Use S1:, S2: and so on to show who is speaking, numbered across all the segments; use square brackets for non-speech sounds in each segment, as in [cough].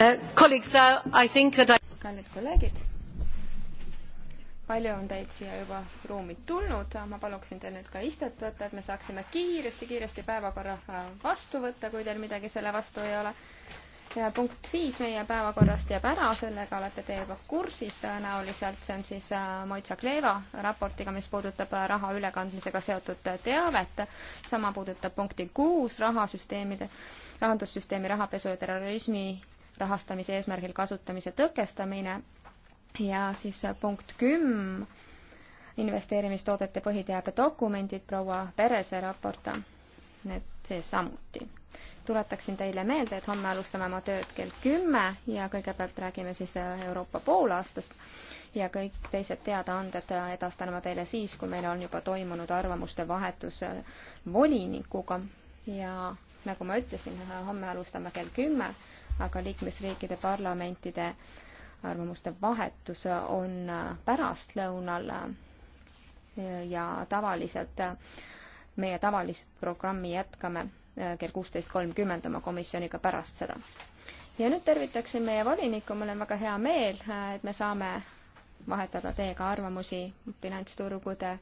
S1: Uh, uh, kallid kolleegid, palju on teid siia juba ruumi tulnud, ma paluksin teil nüüd ka istet võtta, et me saaksime kiiresti-kiiresti päevakorra äh, vastu võtta, kui teil midagi selle vastu ei ole. ja punkt viis meie päevakorrast jääb ära, sellega olete te juba kursis tõenäoliselt, see on siis äh, Moitša Kleeva raportiga, mis puudutab äh, raha ülekandmisega seotud teavet. sama puudutab punkti kuus rahasüsteemide, rahandussüsteemi rahapesu ja terrorismi rahastamise eesmärgil kasutamise tõkestamine ja siis punkt kümm, investeerimistoodete põhiteabe dokumendid, proua Perese raport, need see samuti. tuletaksin teile meelde, et homme alustame oma tööd kell kümme ja kõigepealt räägime siis Euroopa poolaastast ja kõik teised teadaanded edastan ma teile siis, kui meil on juba toimunud arvamuste vahetus volinikuga ja nagu ma ütlesin, homme alustame kell kümme aga liikmesriikide parlamentide arvamuste vahetus on pärastlõunal ja tavaliselt meie tavalist programmi jätkame kell kuusteist kolmkümmend oma komisjoniga pärast seda. ja nüüd tervitaksin meie volinikku, mul on väga hea meel, et me saame vahetada teiega arvamusi finantsturgude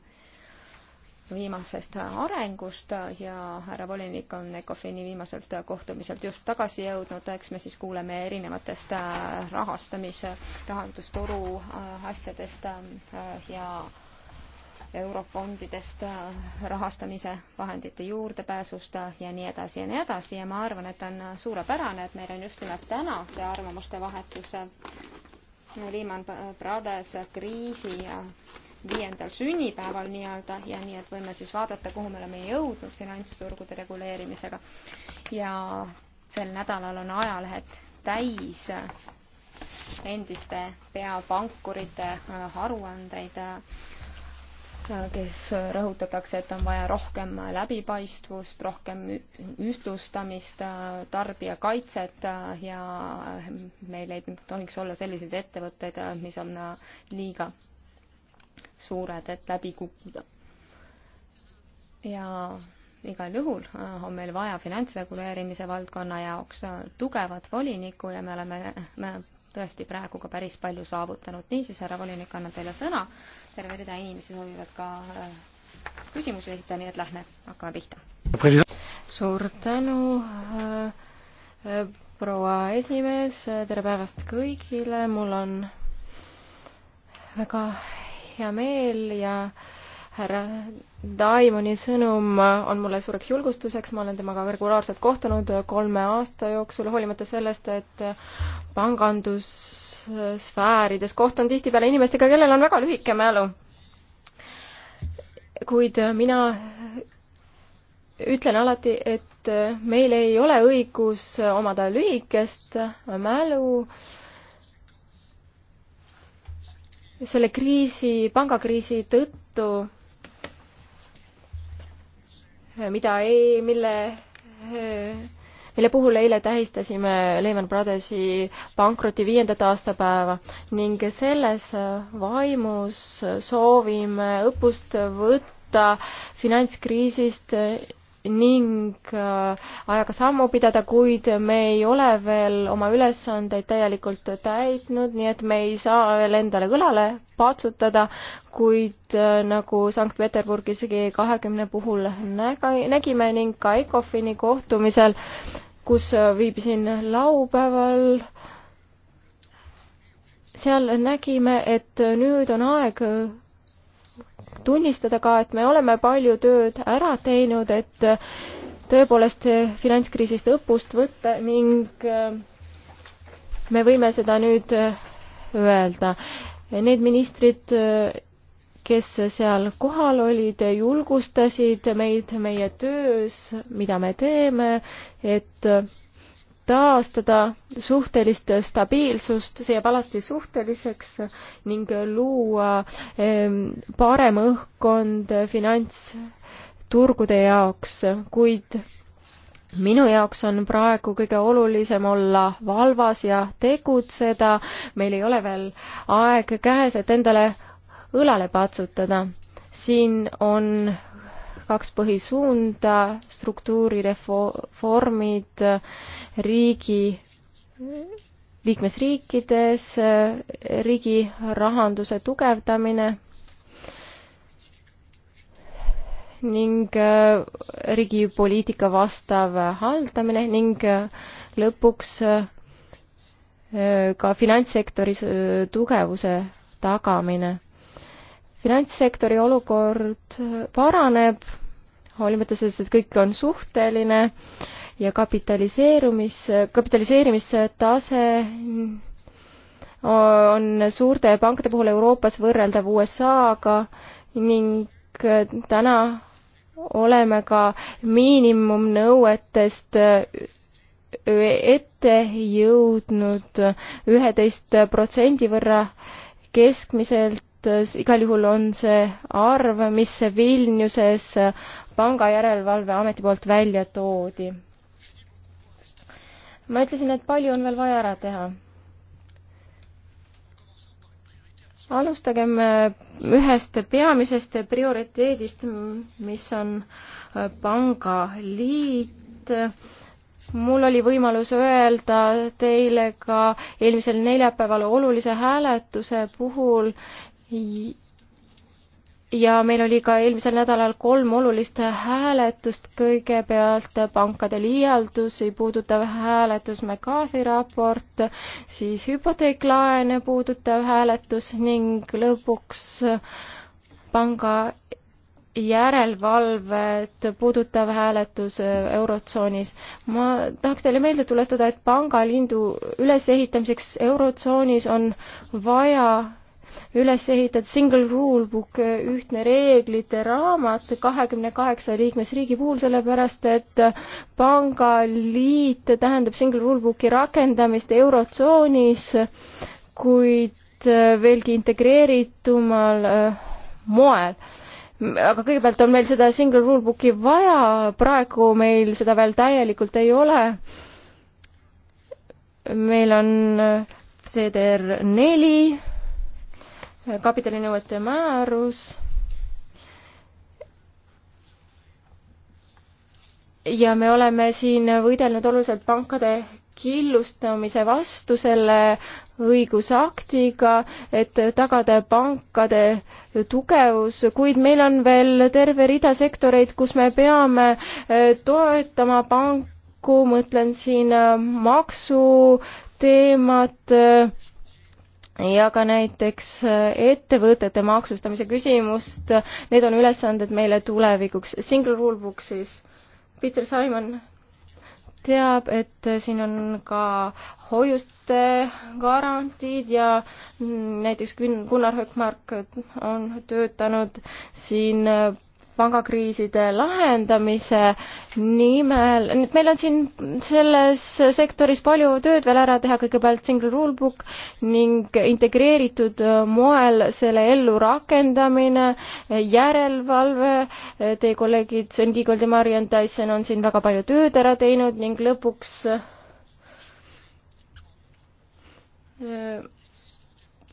S1: viimasest arengust ja härra volinik on ECOFIN-i viimaselt kohtumiselt just tagasi jõudnud, eks me siis kuuleme erinevatest rahastamise, rahandusturu asjadest ähm, äh, ja eurofondidest, äh, rahastamise vahendite juurdepääsust äh, ja nii edasi ja nii edasi ja ma arvan, et on suurepärane, et meil on just nimelt täna see arvamuste vahetus Lehman Brothers kriisi ja viiendal sünnipäeval nii-öelda ja nii, et võime siis vaadata, kuhu me oleme jõudnud finantsturgude reguleerimisega. ja sel nädalal on ajalehed täis endiste peapankurite äh, aruandeid, äh, kes rõhutatakse, et on vaja rohkem läbipaistvust, rohkem ühtlustamist, äh, tarbijakaitset ja meil ei tohiks olla selliseid ettevõtteid, mis on liiga suured, et läbi kukkuda. ja igal juhul äh, on meil vaja finantsreguleerimise valdkonna jaoks äh, tugevat volinikku ja me oleme me tõesti praegu ka päris palju saavutanud. niisiis, härra volinik, annan teile sõna. terve rida inimesi soovivad ka äh, küsimusi esitada, nii et lähme, hakkame pihta. suur
S2: tänu äh,, proua esimees, tere päevast kõigile, mul on väga hea meel ja härra Daimoni sõnum on mulle suureks julgustuseks, ma olen temaga regulaarselt kohtunud kolme aasta jooksul, hoolimata sellest, et pangandussfäärides kohtun tihtipeale inimestega, kellel on väga lühike mälu. kuid mina ütlen alati, et meil ei ole õigus omada lühikest mälu selle kriisi, pangakriisi tõttu, eh, mida ei, mille, eh, mille puhul eile tähistasime Lehman Brothersi pankroti viiendat aastapäeva ning selles vaimus soovime õppust võtta finantskriisist ning äh, ajaga sammu pidada, kuid me ei ole veel oma ülesandeid täielikult täitnud, nii et me ei saa veel endale õlale patsutada, kuid äh, nagu Sankt-Peterburgis G kahekümne puhul näga, nägime ning ka ECOFIN-i kohtumisel, kus äh, viibisin laupäeval, seal nägime, et nüüd on aeg tunnistada ka, et me oleme palju tööd ära teinud, et tõepoolest finantskriisist õppust võtta ning äh, me võime seda nüüd äh, öelda. Need ministrid, äh, kes seal kohal olid, julgustasid meid meie töös, mida me teeme, et taastada suhtelist stabiilsust, see jääb alati suhteliseks ning luua ehm, parem õhkkond finantsturgude jaoks, kuid minu jaoks on praegu kõige olulisem olla valvas ja tegutseda, meil ei ole veel aeg käes, et endale õlale patsutada. siin on kaks põhisuunda, struktuurireformid riigi, liikmesriikides, riigi rahanduse tugevdamine ning äh, riigi poliitika vastav haldamine ning äh, lõpuks äh, ka finantssektori tugevuse tagamine finantssektori olukord paraneb, hoolimata sellest, et kõik on suhteline ja kapitaliseerumis, kapitaliseerimistase on suurte pankade puhul Euroopas võrreldav USA-ga ning täna oleme ka miinimumnõuetest ette jõudnud üheteist protsendi võrra keskmiselt arvates, igal juhul on see arv, mis Vilniuses pangajärelevalveameti poolt välja toodi. ma ütlesin, et palju on veel vaja ära teha. alustagem äh, ühest peamisest prioriteedist, mis on äh, pangaliit mul oli võimalus öelda teile ka eelmisel neljapäeval olulise hääletuse puhul, ja meil oli ka eelmisel nädalal kolm olulist hääletust, kõigepealt pankade liialdusi puudutav hääletus, McCarthy raport, siis hüpoteeklaene puudutav hääletus ning lõpuks panga järelevalvet puudutav hääletus Eurotsoonis. ma tahaks teile meelde tuletada, et pangaliidu ülesehitamiseks Eurotsoonis on vaja üles ehitatud single rule book, ühtne reeglite raamat kahekümne kaheksa liikmesriigi puhul, sellepärast et pangaliit tähendab single rule book'i rakendamist Eurotsoonis, kuid veelgi integreeritumal äh, moel aga kõigepealt on meil seda single rule book'i vaja, praegu meil seda veel täielikult ei ole. meil on äh, CDR neli kapitalinõuete määrus ja me oleme siin võidelnud oluliselt pankade killustamise vastu selle õigusaktiga, et tagada pankade tugevus, kuid meil on veel terve rida sektoreid, kus me peame e, toetama panku, mõtlen siin maksuteemat e, ja ka näiteks äh, ettevõtete maksustamise küsimust, need on ülesanded meile tulevikuks. Single rule book siis. Peter Simon teab, et siin on ka hoiuste garantiid ja näiteks Gunnar Hökmark on töötanud siin äh, pangakriiside lahendamise nimel, nüüd meil on siin selles sektoris palju tööd veel ära teha, kõigepealt single rulebook ning integreeritud moel selle ellu rakendamine, järelevalve, teie kolleegid Sven Kiigold ja Mariann Tyson on siin väga palju tööd ära teinud ning lõpuks äh,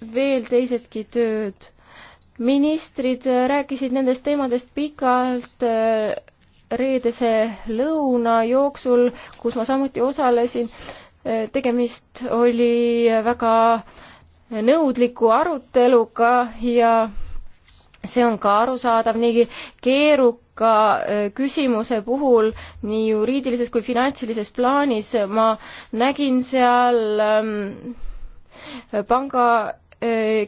S2: veel teisedki tööd ministrid äh, rääkisid nendest teemadest pikalt äh, reedese lõuna jooksul, kus ma samuti osalesin. Äh, tegemist oli väga nõudliku aruteluga ja see on ka arusaadav niigi keeruka küsimuse puhul nii juriidilises kui finantsilises plaanis. ma nägin seal ähm, panga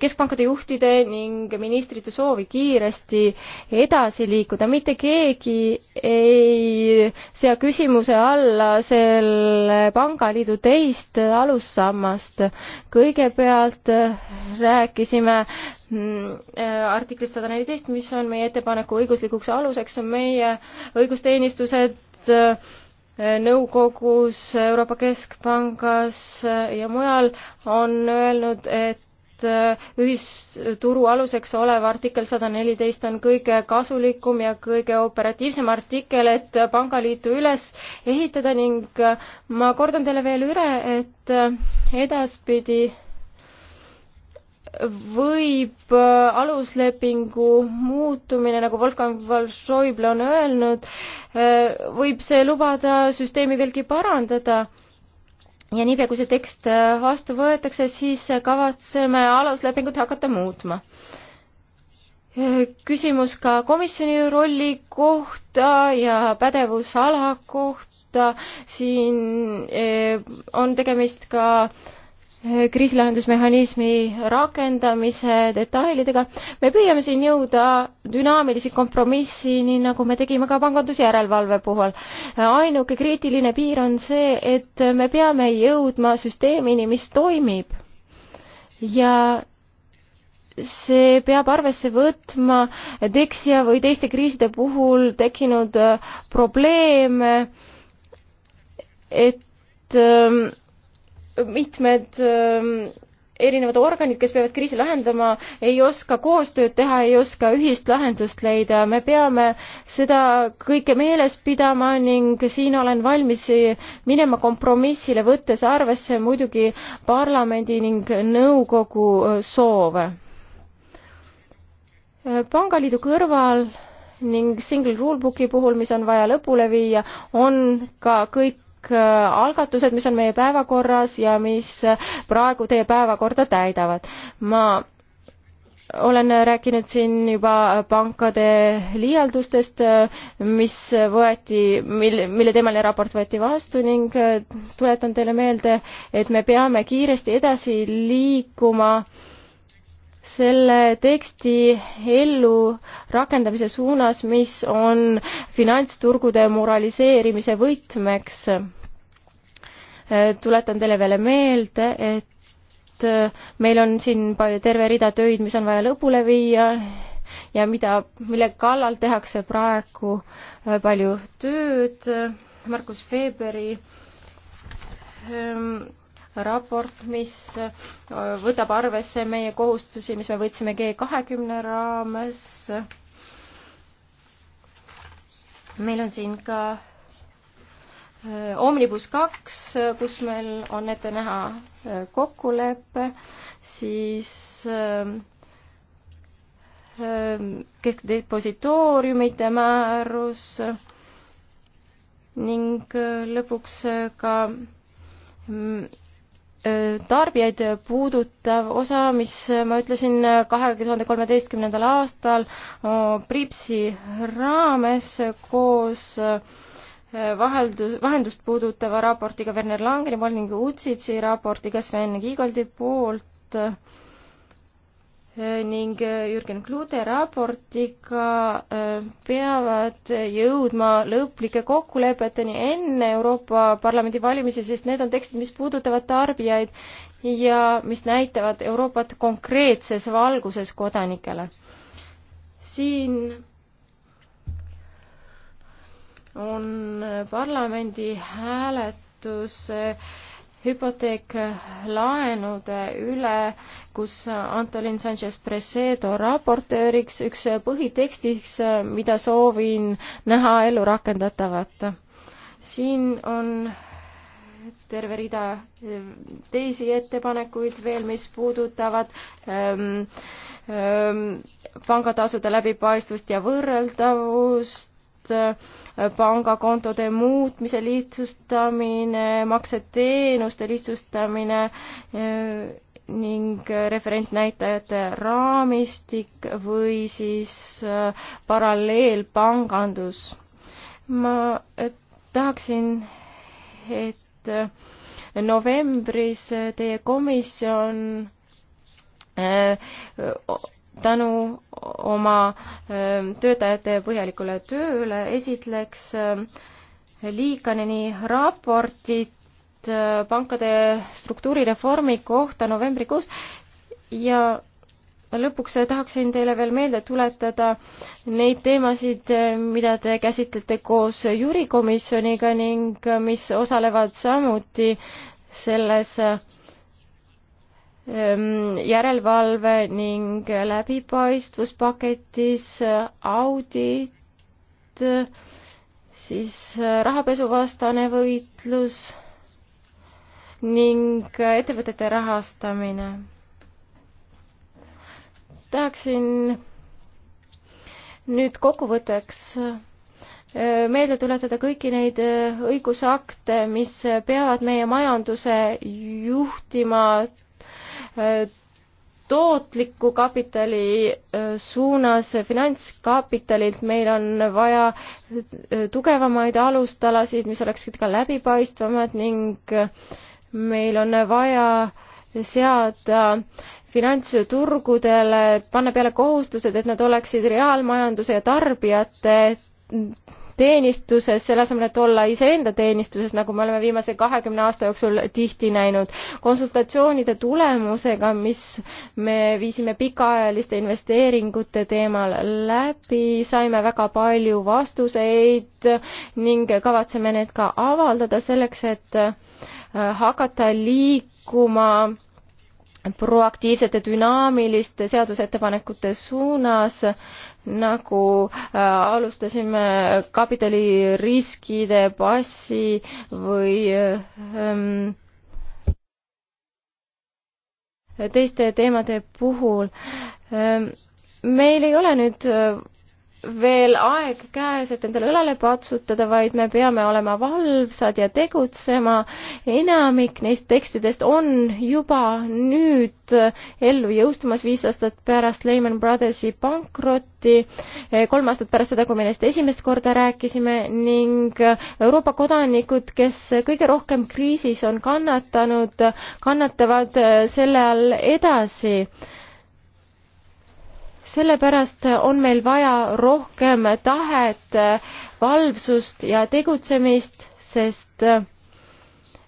S2: keskpankade juhtide ning ministrite soovi kiiresti edasi liikuda. mitte keegi ei sea küsimuse alla selle pangaliidu teist alussammast. kõigepealt rääkisime mm, artiklist sada neliteist, mis on meie ettepaneku õiguslikuks aluseks, on meie õigusteenistused nõukogus, Euroopa Keskpangas ja mujal on öelnud, et et äh, ühisturu aluseks olev artikkel sada neliteist on kõige kasulikum ja kõige operatiivsem artikkel, et pangaliitu üles ehitada ning äh, ma kordan teile veel üle, et äh, edaspidi võib aluslepingu muutumine, nagu Wolfgang von Schäuble on öelnud, võib see lubada süsteemi veelgi parandada ja niipea, kui see tekst äh, vastu võetakse, siis äh, kavatseme aluslepingut hakata muutma. Äh, küsimus ka komisjoni rolli kohta ja pädevusala kohta. siin on tegemist ka äh, kriisilahendusmehhanismi rakendamise detailidega. me püüame siin jõuda dünaamilise kompromissini, nagu me tegime ka pangandusjärelevalve puhul. ainuke kriitiline piir on see, et me peame jõudma süsteemini, mis toimib. ja see peab arvesse võtma Dexia või teiste kriiside puhul tekkinud probleeme, et ähm, mitmed ähm, erinevad organid, kes peavad kriisi lahendama, ei oska koostööd teha, ei oska ühist lahendust leida. me peame seda kõike meeles pidama ning siin olen valmis minema kompromissile, võttes arvesse muidugi parlamendi ning nõukogu äh, soove. Äh, pangaliidu kõrval ning single rulebooki puhul, mis on vaja lõpule viia, on ka kõik kõik äh, algatused, mis on meie päevakorras ja mis äh, praegu teie päevakorda täidavad. ma olen rääkinud siin juba pankade liialdustest, äh, mis võeti, mil, mille teemaline raport võeti vastu ning tuletan teile meelde, et me peame kiiresti edasi liikuma äh, selle teksti ellu rakendamise suunas, mis on finantsturgude moraliseerimise võtmeks. tuletan teile veel meelde, et meil on siin terve rida töid, mis on vaja lõpule viia ja mida, mille kallal tehakse praegu palju tööd. Markus Feberi ehm, raport, mis äh, võtab arvesse meie kohustusi, mis me võtsime G kahekümne raames. meil on siin ka äh, Omnibus kaks, kus meil on ette näha äh, kokkulepe, siis ähm, ähm, keskdepositooriumite määrus ning lõpuks ka mm, tarbijaid puudutav osa, mis ma ütlesin kahe tuhande kolmeteistkümnendal aastal Pripsi raames koos vaheldu-, vahendust puudutava raportiga Werner Langeni, Volning Utsitsi raportiga Sven Kiigoldi poolt Äh, ning äh, Jürgen Klude raportiga äh, peavad jõudma lõplike kokkulepeteni enne Euroopa Parlamendi valimisi, sest need on tekstid, mis puudutavad tarbijaid ja mis näitavad Euroopat konkreetses valguses kodanikele. siin on parlamendi hääletus äh, hüpoteeklaenude üle, kus Antolin Sanchez Presedo raportööriks üks põhitekstiks, mida soovin näha ellu rakendatavat. siin on terve rida eh, teisi ettepanekuid veel, mis puudutavad ähm, ähm, pangatasude läbipaistvust ja võrreldavust, Äh, pangakontode muutmise lihtsustamine, makseteenuste lihtsustamine äh, ning referentnäitajate raamistik või siis äh, paralleelpangandus. ma tahaksin, et novembris teie komisjon tänu oma ähm, töötajate põhjalikule tööle esitleks ähm, Liikaneni raportit äh, pankade struktuurireformi kohta novembrikuus ja lõpuks tahaksin teile veel meelde tuletada neid teemasid, äh, mida te käsitlete koos juurikomisjoniga ning äh, mis osalevad samuti selles Ehm, järelevalve ning läbipaistvuspaketis äh, audit, siis äh, rahapesuvastane võitlus ning äh, ettevõtete rahastamine. tahaksin nüüd kokkuvõtteks meelde tuletada kõiki neid õigusakte, mis peavad meie majanduse juhtima tootliku kapitali äh, suunas finantskapitalilt, meil on vaja äh, tugevamaid alustalasid, mis oleksid ka läbipaistvamad ning äh, meil on vaja seada finantsturgudele, panna peale kohustused, et nad oleksid reaalmajanduse ja tarbijate teenistuses, selle asemel, et olla iseenda teenistuses, nagu me oleme viimase kahekümne aasta jooksul tihti näinud. konsultatsioonide tulemusega, mis me viisime pikaajaliste investeeringute teemal läbi, saime väga palju vastuseid ning kavatseme need ka avaldada selleks, et äh, hakata liikuma proaktiivsete dünaamiliste seadusettepanekute suunas, nagu äh, alustasime kapitaliriskide passi või ähm, teiste teemade puhul ähm, meil ei ole nüüd äh, veel aeg käes, et endale õlale patsutada, vaid me peame olema valvsad ja tegutsema. enamik neist tekstidest on juba nüüd ellu jõustumas viis aastat pärast Lehman Brothersi pankrotti, kolm aastat pärast seda, kui me neist esimest korda rääkisime ning Euroopa kodanikud, kes kõige rohkem kriisis on kannatanud, kannatavad selle all edasi sellepärast on meil vaja rohkem tahet, valvsust ja tegutsemist, sest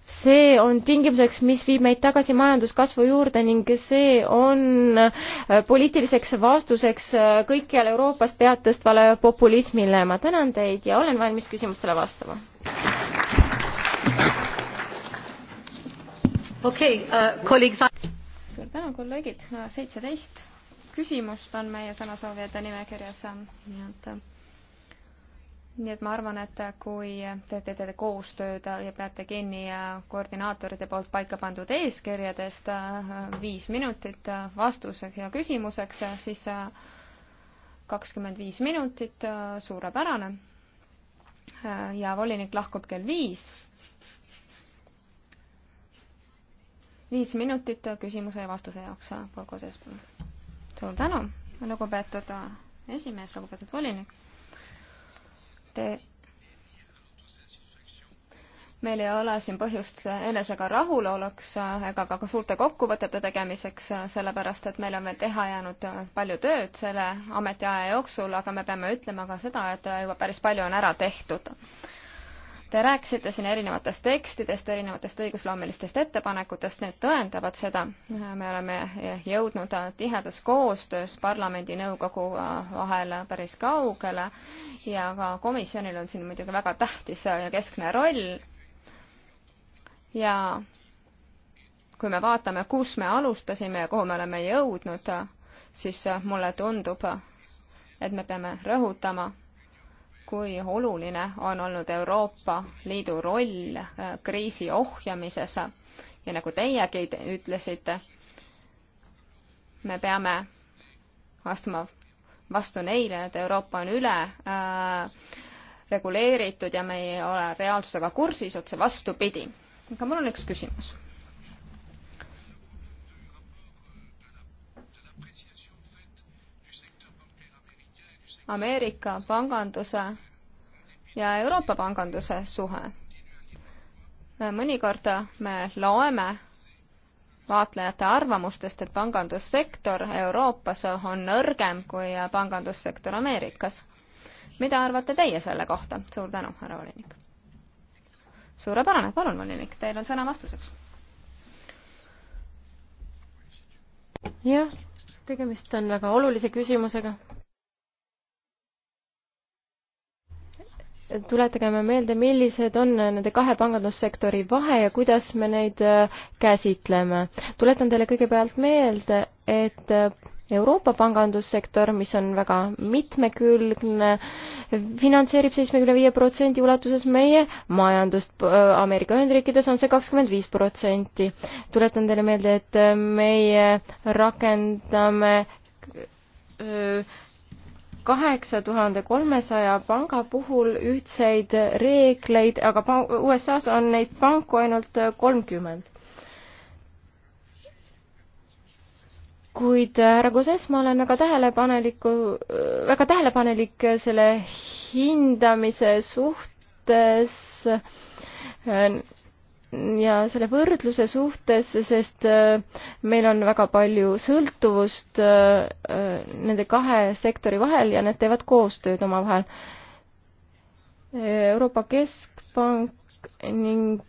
S2: see on tingimuseks, mis viib meid tagasi majanduskasvu juurde ning see on poliitiliseks vastuseks kõikjal Euroopas pead tõstvale populismile. ma tänan teid ja olen valmis küsimustele vastama.
S1: okei okay, uh,, äh, kolleeg. suur tänu, kolleegid, seitseteist küsimust on meie sõnasoovijate nimekirjas, nii et nii et ma arvan, et kui te teete koostööd ja peate kinni koordinaatorite poolt paika pandud eeskirjadest viis minutit vastuseks ja küsimuseks, siis kakskümmend viis minutit, suurepärane. ja volinik lahkub kell viis. viis minutit küsimuse ja vastuse jaoks, Borgo Seesmaa suur tänu, lugupeetud äh, esimees, lugupeetud volinik. Te, meil ei ole siin põhjust enesega rahuloluks äh, ega ka suurte kokkuvõtete tegemiseks, äh, sellepärast et meil on veel teha jäänud palju tööd selle ametiaja jooksul, aga me peame ütlema ka seda, et juba päris palju on ära tehtud Te rääkisite siin erinevatest tekstidest, erinevatest õigusloomelistest ettepanekutest, need tõendavad seda. me oleme jõudnud tihedas koostöös parlamendi nõukogu vahel päris kaugele ja ka komisjonil on siin muidugi väga tähtis ja keskne roll. ja kui me vaatame, kus me alustasime ja kuhu me oleme jõudnud, siis mulle tundub, et me peame rõhutama kui oluline on olnud Euroopa Liidu roll äh, kriisi ohjamises ja nagu teiegi ütlesite, me peame astuma vastu neile, et Euroopa on üle äh, reguleeritud ja me ei ole reaalsusega kursis, otse vastupidi. aga mul on üks küsimus Ameerika panganduse ja Euroopa panganduse suhe. mõnikord me loeme vaatlejate arvamustest, et pangandussektor Euroopas on nõrgem kui pangandussektor Ameerikas. mida arvate teie selle kohta? suur tänu, härra volinik. suurepärane, palun, volinik, teil on sõna vastuseks.
S2: jah, tegemist on väga olulise küsimusega tuletageme meelde, millised on nende kahe pangandussektori vahe ja kuidas me neid äh, käsitleme. tuletan teile kõigepealt meelde, et äh, Euroopa pangandussektor, mis on väga mitmekülgne, finantseerib seitsmekümne viie protsendi ulatuses meie majandust, äh, Ameerika Ühendriikides on see kakskümmend viis protsenti. tuletan teile meelde, et meie rakendame öö, kaheksa tuhande kolmesaja panga puhul ühtseid reegleid, aga USA-s on neid panku ainult kolmkümmend. kuid härra Koses, ma olen väga tähelepaneliku, väga tähelepanelik selle hindamise suhtes ja selle võrdluse suhtes, sest äh, meil on väga palju sõltuvust äh, äh, nende kahe sektori vahel ja need teevad koostööd omavahel. Euroopa Keskpank ning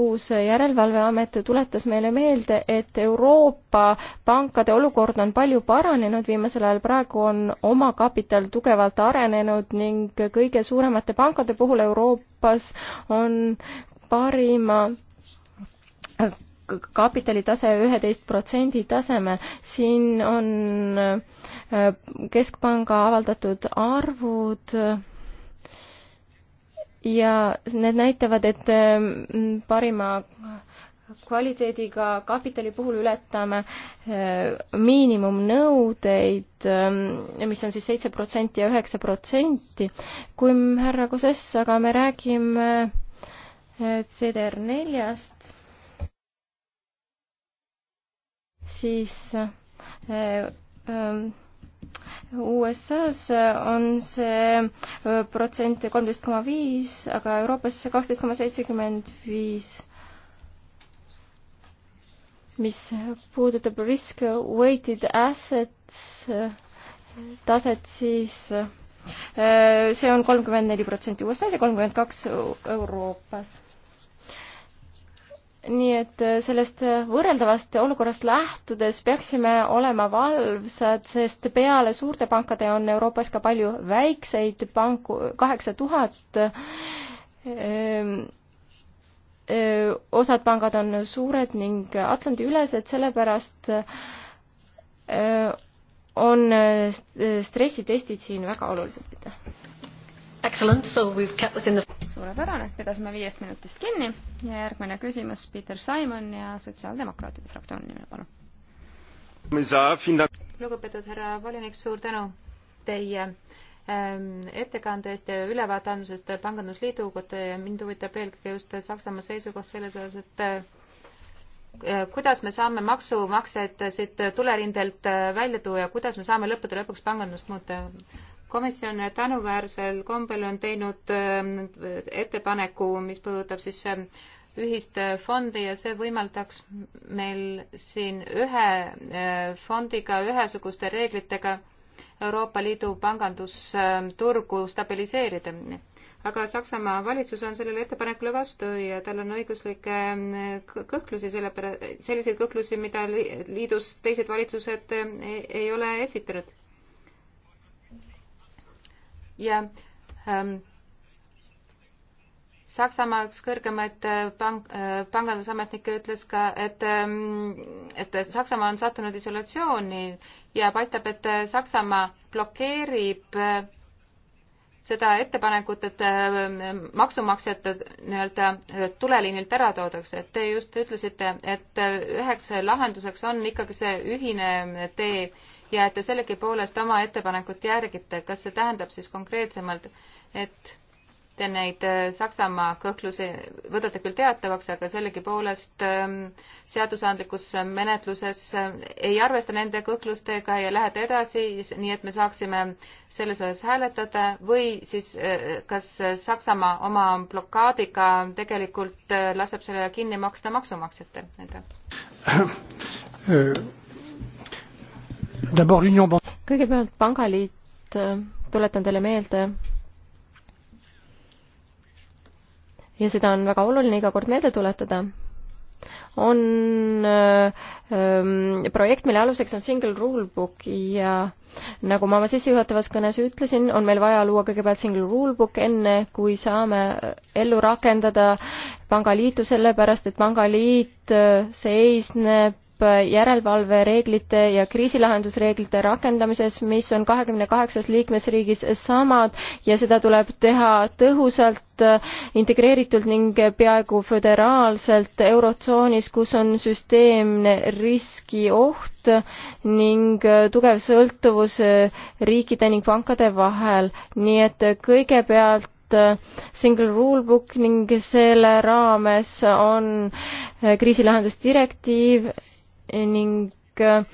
S2: uus järelevalveamet tuletas meile meelde, et Euroopa pankade olukord on palju paranenud viimasel ajal, praegu on omakapital tugevalt arenenud ning kõige suuremate pankade puhul Euroopas on parima kapitalitase üheteist protsendi tasemel. siin on äh, keskpanga avaldatud arvud ja need näitavad, et äh, parima kvaliteediga kapitali puhul ületame äh, miinimumnõudeid, mis on siis seitse protsenti ja üheksa protsenti. kui härra Kosess, aga me räägime CDR neljast siis eh, eh, USA-s on see eh, protsent kolmteist koma viis, aga Euroopas kaksteist koma seitsekümmend viis. mis puudutab risk weighted assets taset, siis see on kolmkümmend neli protsenti USA-s ja kolmkümmend kaks Euroopas nii et äh, sellest äh, võrreldavast olukorrast lähtudes peaksime olema valvsad, sest peale suurte pankade on Euroopas ka palju väikseid panku, kaheksa tuhat. Ähm, äh, osad pangad on suured ning Atlandi-ülesed, sellepärast on stressitestid siin väga olulised.
S1: Excellent, so we have kept within the suurepärane, pidasime viiest minutist kinni ja järgmine küsimus Peter
S3: Simon ja Sotsiaaldemokraatide
S1: fraktsiooni nimel, palun.
S3: lugupeetud härra volinik, suur tänu teie ähm, ettekande eest ja ülevaate andmisest Pangandusliidu kohta ja mind huvitab eelkõige just Saksamaa seisukoht selles osas, et äh, kuidas me saame maksumaksjaid siit tulerindelt äh, välja tuua ja kuidas me saame lõppude lõpuks pangandust muuta komisjon tänuväärsel kombel on teinud äh, ettepaneku, mis puudutab siis äh, ühist äh, fondi ja see võimaldaks meil siin ühe fondiga ühesuguste reeglitega Euroopa Liidu pangandusturgu stabiliseerida. aga Saksamaa valitsus on sellele ettepanekule vastu ja tal on õiguslikke kõhklusi, sellepärast, selliseid kõhklusi, mida liidus teised valitsused ei ole esitanud ja ähm, Saksamaa üks kõrgemaid äh, pank, äh, pangandusametnikke ütles ka, et, ähm, et Saksamaa on sattunud isolatsiooni ja paistab, et äh, Saksamaa blokeerib seda ettepanekut, et maksumaksjad nii-öelda tuleliinilt ära toodakse, et te just ütlesite, et üheks lahenduseks on ikkagi see ühine tee ja et te sellegipoolest oma ettepanekut järgite, kas see tähendab siis konkreetsemalt, et te neid äh, Saksamaa kõhklusi võtate küll teatavaks, aga sellegipoolest ähm, seadusandlikus menetluses äh, ei arvesta nende kõhklustega ja lähete edasi, nii et me saaksime selles osas hääletada või siis äh, kas Saksamaa oma blokaadiga tegelikult laseb selle kinni maksta maksumaksjatel? aitäh
S4: kõigepealt
S2: Pangaliit, äh, tuletan teile meelde, ja seda on väga oluline iga kord meelde tuletada, on öö, äh, ähm, projekt, mille aluseks on Single Rulebook ja nagu ma oma sissejuhatavas kõnes ütlesin, on meil vaja luua kõigepealt Single Rulebook, enne kui saame äh, ellu rakendada pangaliitu, sellepärast et pangaliit seisneb järelevalvereeglite ja kriisilahendusreeglite rakendamises, mis on kahekümne kaheksas liikmesriigis samad ja seda tuleb teha tõhusalt, integreeritult ning peaaegu föderaalselt Eurotsoonis, kus on süsteemne riskioht ning tugev sõltuvus riikide ning pankade vahel, nii et kõigepealt single rulebook ning selle raames on kriisilahendusdirektiiv ning äh,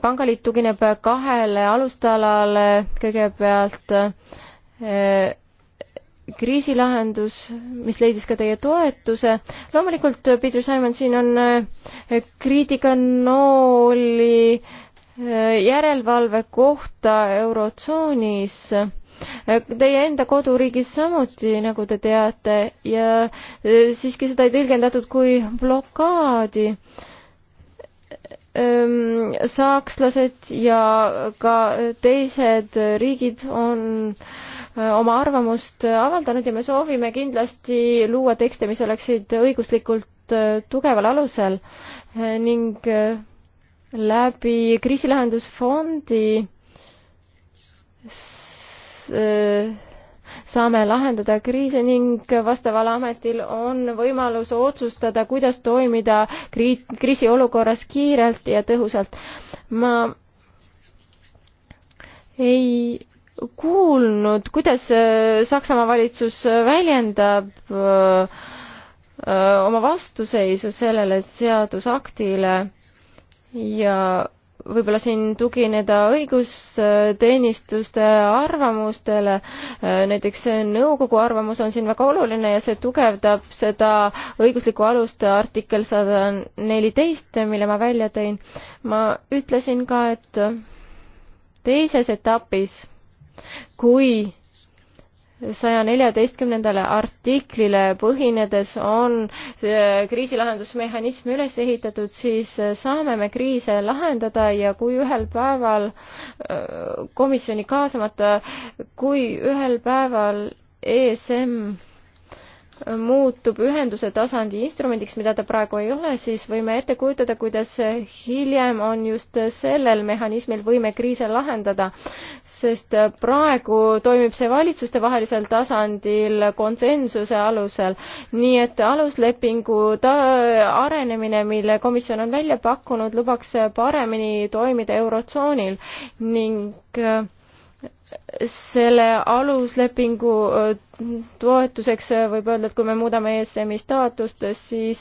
S2: pangaliit tugineb kahele alustalale, kõigepealt äh, kriisilahendus, mis leidis ka teie toetuse. loomulikult, äh, Peter Simon, siin on kriitikanooli järelevalve kohta Eurotsoonis teie enda koduriigis samuti, nagu te teate, ja siiski seda ei tõlgendatud kui blokaadi sakslased ja ka teised riigid on äh, oma arvamust avaldanud ja me soovime kindlasti luua tekste, mis oleksid õiguslikult äh, tugeval alusel äh, ning läbi kriisilahendusfondi saame lahendada kriise ning vastaval ametil on võimalus otsustada, kuidas toimida kriis, kriisiolukorras kiirelt ja tõhusalt. ma ei kuulnud, kuidas äh, Saksamaa valitsus äh, väljendab öö, äh, oma vastuseisu sellele seadusaktile ja võib-olla siin tugineda õigusteenistuste arvamustele, näiteks nõukogu arvamus on siin väga oluline ja see tugevdab seda õiguslikku alust artikkel sada neliteist, mille ma välja tõin. ma ütlesin ka, et teises etapis, kui saja neljateistkümnendale artiklile põhinedes on äh, kriisilahendusmehhanism üles ehitatud, siis äh, saame me kriise lahendada ja kui ühel päeval äh, komisjoni kaasamata, kui ühel päeval ESM muutub ühenduse tasandi instrumendiks, mida ta praegu ei ole, siis võime ette kujutada, kuidas hiljem on just sellel mehhanismil võime kriise lahendada. sest praegu toimib see valitsustevahelisel tasandil konsensuse alusel. nii et aluslepingu ta-, arenemine, mille komisjon on välja pakkunud, lubaks paremini toimida Eurotsoonil ning selle aluslepingu toetuseks võib öelda, et kui me muudame ESM-i staatust, siis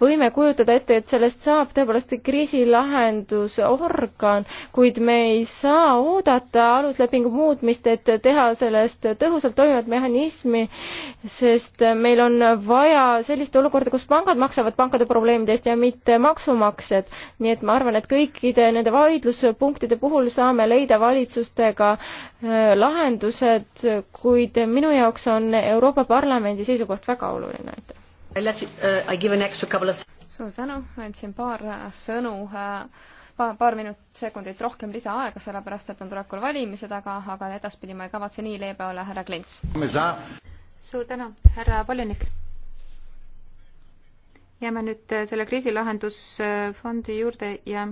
S2: võime kujutada ette, et sellest saab tõepoolest kriisilahendusorgan, kuid me ei saa oodata aluslepingu muutmist, et teha sellest tõhusalt toimivat mehhanismi, sest meil on vaja sellist olukorda, kus pangad maksavad pankade probleemide eest ja mitte maksumaksjad. nii et ma arvan, et kõikide nende vaidluspunktide puhul saame leida valitsustega äh, lahendused, kuid minu jaoks on on Euroopa Parlamendi seisukoht väga oluline, aitäh.
S4: Uh,
S1: suur tänu, andsin paar äh, sõnu, äh, paar, paar minut, sekundit rohkem lisaaega, sellepärast et on tulekul valimised, aga, aga edaspidi ma ei kavatse nii leebe olla, härra Klints.
S3: suur tänu, härra volinik. jääme nüüd äh, selle kriisilahendusfondi juurde ja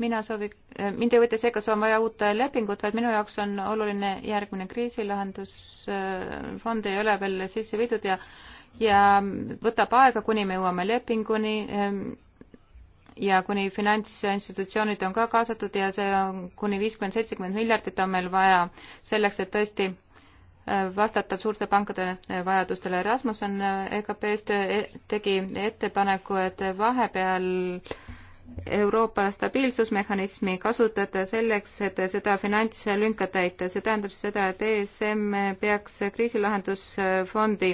S3: mina soovin, äh, mind ei huvita see, kas on vaja uut lepingut, vaid minu jaoks on oluline järgmine kriisilahendusfond äh, ei ole veel sisse viidud ja, ja võtab aega, kuni me jõuame lepinguni äh, ja kuni finantsinstitutsioonid on ka kaasatud ja see on kuni viiskümmend, seitsekümmend miljardit on meil vaja selleks, et tõesti vastata suurte pankade vajadustele. Rasmus on EKP-st, e-, tegi ettepaneku, et vahepeal äh, Euroopa stabiilsusmehhanismi kasutada selleks, et seda finantslünka täita. see tähendab seda, et ESM peaks kriisilahendusfondi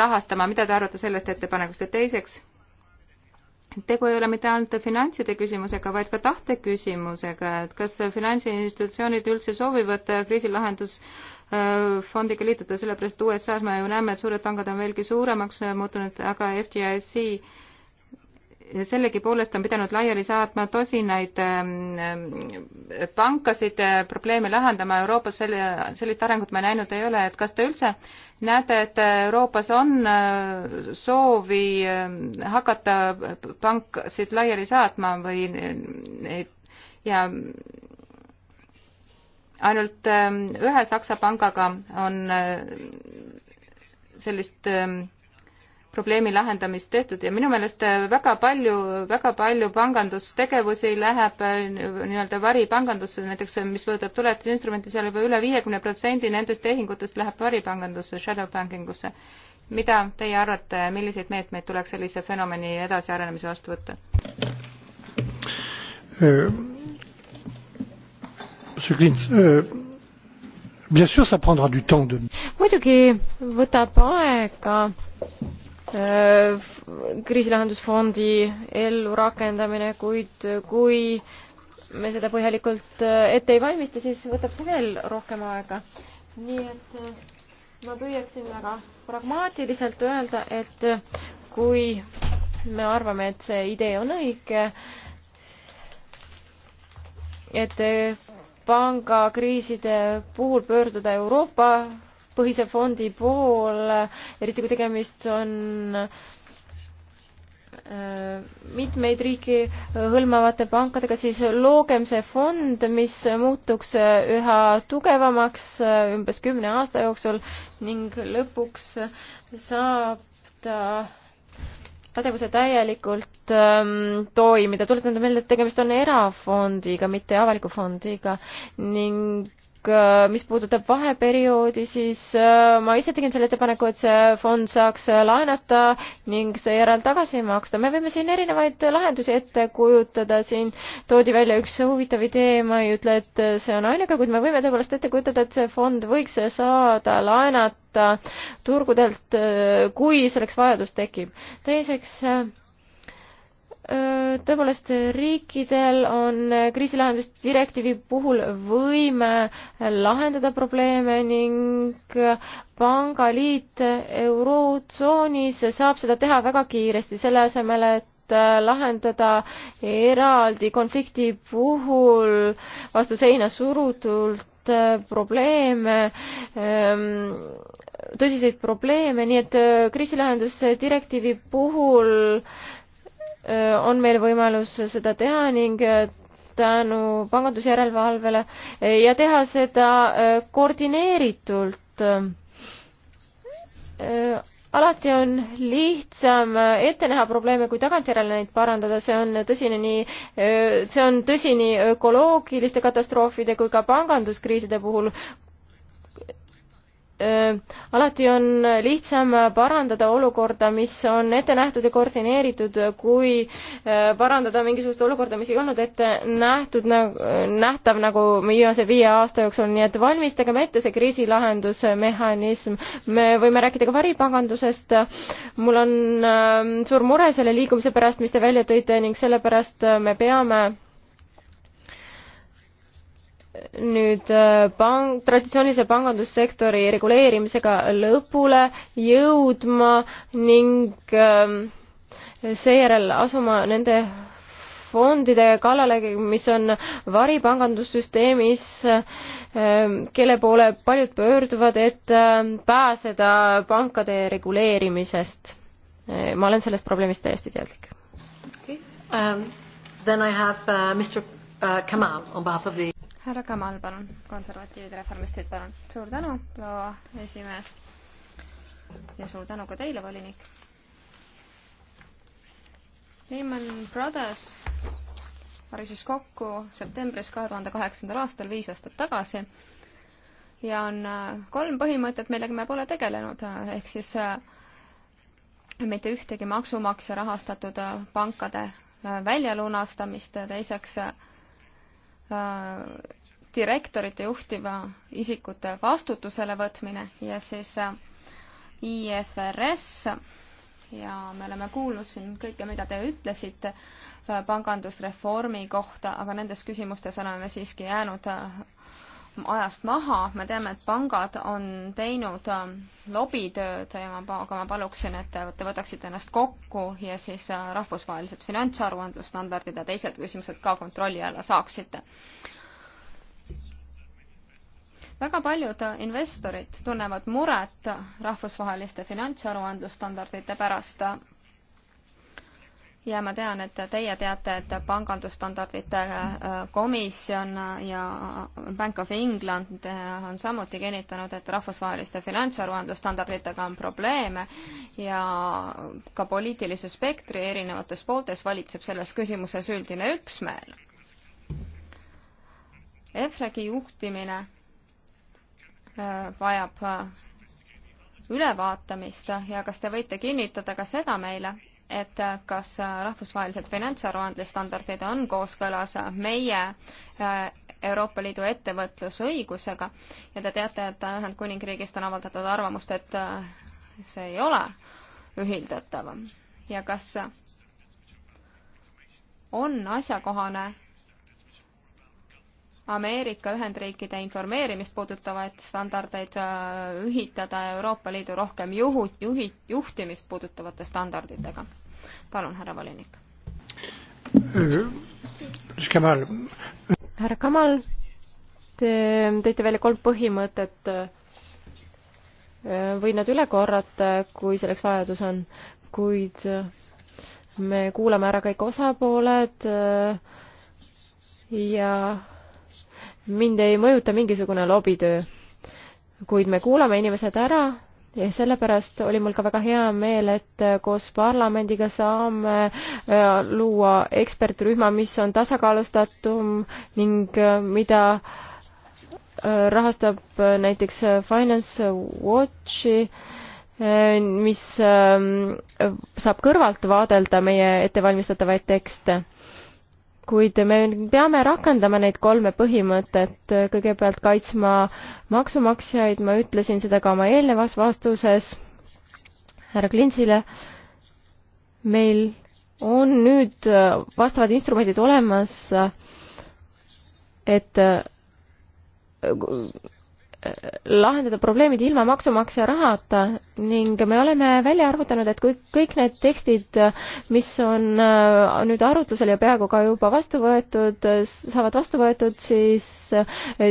S3: rahastama. mida te arvate sellest ettepanekust ja teiseks? tegu ei ole mitte ainult finantside küsimusega, vaid ka tahte küsimusega, et kas finantsinstitutsioonid üldse soovivad kriisilahendusfondiga liituda, sellepärast USA-s me ju näeme, et suured pangad on veelgi suuremaks muutunud, aga FDIC sellegipoolest on pidanud laiali saatma tosinaid ähm, ähm, pankasid äh, probleeme lahendama, Euroopas selle, sellist arengut me näinud ei ole, et kas te üldse näete, et Euroopas on äh, soovi ähm, hakata pankasid laiali saatma või neid ja ainult ühe Saksa pangaga on äh, sellist probleemi lahendamist tehtud ja minu meelest äh, väga palju, väga palju pangandustegevusi läheb äh, nii-öelda varipangandusse, näiteks äh, mis puudutab tuletisinstrumenti, seal juba üle viiekümne protsendi nendest tehingutest läheb varipangandusse, shadow banking usse. mida teie arvate, milliseid meetmeid tuleks sellise fenomeni edasiarenemise vastu võtta?
S2: muidugi võtab aega Äh, kriisilahendusfondi ellurakendamine, kuid kui me seda põhjalikult äh, ette ei valmista, siis võtab see veel rohkem aega. nii et äh, ma püüaksin väga pragmaatiliselt öelda, et kui me arvame, et see idee on õige, et pangakriiside puhul pöörduda Euroopa põhise fondi poole, eriti kui tegemist on äh, mitmeid riiki hõlmavate pankadega, siis loogem see fond, mis muutuks üha tugevamaks äh, umbes kümne aasta jooksul ning lõpuks saab ta pädevuse täielikult ähm, toimida. tuletan meelde, et tegemist on erafondiga, mitte avaliku fondiga ning Äh, mis puudutab vaheperioodi, siis äh, ma ise tegin selle ettepaneku, et see fond saaks äh, laenata ning seejärel tagasi maksta. me võime siin erinevaid lahendusi ette kujutada, siin toodi välja üks huvitav idee, ma ei ütle, et see on ainuke, kuid me võime tõepoolest ette kujutada, et see fond võiks saada laenata turgudelt, kui selleks vajadus tekib. teiseks tõepoolest, riikidel on kriisilahendusdirektiivi puhul võime lahendada probleeme ning pangaliit Eurotsoonis saab seda teha väga kiiresti, selle asemel, et lahendada eraldi konflikti puhul vastu seina surutult probleeme tõsiseid probleeme, nii et kriisilahendusdirektiivi puhul Äh, on meil võimalus seda teha ning äh, tänu pangandusjärelevalvele äh, ja teha seda koordineeritult. alati on lihtsam ette näha probleeme, kui tagantjärele neid parandada, see on tõsine nii, see on tõsi nii ökoloogiliste katastroofide kui ka panganduskriiside puhul, alati on lihtsam parandada olukorda, mis on ette nähtud ja koordineeritud, kui parandada mingisugust olukorda, mis ei olnud ette nähtud, nähtav nagu viimase viie aasta jooksul, nii et valmistagem ette see kriisilahendusmehhanism. me võime rääkida ka varipangandusest. mul on suur mure selle liikumise pärast, mis te välja tõite ning sellepärast me peame nüüd äh, pang-, traditsioonilise pangandussektori reguleerimisega lõpule jõudma ning äh, seejärel asuma nende fondide kallale, mis on varipangandussüsteemis, äh, kelle poole paljud pöörduvad, et pääseda pankade reguleerimisest. ma olen sellest probleemist täiesti teadlik
S1: okay..
S4: Um, then I have uh, Mr uh, Kamal on behalf of the
S1: härra Kamal, palun, konservatiivid ja reformistid, palun. suur tänu, proua esimees. ja suur tänu ka teile, volinik. Lehman Brothers harises kokku septembris kahe tuhande kaheksandal aastal, viis aastat tagasi. ja on äh, kolm põhimõtet, millega me pole tegelenud, ehk siis äh, mitte ühtegi maksumaksja rahastatud äh, pankade väljalunastamist, teiseks Äh, direktorite juhtiva isikute vastutusele võtmine ja siis äh, IFRS ja me oleme kuulnud siin kõike, mida te ütlesite äh, pangandusreformi kohta, aga nendes küsimustes oleme siiski jäänud ajast maha, me teame, et pangad on teinud ähm, lobitööd ja ma, aga ma paluksin, et te võtaksite ennast kokku ja siis äh, rahvusvahelised finantsaruandlusstandardid ja teised küsimused ka kontrolli alla saaksite. väga paljud investorid tunnevad muret rahvusvaheliste finantsaruandlusstandardite pärast ja ma tean, et teie teate, et pangandusstandardite äh, komisjon ja äh, Bank of England äh, on samuti kinnitanud, et rahvusvaheliste finantsaruandlusstandarditega on probleeme ja ka poliitilise spektri erinevates pooltes valitseb selles küsimuses üldine üksmeel. EFREGi juhtimine vajab ülevaatamist ja kas te võite kinnitada ka seda meile, et äh, kas äh, rahvusvahelised finantsaruandlustandardid on kooskõlas meie äh, Euroopa Liidu ettevõtlusõigusega ja te teate, et Ühendkuningriigist on avaldatud arvamust, et see ei ole ühildatav ja kas on asjakohane Ameerika Ühendriikide informeerimist puudutavaid standardeid äh, ühitada Euroopa Liidu rohkem juhu, juhi, juhtimist puudutavate standarditega. palun, härra volinik.
S4: Äh,
S2: härra Kamal, te tõite välja kolm põhimõtet. Äh, võin nad üle korrata, kui selleks vajadus on, kuid me kuulame ära kõik osapooled ja mind ei mõjuta mingisugune lobitöö, kuid me kuulame inimesed ära ja sellepärast oli mul ka väga hea meel, et koos parlamendiga saame äh, luua ekspertrühma, mis on tasakaalustatum ning äh, mida äh, rahastab näiteks Finance Watchi, mis ähm, saab kõrvalt vaadelda meie ettevalmistatavaid tekste kuid me peame rakendama neid kolme põhimõtet, kõigepealt kaitsma maksumaksjaid, ma ütlesin seda ka oma eelnevas vastuses härra Klintsile, meil on nüüd vastavad instrumendid olemas, et lahendada probleemid ilma maksumaksja rahata ning me oleme välja arvutanud, et kui kõik need tekstid, mis on äh, nüüd arutlusel ja peaaegu ka juba vastu võetud, saavad vastu võetud, siis äh,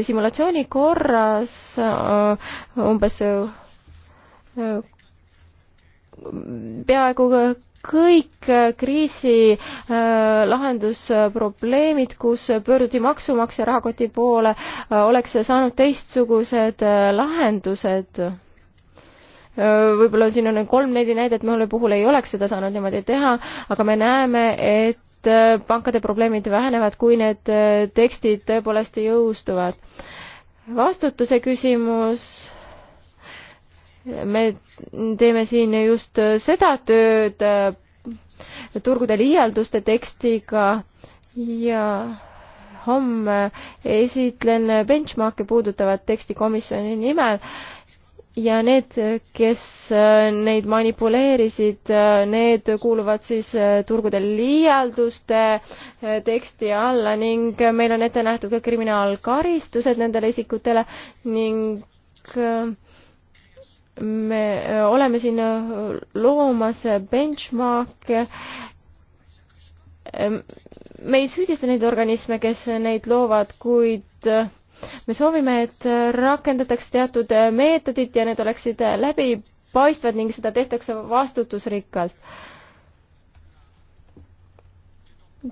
S2: simulatsiooni korras äh, umbes peaaegu kõik äh, kriisi äh, lahendusprobleemid, kus pöörduti maksumaksja rahakoti poole, äh, oleks saanud teistsugused lahendused võib-olla siin on kolm-neli näidet, mõne puhul ei oleks seda saanud niimoodi teha, aga me näeme, et pankade probleemid vähenevad, kui need tekstid tõepoolest jõustuvad. vastutuse küsimus me teeme siin just seda tööd äh, turgude liialduste tekstiga ja homme esitlen benchmarke puudutavat teksti komisjoni nimel ja need, kes äh, neid manipuleerisid, äh, need kuuluvad siis turgude liialduste teksti alla ning meil on ette nähtud ka kriminaalkaristused nendele isikutele ning me oleme siin loomas benchmark'e. me ei süüdista neid organisme, kes neid loovad, kuid me soovime, et rakendataks teatud meetodid ja need oleksid läbipaistvad ning seda tehtakse vastutusrikkalt.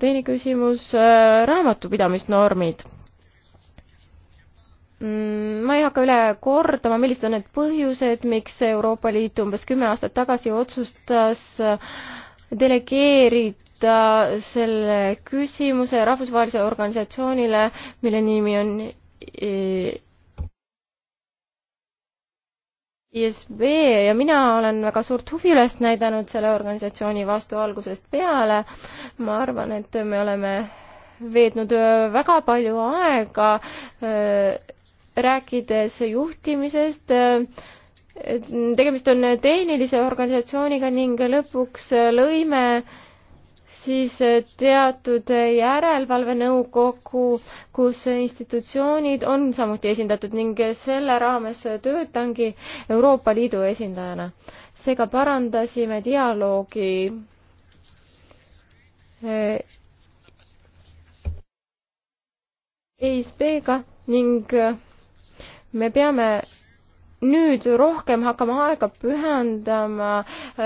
S2: teine küsimus, raamatupidamisnormid Mm, ma ei hakka üle kordama, millised on need põhjused, miks Euroopa Liit umbes kümme aastat tagasi otsustas äh, delegeerida selle küsimuse rahvusvahelisele organisatsioonile, mille nimi on äh, ISB ja mina olen väga suurt huvi üles näidanud selle organisatsiooni vastu algusest peale. ma arvan, et me oleme veetnud äh, väga palju aega rääkides juhtimisest, tegemist on tehnilise organisatsiooniga ning lõpuks lõime siis teatud järelevalvenõukogu, kus institutsioonid on samuti esindatud ning selle raames töötangi Euroopa Liidu esindajana. seega parandasime dialoogi EISB-ga eh, e ning me peame nüüd rohkem hakkama aega pühendama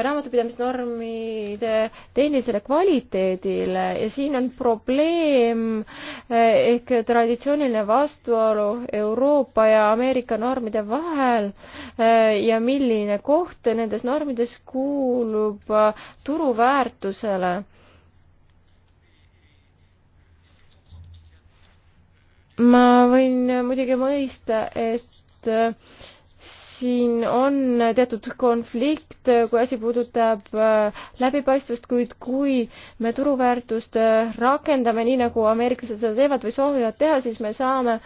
S2: raamatupidamisnormide tehnilisele kvaliteedile ja siin on probleem eh, ehk traditsiooniline vastuolu Euroopa ja Ameerika normide vahel eh, ja milline koht nendes normides kuulub turuväärtusele ma võin muidugi mõista, et äh, siin on teatud konflikt, äh, kui asi puudutab äh, läbipaistvust, kuid kui me turuväärtust rakendame nii, nagu ameeriklased seda teevad või soovivad teha, siis me saame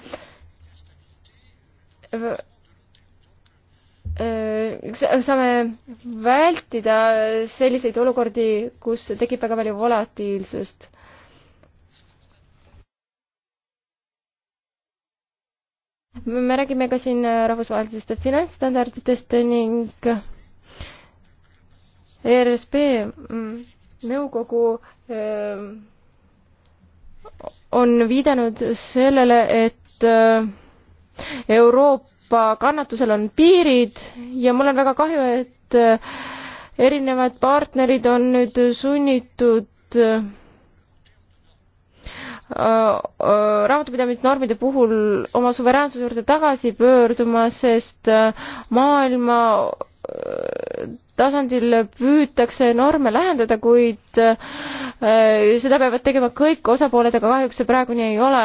S2: saame vältida selliseid olukordi, kus tekib väga palju volatiilsust me räägime ka siin äh, rahvusvahelistest finantsstandarditest ning ERSB mm, nõukogu äh, on viidanud sellele, et äh, Euroopa kannatusel on piirid ja mul on väga kahju, et erinevad partnerid on nüüd sunnitud raamatupidamisnormide puhul oma suveräänsuse juurde tagasi pöörduma, sest äh, maailma äh, tasandil püütakse norme lähendada, kuid äh, seda peavad tegema kõik osapooled, aga kahjuks see praegu nii ei ole.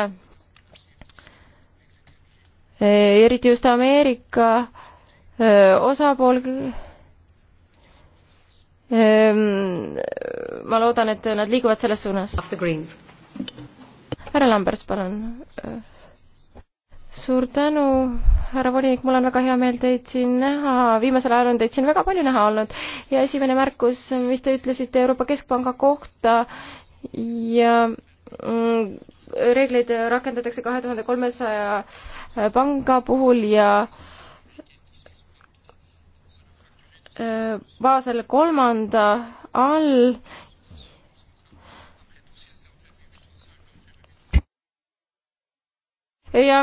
S2: E, eriti just Ameerika e, osapool e, ma loodan, et nad liiguvad selles suunas härra Lambers, palun. suur tänu, härra volinik, mul on väga hea meel teid siin näha, viimasel ajal on teid siin väga palju näha olnud ja esimene märkus, mis te ütlesite Euroopa Keskpanga kohta ja mm, reegleid rakendatakse kahe tuhande kolmesaja panga puhul ja Baasel äh, kolmanda all ja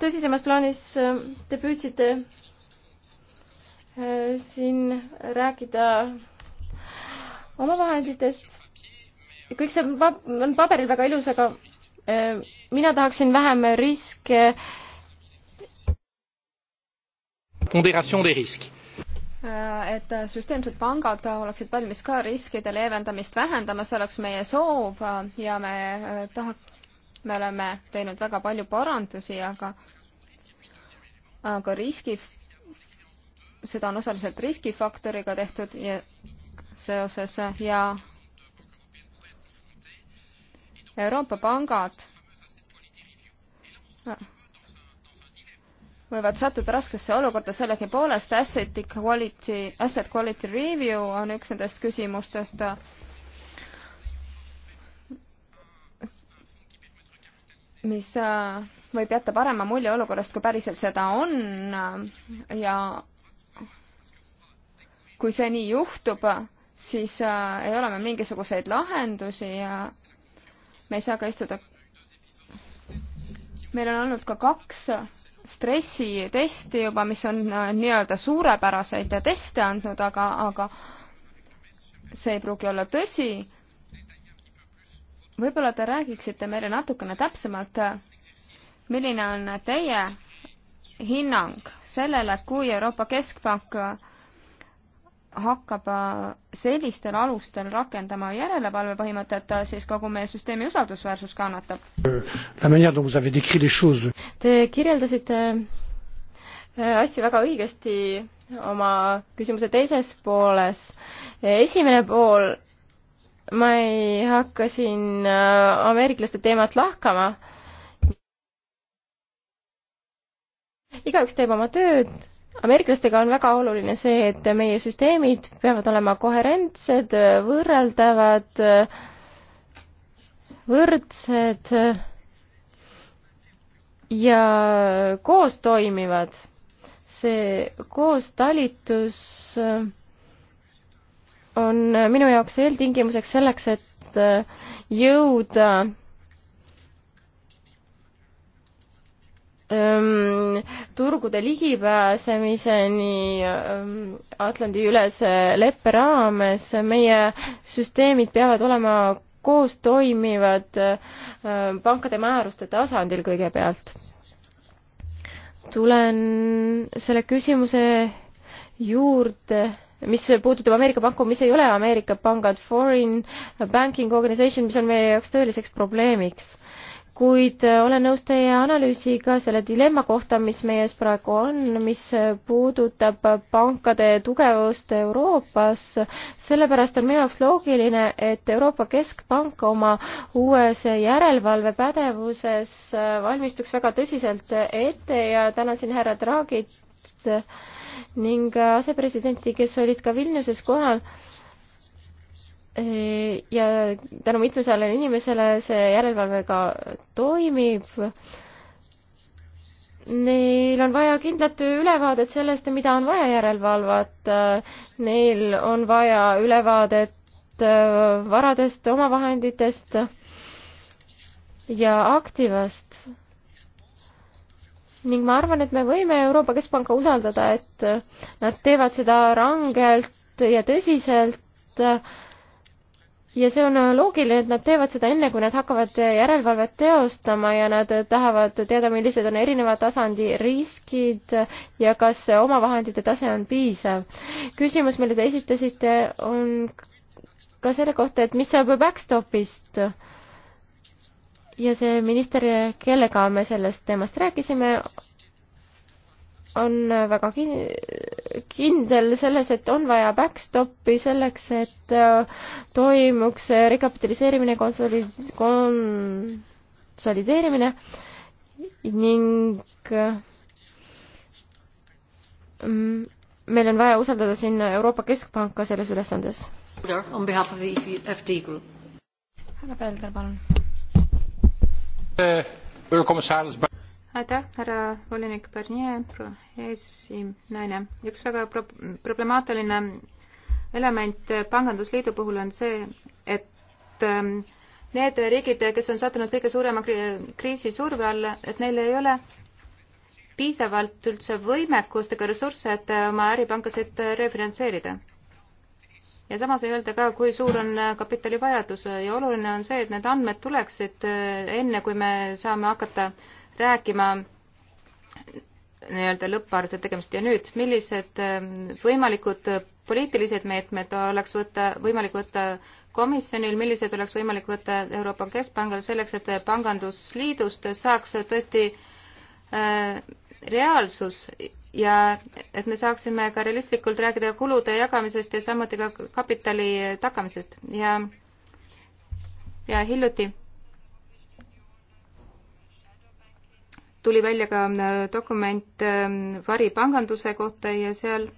S2: tõsisemas plaanis äh, te püüdsite äh, siin rääkida omavahenditest. kõik see on paberil väga ilus, aga äh, mina tahaksin vähem riske.
S3: Pondération des risques
S1: et süsteemsed pangad oleksid valmis ka riskide leevendamist vähendama, see oleks meie soov ja me tahaks me oleme teinud väga palju parandusi, aga, aga riski, seda on osaliselt riskifaktoriga tehtud ja seoses ja Euroopa pangad võivad sattuda raskesse olukorda sellegipoolest asset quality, asset quality review on üks nendest küsimustest mis äh, võib jätta parema mulje olukorrast, kui päriselt seda on äh, ja kui see nii juhtub, siis äh, ei ole meil mingisuguseid lahendusi ja me ei saa ka istuda. meil on olnud ka kaks stressitesti juba, mis on nii-öelda suurepäraseid teste andnud, aga, aga see ei pruugi olla tõsi võib-olla te räägiksite meile natukene täpsemalt, milline on teie hinnang sellele, kui Euroopa Keskpank hakkab sellistel alustel rakendama järelevalve põhimõtet, siis kogu meie süsteemi usaldusväärsus kannatab. Te kirjeldasite äh, asju väga õigesti
S2: oma küsimuse teises pooles. esimene pool ma ei hakka siin äh, ameeriklaste teemat lahkama. igaüks teeb oma tööd. ameeriklastega on väga oluline see, et meie süsteemid peavad olema koherentsed, võrreldavad, võrdsed ja koostoimivad. see koostalitus äh, on minu jaoks eeltingimuseks selleks, et äh, jõuda ähm, turgude ligipääsemiseni ähm, Atlandi-ülese leppe raames. meie süsteemid peavad olema koos toimivad äh, pankade määruste tasandil kõigepealt. tulen selle küsimuse juurde mis puudutab Ameerika panku, mis ei ole Ameerika pangad, Foreign Banking Organization, mis on meie jaoks tõeliseks probleemiks. kuid äh, olen nõus teie analüüsiga selle dilemma kohta, mis meie ees praegu on, mis puudutab pankade tugevust Euroopas. sellepärast on minu jaoks loogiline, et Euroopa Keskpank oma uues järelevalvepädevuses äh, valmistuks väga tõsiselt ette ja tänan siin härra Draagit ning äh, asepresidenti, kes olid ka Vilniuses kohal. E, ja tänu mitmesajale inimesele see järelevalve ka toimib. Neil on vaja kindlat ülevaadet sellest, mida on vaja järelevalvata. Neil on vaja ülevaadet e, varadest, omavahenditest ja aktivast ning ma arvan, et me võime Euroopa Keskpanka usaldada, et nad teevad seda rangelt ja tõsiselt. ja see on loogiline, et nad teevad seda enne, kui nad hakkavad järelevalvet teostama ja nad tahavad teada, millised on erineva tasandi riskid ja kas omavahendite tase on piisav. küsimus, mille te esitasite, on ka selle kohta, et mis saab backstopist ja see minister, kellega me sellest teemast rääkisime, on väga kindel selles, et on vaja backstopi selleks, et äh, toimuks rekapitaliseerimine, konsolideerimine ning äh, meil on vaja usaldada siin Euroopa Keskpanka selles ülesandes. E
S3: härra Pelder, palun aitäh, härra volinik Barnier, esinaine. üks väga pro problemaatiline element pangandusliidu puhul on see, et ähm, need riigid, kes on sattunud kõige suurema kriisi surve alla, et neil ei ole piisavalt üldse võimekust ega ressursse, et äh, oma äripankasid refinantseerida ja samas ei öelda ka, kui suur on äh, kapitalivajadus ja oluline on see, et need andmed tuleksid äh, enne, kui me saame hakata rääkima nii-öelda lõpparvete tegemist ja nüüd, millised ähm, võimalikud äh, poliitilised meetmed oleks võtta, võimalik võtta komisjonil, millised oleks võimalik võtta Euroopa Keskpangal selleks, et pangandusliidust saaks tõesti äh, reaalsus ja et me saaksime ka realistlikult rääkida kulude jagamisest ja samuti ka kapitali tagamisest ja, ja hiljuti tuli välja ka äh, dokument ähm, varipanganduse kohta ja seal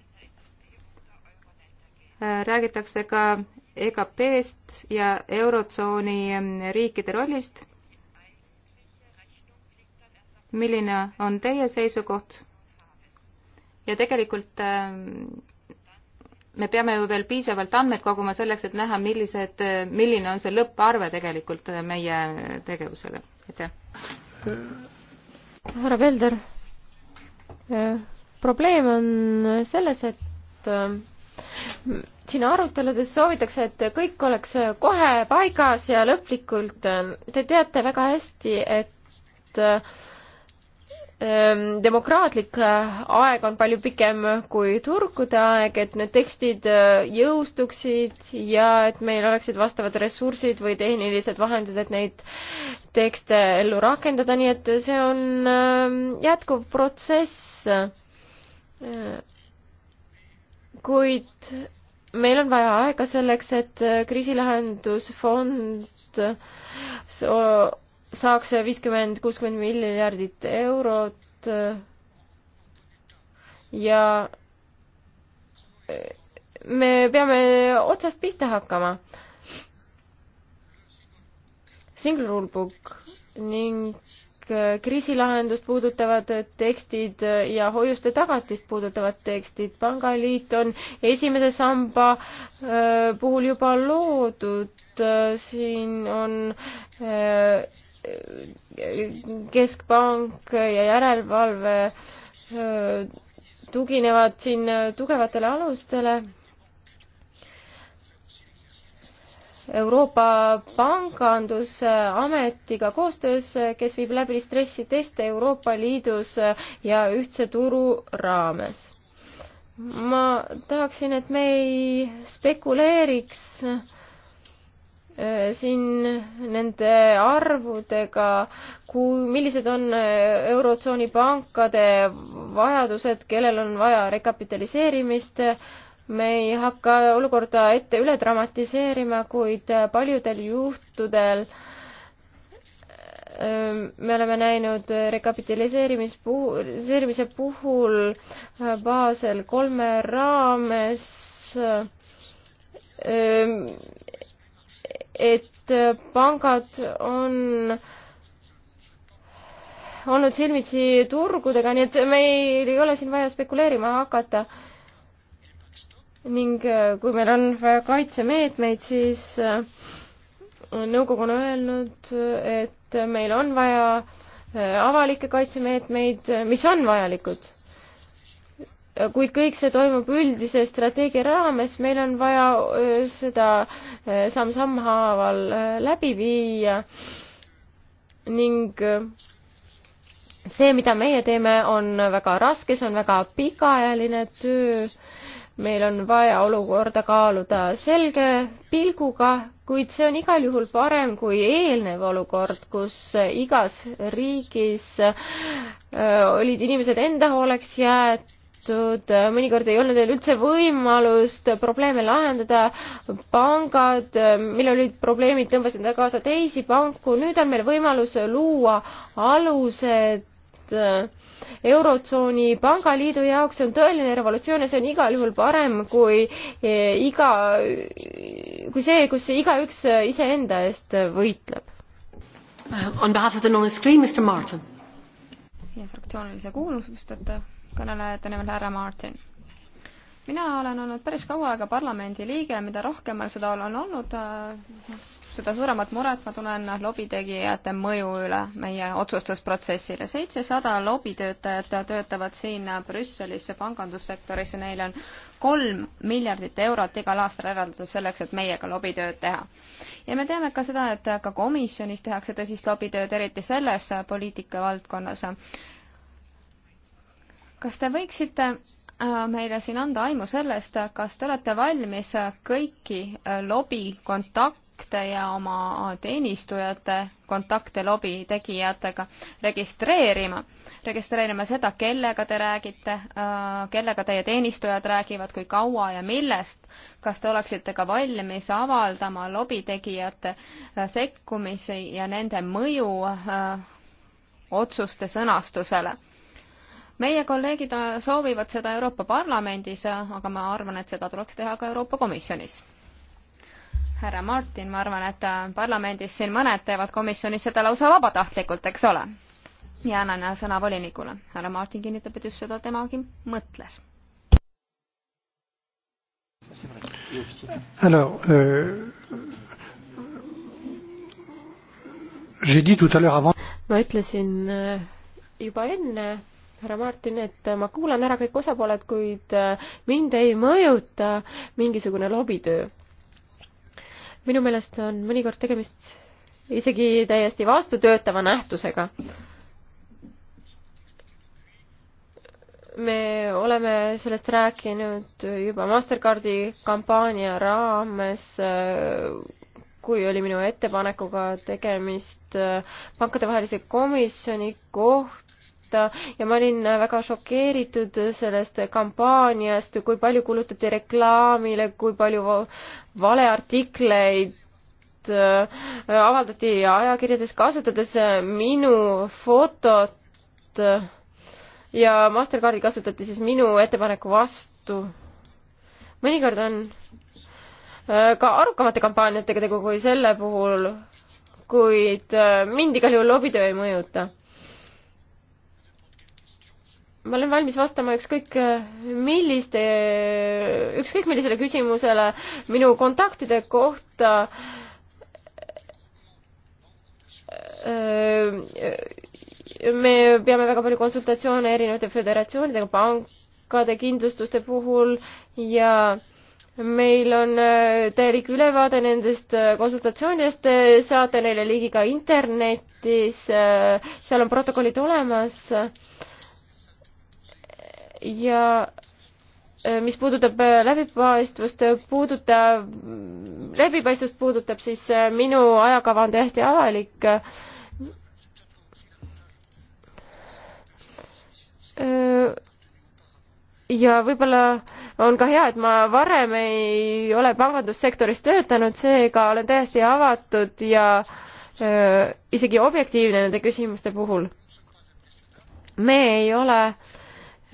S3: äh, räägitakse ka EKP-st ja Eurotsooni ähm, riikide rollist. milline on teie seisukoht? ja tegelikult ähm, me peame ju veel piisavalt andmeid koguma selleks, et näha, millised, äh, milline on see lõpparve tegelikult äh, meie tegevusele. aitäh.
S4: Äh,
S2: härra Pelder, probleem on selles, et siin aruteludes soovitakse, et kõik oleks kohe paigas ja lõplikult. Te teate väga hästi, et Ehm, demokraatlik äh, aeg on palju pikem kui turgude aeg, et need tekstid äh, jõustuksid ja et meil oleksid vastavad ressursid või tehnilised vahendid, et neid tekste ellu rakendada, nii et see on ähm, jätkuv protsess. Äh, kuid meil on vaja aega selleks, et kriisilahendusfond saaks viiskümmend, kuuskümmend miljardit eurot äh, ja äh, me peame otsast pihta hakkama. Single rule book ning äh, kriisilahendust puudutavad tekstid ja hoiuste tagatist puudutavad tekstid. pangaliit on esimese samba puhul juba loodud, siin on keskpank ja järelevalve äh, tuginevad siin äh, tugevatele alustele. Euroopa Pangandusametiga koostöös, äh, kes viib läbi stressiteste Euroopa Liidus ja ühtse turu raames. ma tahaksin, et me ei spekuleeriks äh, Äh, siin nende arvudega, kui, millised on äh, Eurotsooni pankade vajadused, kellel on vaja rekapitaliseerimist, me ei hakka olukorda ette üle dramatiseerima, kuid äh, paljudel juhtudel me oleme näinud rekapitaliseerimis puhul, seerimise puhul Basel kolme raames et pangad on olnud silmitsi turgudega, nii et meil ei ole siin vaja spekuleerima hakata. ning äh, kui meil on vaja kaitsemeetmeid, siis äh, nõukogu on öelnud, äh, et meil on vaja avalikke kaitsemeetmeid, mis on vajalikud kuid kõik see toimub üldise strateegia raames, meil on vaja seda samm-samm haaval läbi viia ning see, mida meie teeme, on väga raske, see on väga pikaajaline töö, meil on vaja olukorda kaaluda selge pilguga, kuid see on igal juhul parem kui eelnev olukord, kus igas riigis olid inimesed enda hooleks jäetud, tehtud, mõnikord ei olnud neil üldse võimalust probleeme lahendada. pangad, millel olid probleemid, tõmbasid enda kaasa teisi panku, nüüd on meil võimalus luua alused äh, Eurotsooni pangaliidu jaoks on tõeline revolutsioon ja see on igal juhul parem kui äh, iga, kui see, kus igaüks äh, iseenda eest võitleb.
S1: On behalf of the
S4: non-screen, Mr
S2: Martin.
S1: ja fraktsioonilise kuuluvusteta kõnelejate nimel härra Martin. mina olen olnud päris kaua aega parlamendi liige, mida rohkem ma seda olen olnud, äh, seda suuremat muret ma tunnen lobitegijate mõju üle meie otsustusprotsessile. seitsesada lobitöötajat töötavad siin Brüsselis pangandussektoris ja neil on kolm miljardit eurot igal aastal eraldatud selleks, et meiega lobitööd teha. ja me teame ka seda, et ka komisjonis tehakse tõsist lobitööd, eriti selles poliitikavaldkonnas kas te võiksite äh, meile siin anda aimu sellest, kas te olete valmis kõiki äh, lobikontakte ja oma teenistujate kontakte lobi tegijatega registreerima? registreerima seda, kellega te räägite, äh, kellega teie teenistujad räägivad, kui kaua ja millest. kas te oleksite ka valmis avaldama lobitegijate sekkumisi ja nende mõju otsuste sõnastusele? meie kolleegid äh, soovivad seda Euroopa Parlamendis, äh, aga ma arvan, et seda tuleks teha ka Euroopa Komisjonis. härra Martin, ma arvan, et äh, parlamendis siin mõned teevad komisjonis seda lausa vabatahtlikult, eks ole? ja annan sõna volinikule. härra Martin kinnitab, et just seda temagi mõtles.
S4: Alors, euh, j'ai dit tout à l'heure avant.
S2: Ma ütlesin juba enne härra Martin, et ma kuulan ära kõik osapooled, kuid äh, mind ei mõjuta mingisugune lobitöö. minu meelest on mõnikord tegemist isegi täiesti vastutöötava nähtusega. me oleme sellest rääkinud juba Mastercardi kampaania raames, äh, kui oli minu ettepanekuga tegemist äh, pankadevahelise komisjoni kohta, kohta ja ma olin väga šokeeritud sellest kampaaniast, kui palju kulutati reklaamile, kui palju valeartikleid äh, avaldati ajakirjades, kasutades minu fotot ja Mastercardi kasutati siis minu ettepaneku vastu. mõnikord on äh, ka arukamate kampaaniatega tegu kui selle puhul, kuid äh, mind igal juhul lobitöö ei mõjuta ma olen valmis vastama ükskõik äh, milliste, ükskõik millisele küsimusele minu kontaktide kohta. Äh, me peame väga palju konsultatsioone erinevate föderatsioonidega, pankade, kindlustuste puhul ja meil on äh, täielik ülevaade nendest konsultatsioonidest, saate neile ligi ka internetis, seal on protokollid olemas ja e, mis puudutab e, läbipaistvust, puudutab, läbipaistvust puudutab, siis e, minu ajakava on täiesti avalik. ja võib-olla on ka hea, et ma varem ei ole pangandussektoris töötanud, seega olen täiesti avatud ja isegi objektiivne nende küsimuste puhul. me ei ole äh,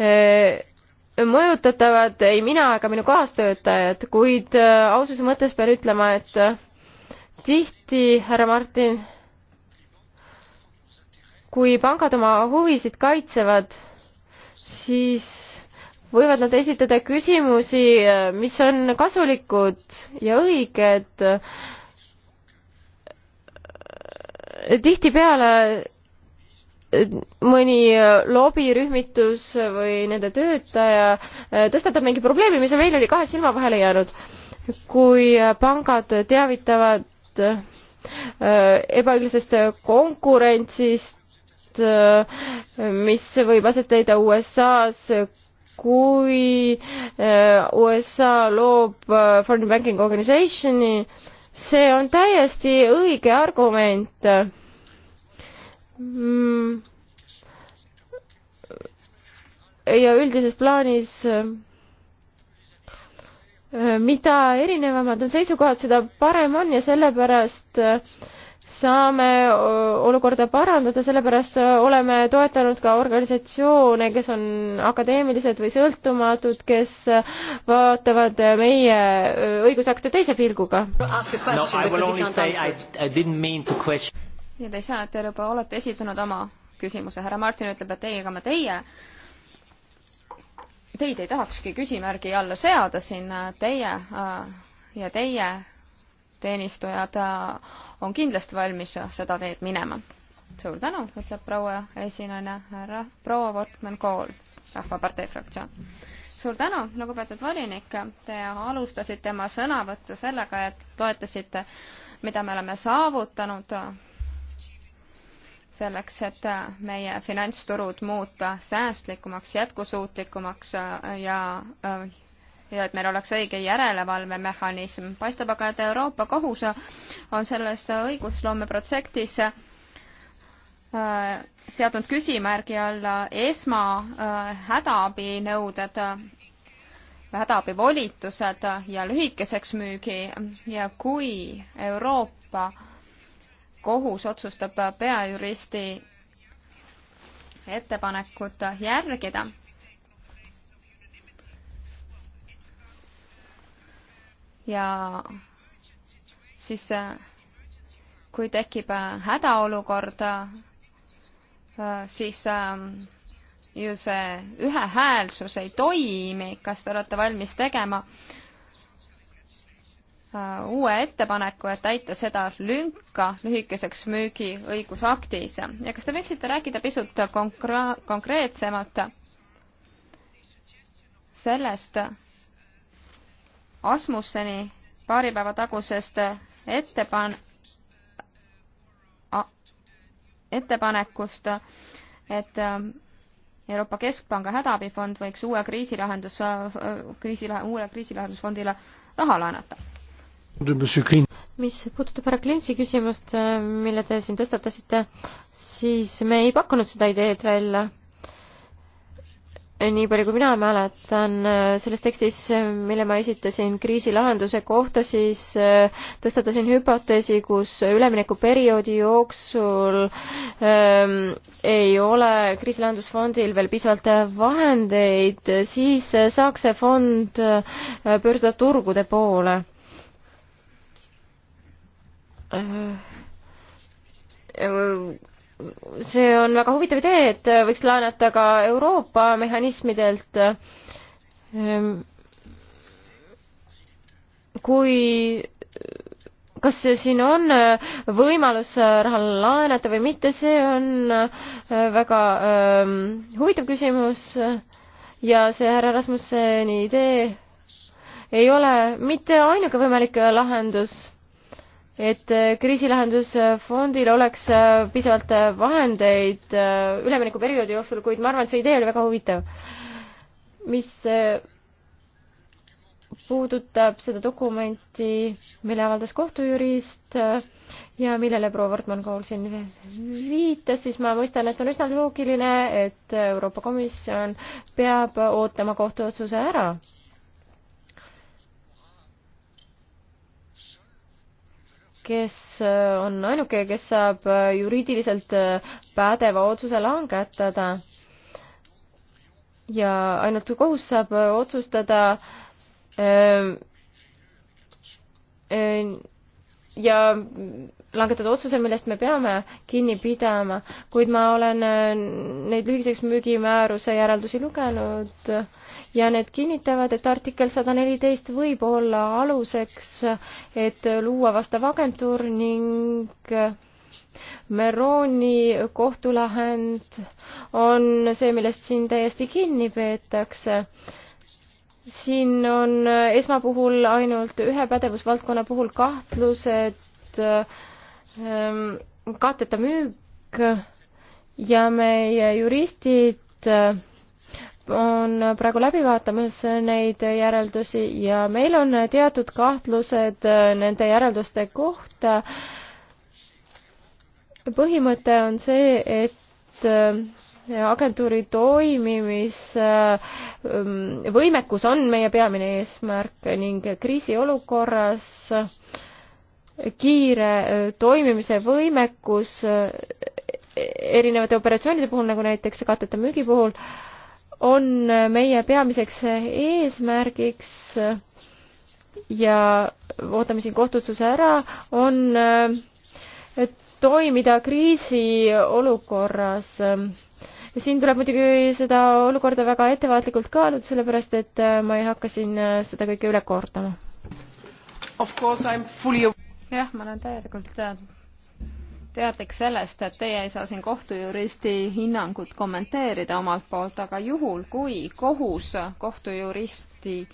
S2: Äh, mõjutatavad ei mina ega minu kaastöötajad, kuid äh, aususe mõttes pean ütlema, et äh, tihti, härra Martin, kui pangad oma huvisid kaitsevad, siis võivad nad esitada küsimusi, mis on kasulikud ja õiged. tihtipeale
S4: mõni
S2: äh, lobirühmitus või nende töötaja äh, tõstatab mingi probleemi, mis meil oli kahe silma vahele jäänud. kui pangad teavitavad äh, ebaõiglasest konkurentsist, mis võib aset leida USA-s, kui USA loob Foreign Banking Organizationi, see on täiesti õige argument Mm. ja üldises plaanis äh, mida erinevamad on seisukohad, seda parem on ja sellepärast äh, saame äh, olukorda parandada, sellepärast oleme toetanud ka organisatsioone, kes on akadeemilised või sõltumatud, kes vaatavad meie õigusakte teise pilguga
S4: no,
S1: ja te ei saa, et te juba olete esitanud oma küsimuse. härra Martin ütleb, et ei, ega ma teie, teid ei tahakski küsimärgi alla seada siin, teie äh, ja teie teenistujad äh, on kindlasti valmis seda teed minema. suur tänu, ütleb proua esinaine, härra proua Wortmann-Kool, Rahvapartei fraktsioon suur tänu, lugupeetud volinik, te alustasite oma sõnavõttu sellega, et toetasite, mida me oleme saavutanud selleks, et meie finantsturud muuta säästlikumaks, jätkusuutlikumaks ja ja et meil oleks õige järelevalvemehhanism. paistab aga, et Euroopa Kohus on selles õigusloomeprotsessis äh, seadnud küsimärgi alla esmahädaabinõuded, äh, hädaabivolitused äh, ja lühikeseks müügi ja kui Euroopa kohus otsustab peajuristi ettepanekut järgida. ja siis, kui tekib hädaolukord, siis ähm, ju see ühehäälsus ei toimi, kas te olete valmis tegema äh, Äh, uue ettepaneku, et täita seda lünka lühikeseks müügi õigusaktis. ja kas te võiksite rääkida pisut konkre-, konkreetsemalt sellest Asmusseni paari päeva tagusest ettepan-, ettepanekust, et ähm, Euroopa Keskpanga hädaabifond võiks uue äh, kriisilahendus, kriisi, uuele kriisilahendusfondile raha laenata mis
S2: puudutab härra Klinsi küsimust, äh, mille te siin tõstatasite, siis me ei pakkunud seda ideed välja. nii palju, kui mina mäletan, äh, selles tekstis, äh, mille ma esitasin kriisilahenduse kohta, siis tõstatasin hüpoteesi, kus üleminekuperioodi jooksul ähm, ei ole kriisilahendusfondil veel piisavalt vahendeid, siis saaks see fond pöörduda turgude poole Äh, see on väga huvitav idee, et võiks laenata ka Euroopa mehhanismidelt. Ehm, kui, kas siin on äh, võimalus raha laenata või mitte, see on äh, väga ehm, huvitav küsimus ja see härra Rasmusseni idee ei ole mitte ainuke võimalik lahendus et äh, kriisilahendusfondil oleks äh, piisavalt äh, vahendeid üleminekuperioodi jooksul, kuid ma arvan, et see idee oli väga huvitav. mis puudutab seda dokumenti, mille avaldas kohtujurist ja millele proua Wortmann Kool siin viitas, siis ma mõistan, et on üsna loogiline, et Euroopa Komisjon peab ootama kohtuotsuse ära kes äh, on ainuke, kes saab äh, juriidiliselt äh, pädeva otsuse langetada. ja ainult kohus saab otsustada ähm, ja langetada otsuse, millest me peame kinni pidama, kuid ma olen neid lühikeseks müügimääruse järeldusi lugenud äh, ja need kinnitavad, et artikkel sada neliteist võib olla aluseks, et luua vastav agentuur ning Meroni kohtulahend on see, millest siin täiesti kinni peetakse siin on esmapuhul ainult ühe pädevusvaldkonna puhul kahtlused, ähm, katteta müük ja meie juristid äh, on praegu läbi vaatamas neid järeldusi ja meil on teatud kahtlused äh, nende järelduste kohta. põhimõte on see, et äh, agentuuri toimimisvõimekus äh, on meie peamine eesmärk ning kriisiolukorras kiire toimimise võimekus erinevate operatsioonide puhul, nagu näiteks katete müügi puhul, on meie peamiseks eesmärgiks ja ootame siin kohtutsuse ära, on toimida kriisiolukorras. siin tuleb muidugi seda olukorda väga ettevaatlikult kaaluda, sellepärast et ma ei hakka siin seda kõike üle kordama.
S1: jah, ma olen täielikult teadlik sellest, et teie ei saa siin kohtujuristi hinnangut kommenteerida omalt poolt, aga juhul, kui kohus kohtujuristi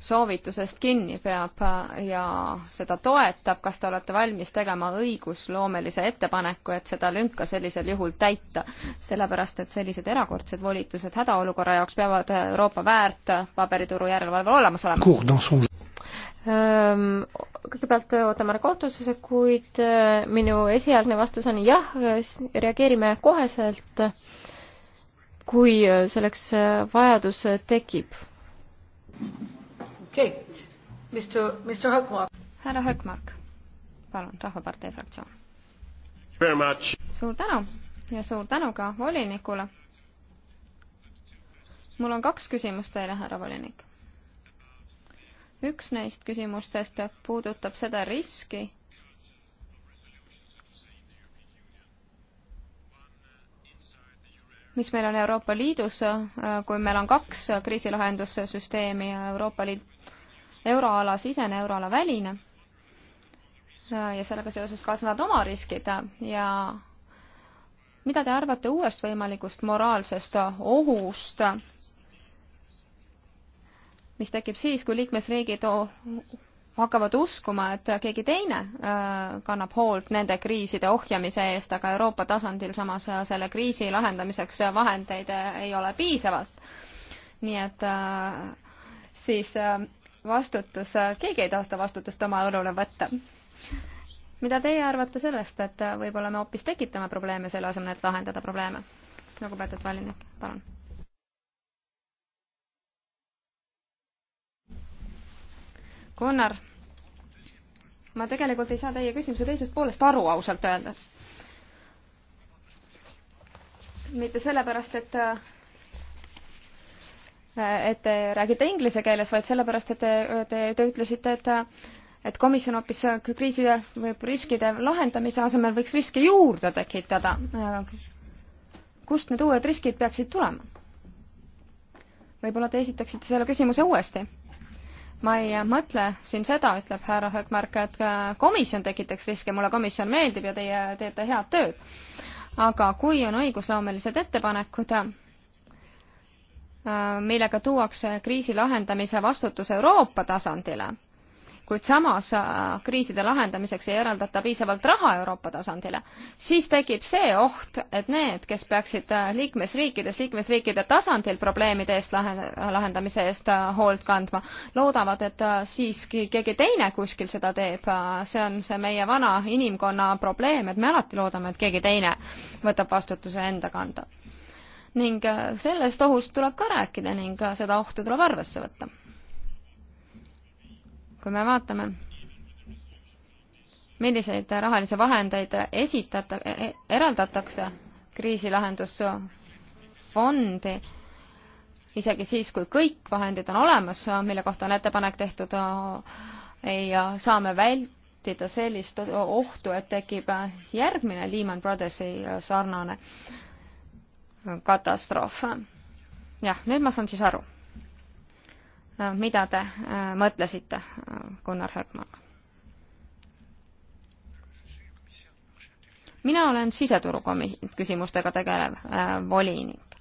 S1: soovitusest kinni peab äh, ja seda toetab, kas te olete valmis tegema õigusloomelise ettepaneku, et seda lünka sellisel juhul täita? sellepärast, et sellised erakordsed volitused hädaolukorra jaoks peavad Euroopa väärt paberituru järelevalvel olemas olema Ehm, kõigepealt ootame ära kohtusse,
S2: kuid eh, minu esialgne vastus on jah, reageerime koheselt, kui eh, selleks eh, vajadus tekib.
S1: okei okay., Mr, Mr Hökmark. härra Hökmark, palun, Rahvapartei fraktsioon. suur tänu ja suur tänu ka volinikule. mul on kaks küsimust teile, härra volinik üks neist küsimustest puudutab seda riski, mis meil on Euroopa Liidus, kui meil on kaks kriisilahendussüsteemi, Euroopa Liit, euroala sisene, euroala väline ja sellega seoses kaasnevad oma riskid ja mida te arvate uuest võimalikust moraalsest ohust mis tekib siis, kui liikmesriigid hakkavad uskuma, et keegi teine äh, kannab hoolt nende kriiside ohjamise eest, aga Euroopa tasandil samas äh, selle kriisi lahendamiseks äh, vahendeid ei ole piisavalt. nii et siis vastutus, keegi ei taha seda vastutust oma õlule võtta. mida teie arvate sellest, et võib-olla me hoopis tekitame probleeme selle asemel, et lahendada probleeme? lugupeetud volinik, palun Gunnar, ma tegelikult ei saa teie küsimuse teisest poolest aru ausalt öeldes. mitte sellepärast, et et te räägite inglise keeles, vaid sellepärast, et te, te, te ütlesite, et et komisjon hoopis kriiside või riskide lahendamise asemel võiks riske juurde tekitada. kust need uued riskid peaksid tulema? võib-olla te esitaksite selle küsimuse uuesti? ma ei mõtle siin seda, ütleb härra Höökmark, et komisjon tekitaks riske, mulle komisjon meeldib ja teie teete head tööd. aga kui on õigusloomelised ettepanekud, äh, millega tuuakse kriisi lahendamise vastutus Euroopa tasandile kuid samas äh, kriiside lahendamiseks ei eraldata piisavalt raha Euroopa tasandile, siis tekib see oht, et need, kes peaksid äh, liikmesriikides, liikmesriikide tasandil probleemide eest lahendamise eest äh, hoolt kandma, loodavad, et siiski keegi teine kuskil seda teeb. see on see meie vana inimkonna probleem, et me alati loodame, et keegi teine võtab vastutuse enda kanda ning sellest ohust tuleb ka rääkida ning seda ohtu tuleb arvesse võtta kui me vaatame, milliseid rahalisi vahendeid esitata, e-, e-, eraldatakse kriisilahendusfondi, isegi siis, kui kõik vahendid on olemas, mille kohta on ettepanek tehtud, ei saa me vältida sellist ohtu, et tekib järgmine Lehman Brothersi sarnane katastroof. jah, nüüd ma saan siis aru mida te äh, mõtlesite, äh, Gunnar Hökmark? mina olen siseturukomi-, küsimustega tegelev äh, volinik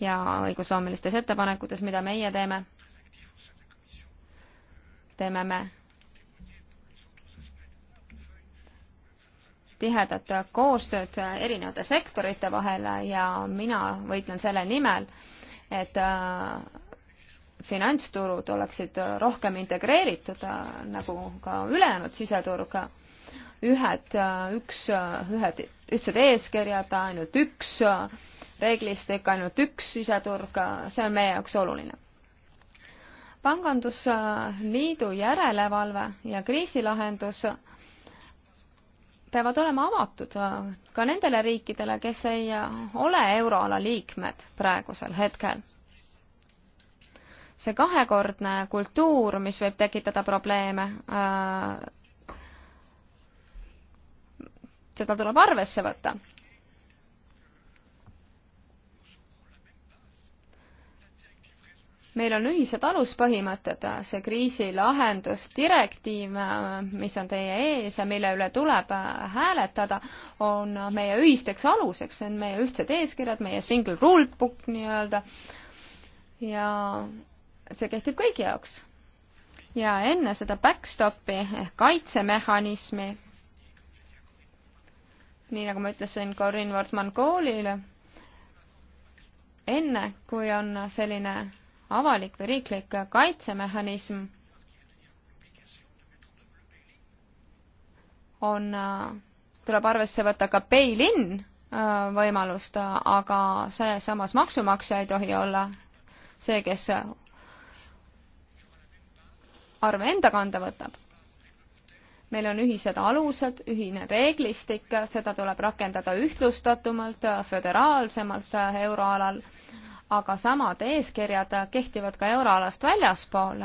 S1: ja õigusloomelistes ettepanekutes, mida meie teeme, teeme me tihedat koostööd erinevate sektorite vahel ja mina võitlen selle nimel, et äh, finantsturud oleksid rohkem integreeritud, nagu ka ülejäänud siseturg, ühed, üks, ühed, ühtsed eeskirjad, ainult üks reeglistik, ainult üks siseturg, see on meie jaoks oluline. pangandusliidu järelevalve ja kriisilahendus peavad olema avatud ka nendele riikidele, kes ei ole euroala liikmed praegusel hetkel see kahekordne kultuur, mis võib tekitada probleeme, äh, seda tuleb arvesse võtta. meil on ühised aluspõhimõtted, see kriisilahendusdirektiiv, äh, mis on teie ees ja mille üle tuleb äh, hääletada, on meie ühisteks aluseks, see on meie ühtsed eeskirjad, meie single rule book nii-öelda ja see kehtib kõigi jaoks. ja enne seda backstopi ehk kaitsemehhanismi, nii nagu ma ütlesin Corinne Wortmann koolile, enne kui on selline avalik või riiklik kaitsemehhanism, on, tuleb arvesse võtta ka bail-in äh, võimalust, aga see samas maksumaksja ei tohi olla see, kes arve enda kanda võtab. meil on ühised alused, ühine reeglistik, seda tuleb rakendada ühtlustatumalt, föderaalsemalt euroalal, aga samad eeskirjad kehtivad ka euroalast väljaspool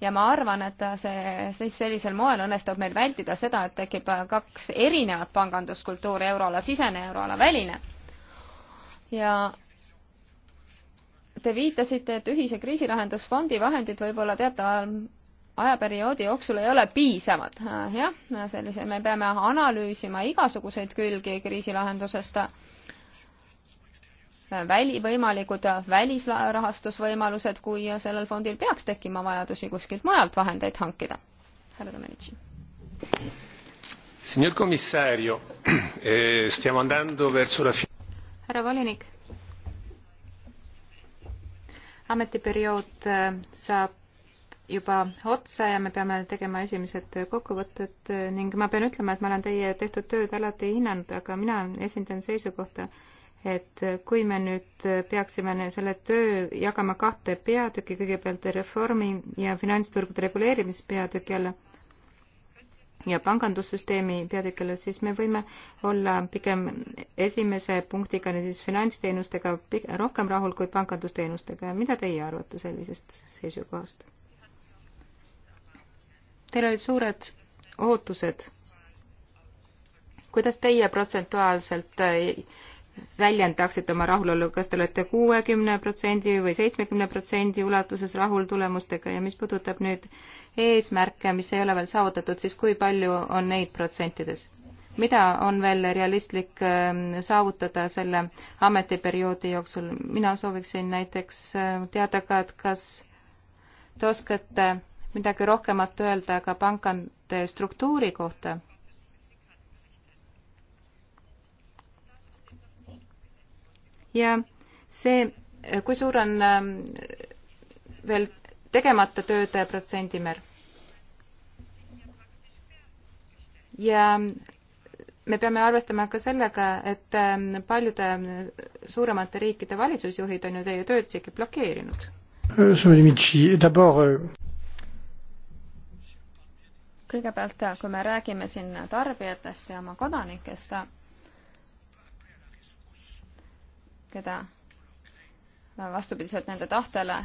S1: ja ma arvan, et see, siis sellisel moel õnnestub meil vältida seda, et tekib kaks erinevat panganduskultuuri, euroala sisene, euroala väline. ja Te viitasite, et ühise kriisilahendusfondi vahendid võib-olla teataval ajaperioodi jooksul ei ole piisavad. Äh, jah, sellise, me peame analüüsima igasuguseid külgi kriisilahendusest äh, väli, võimalikud välisrahastusvõimalused, kui sellel fondil peaks tekkima vajadusi kuskilt mujalt vahendeid hankida. härra Domenici.
S4: Signor commissario, [clears throat] eh, stiamo andando verso la fi-.
S3: härra volinik, ametiperiood äh, saab juba otsa ja me peame tegema esimesed kokkuvõtted äh, ning ma pean ütlema, et ma olen teie tehtud tööd alati hinnanud, aga mina esindan seisukohta, et kui me nüüd peaksime selle töö jagama kahte peatükki, kõigepealt reformi ja finantsturgude reguleerimispeatüki alla ja pangandussüsteemi peatükile, siis me võime olla pigem esimese punktiga, siis finantsteenustega rohkem rahul kui pangandusteenustega. mida teie arvate sellisest seisukohast? Teil olid suured ootused. kuidas teie protsentuaalselt äh, väljendaksite oma rahulolu, kas te olete kuuekümne protsendi või seitsmekümne protsendi ulatuses rahul tulemustega ja mis puudutab nüüd eesmärke, mis ei ole veel saavutatud, siis kui palju on neid protsentides? mida on veel realistlik ähm, saavutada selle ametiperioodi jooksul? mina sooviksin näiteks äh, teada ka, et kas te oskate midagi rohkemat öelda ka pankade struktuuri kohta ja see, kui suur on ähm, veel tegemata tööde protsendimäär. ja me peame arvestama ka sellega, et ähm, paljude ähm, suuremate riikide valitsusjuhid on ju teie tööd isegi blokeerinud.
S1: kõigepealt, kui me räägime siin tarbijatest ja oma kodanikest, keda vastupidiselt nende tahtele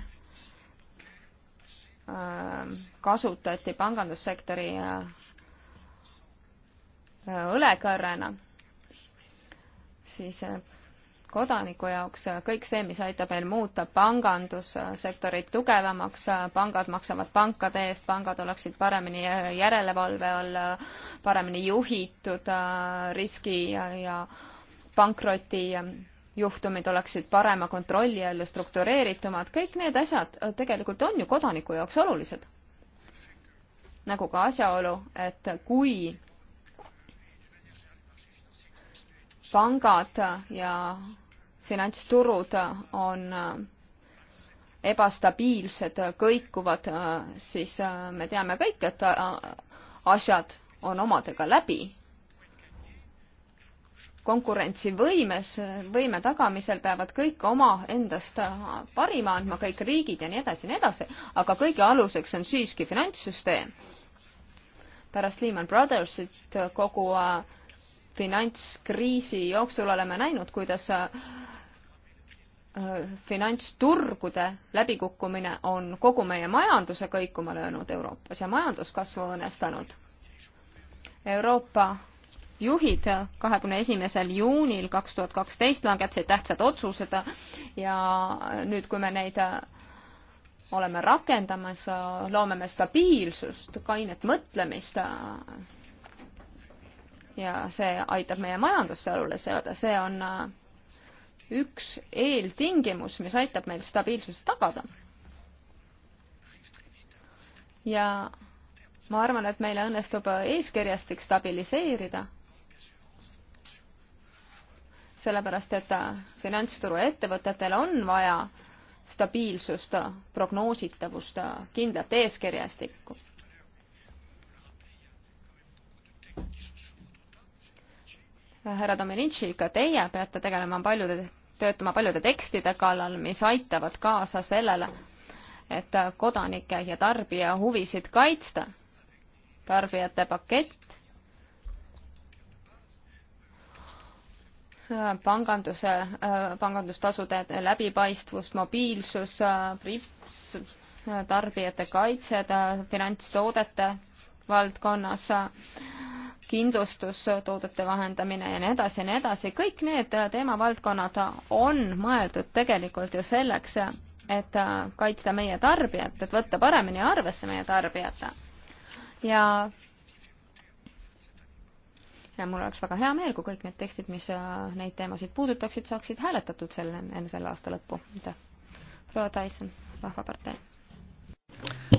S1: ähm, kasutati pangandussektori äh, õlekõrrena, siis äh, kodaniku jaoks äh, kõik see, mis aitab meil muuta pangandussektorit tugevamaks, pangad maksavad pankade eest, pangad oleksid paremini järelevalve all, paremini juhitud riski ja, ja pankroti juhtumid oleksid parema kontrolli all ja struktureeritumad, kõik need asjad äh, tegelikult on ju kodaniku jaoks olulised. nagu ka asjaolu, et kui pangad ja finantsturud on äh, ebastabiilsed, kõikuvad, äh, siis me teame kõik, et asjad on omadega läbi konkurentsivõimes, võime tagamisel peavad kõik oma endast parima andma, kõik riigid ja nii edasi ja nii edasi, aga kõige aluseks on siiski finantssüsteem. pärast Lehman Brothersit kogu äh, finantskriisi jooksul oleme näinud, kuidas äh, finantsturgude läbikukkumine on kogu meie majanduse kõikuma löönud Euroopas ja majanduskasvu õõnestanud. Euroopa juhid kahekümne esimesel juunil kaks tuhat kaksteist langetasid tähtsad otsused ja nüüd, kui me neid oleme rakendamas, loome me stabiilsust, kainet mõtlemist. ja see aitab meie majandust jalule seada, see on üks eeltingimus, mis aitab meil stabiilsust tagada. ja ma arvan, et meile õnnestub eeskirjastik stabiliseerida sellepärast et finantsturu ettevõtetel on vaja stabiilsust, prognoositavust, kindlat eeskirjastikku. härra Dominici, ka teie peate tegelema paljude, töötama paljude tekstide kallal, mis aitavad kaasa sellele, et kodanike ja tarbija huvisid kaitsta. tarbijate pakett panganduse, pangandustasude läbipaistvus, mobiilsus, prips, tarbijate kaitsed finantstoodete valdkonnas, kindlustustoodete vahendamine ja nii edasi ja nii edasi, kõik need teemavaldkonnad on mõeldud tegelikult ju selleks, et kaitsta meie tarbijat, et võtta paremini arvesse meie tarbijat. ja ja mul oleks väga hea meel, kui kõik need tekstid, mis äh, neid teemasid puudutaksid, saaksid hääletatud selle, enne selle aasta lõppu. aitäh. proua Tyson,
S3: Rahvapartei.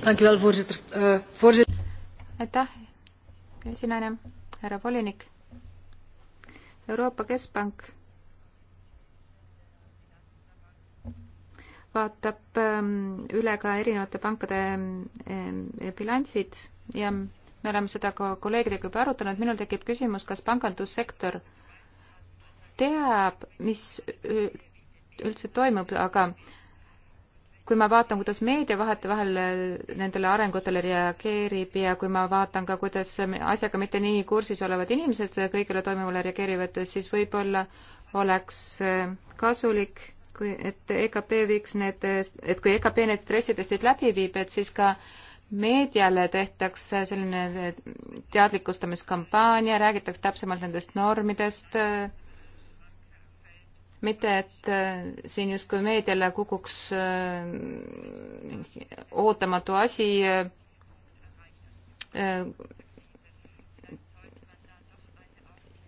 S3: Eh, aitäh, esinaine, härra volinik. Euroopa Keskpank vaatab ehm, üle ka erinevate pankade ehm, bilansid ja me oleme seda ka kolleegidega juba arutanud, minul tekib küsimus, kas pangandussektor teab, mis üldse toimub, aga kui ma vaatan, kuidas meedia vahetevahel nendele arengutele reageerib ja kui ma vaatan ka, kuidas asjaga mitte nii kursis olevad inimesed kõigele toimuvale reageerivad, siis võib-olla oleks kasulik, kui, et EKP viiks need, et kui EKP need stressitestid läbi viib, et siis ka äh, meediale tehtakse selline teadlikustamiskampaania, räägitakse täpsemalt nendest normidest, mitte et siin justkui meediale kukuks äh, ootamatu asi äh,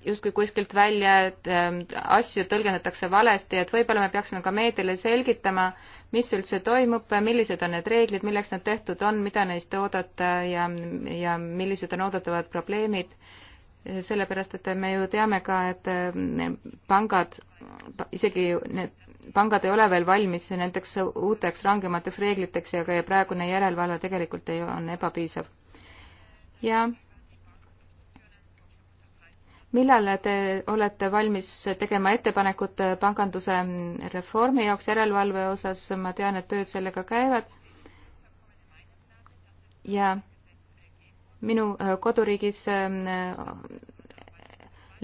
S3: justkui kuskilt välja, et äh, asju tõlgendatakse valesti, et võib-olla me peaksime ka meediale selgitama, mis üldse toimub, millised on need reeglid, milleks nad tehtud on, mida neist oodata ja, ja millised on oodatavad probleemid, sellepärast et me ju teame ka, et eh, pangad, isegi need pangad ei ole veel valmis nendeks uuteks rangemateks reegliteks ja ka praegune järelevalve tegelikult ei, on ebapiisav. ja millal te olete valmis tegema ettepanekut panganduse reformi jaoks järelevalve osas, ma tean, et tööd sellega käivad. ja minu koduriigis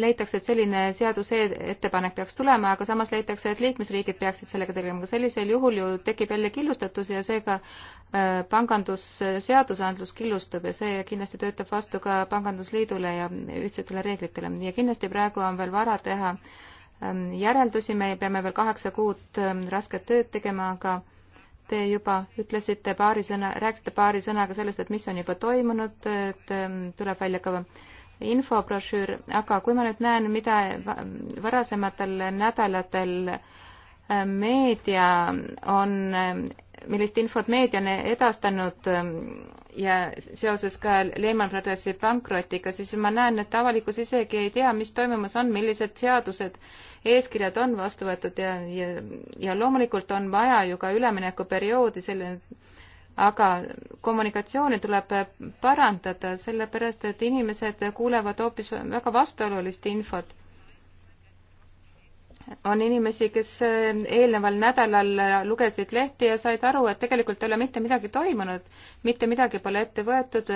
S3: leitakse, et selline seaduse ettepanek peaks tulema, aga samas leitakse, et liikmesriigid peaksid sellega tegema, aga sellisel juhul ju tekib jälle killustatus ja seega äh, pangandusseadusandlus killustub ja see kindlasti töötab vastu ka Pangandusliidule ja ühtsetele reeglitele ja kindlasti praegu on veel vara teha ähm, järeldusi, me peame veel kaheksa kuud ähm, rasket tööd tegema, aga te juba ütlesite paari sõna, rääkisite paari sõnaga sellest, et mis on juba toimunud, et ähm, tuleb välja ka infobrošüür, aga kui ma nüüd näen, mida varasematel nädalatel äh, meedia on, äh, millist infot meedia on edastanud äh, ja seoses ka Lehman Brothersi pankrotiga, siis ma näen, et avalikkus isegi ei tea, mis toimumas on, millised seadused, eeskirjad on vastu võetud ja, ja, ja loomulikult on vaja ju ka üleminekuperioodi selle aga kommunikatsiooni tuleb parandada, sellepärast et inimesed kuulevad hoopis väga vastuolulist infot. on inimesi, kes eelneval nädalal lugesid lehti ja said aru, et tegelikult ei ole mitte midagi toimunud, mitte midagi pole ette võetud,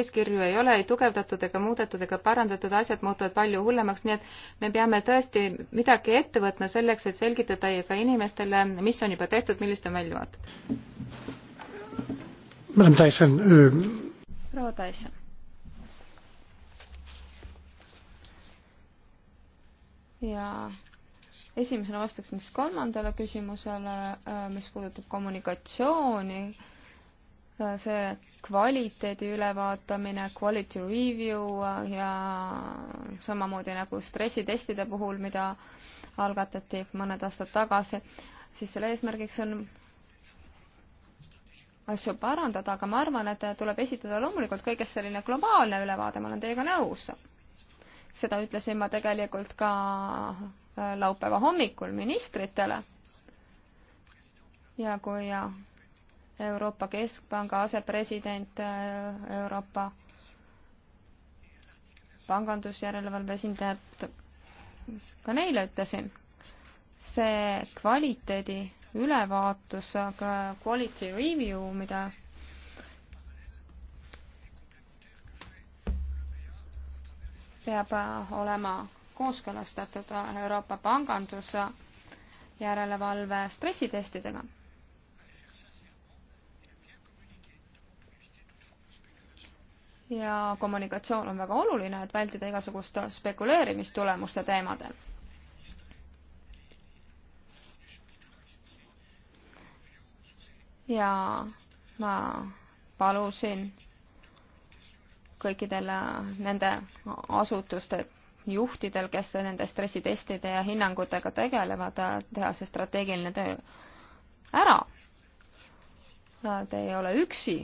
S3: eeskirju ei ole ei tugevdatud ega muudetud ega parandatud, asjad muutuvad palju hullemaks, nii et me peame tõesti midagi ette võtma selleks, et selgitada ka inimestele, mis on juba tehtud, millised on väljavaated
S4: proua Tyson
S3: proua Tyson
S1: ja esimesena vastaksin siis kolmandale küsimusele, mis puudutab kommunikatsiooni, see kvaliteedi ülevaatamine, quality review ja samamoodi nagu stressitestide puhul, mida algatati mõned aastad tagasi, siis selle eesmärgiks on asju parandada, aga ma arvan, et tuleb esitada loomulikult kõigest selline globaalne ülevaade, ma olen teiega nõus. seda ütlesin ma tegelikult ka äh, laupäeva hommikul ministritele. ja kui äh, Euroopa Keskpanga asepresident, äh, Euroopa pangandusjärelevalve esindajad, ka neile ütlesin, see kvaliteedi ülevaatus, aga quality review, mida peab olema kooskõlastatud Euroopa panganduse järelevalve stressitestidega. ja kommunikatsioon on väga oluline, et vältida igasugust spekuleerimist tulemuste teemadel ja ma palusin kõikidel nende asutuste juhtidel, kes nende stressitestide ja hinnangutega tegelevad, teha see strateegiline töö ära. Te ei ole üksi,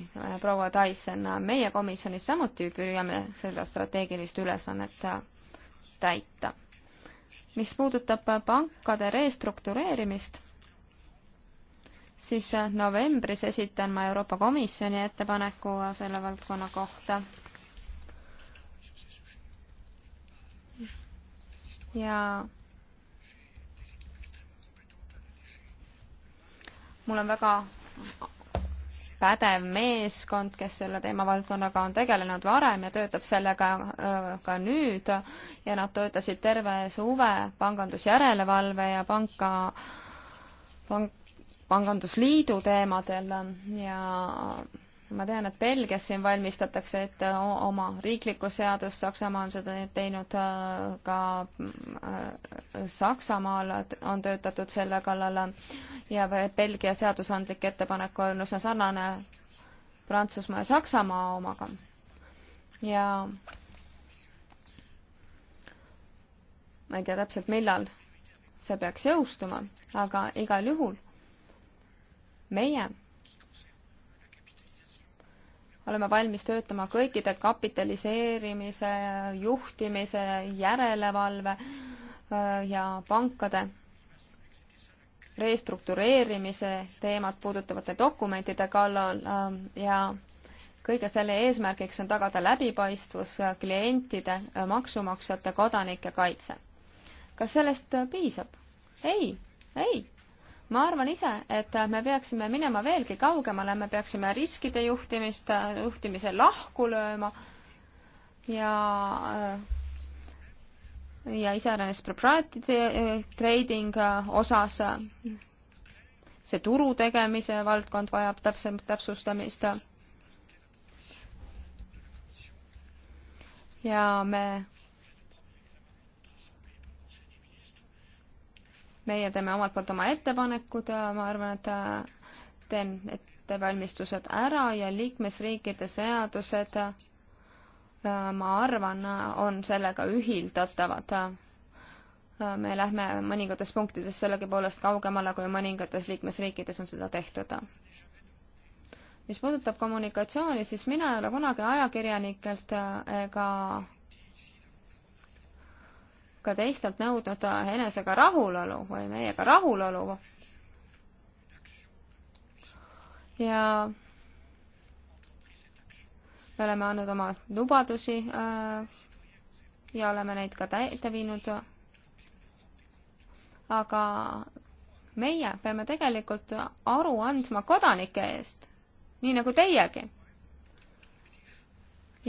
S1: proua Tyson, meie komisjonis samuti püüame seda strateegilist ülesannet täita. mis puudutab pankade restruktureerimist, siis äh, novembris esitan ma Euroopa Komisjoni ettepaneku äh, selle valdkonna kohta. ja mul on väga pädev meeskond, kes selle teemavaldkonnaga on tegelenud varem ja töötab sellega äh, ka nüüd ja nad töötasid terve suve pangandusjärelevalve ja panka, pank, pangandusliidu teemadel ja ma tean, et Belgias siin valmistatakse ette oma riiklikku seadust, Saksamaa on seda teinud ka äh, Saksamaal on töötatud selle kallal ja Belgia seadusandlik ettepanek on üsna sarnane Prantsusmaa ja Saksamaa omaga. ja ma ei tea täpselt, millal see peaks jõustuma, aga igal juhul meie oleme valmis töötama kõikide kapitaliseerimise, juhtimise, järelevalve äh, ja pankade restruktureerimise teemat puudutavate dokumentide kallal äh, ja kõige selle eesmärgiks on tagada läbipaistvus äh, klientide, maksumaksjate, kodanike kaitse. kas sellest piisab? ei, ei ma arvan ise, et me peaksime minema veelgi kaugemale, me peaksime riskide juhtimist, juhtimise lahku lööma ja äh, ja iseäranis proprietide äh, trading äh, osas see turu tegemise valdkond vajab täpsemat täpsustamist. ja me meie teeme omalt poolt oma ettepanekud, ma arvan, et äh, teen ettevalmistused ära ja liikmesriikide seadused, äh, ma arvan, on sellega ühildatavad. Äh, me lähme mõningates punktides sellegipoolest kaugemale, kui mõningates liikmesriikides on seda tehtud mis puudutab kommunikatsiooni, siis mina ei ole kunagi ajakirjanikelt ega ka teistelt nõudnud enesega rahulolu või meiega rahulolu. ja me oleme andnud oma lubadusi äh, ja oleme neid ka täide viinud. aga meie peame tegelikult aru andma kodanike eest, nii nagu teiegi.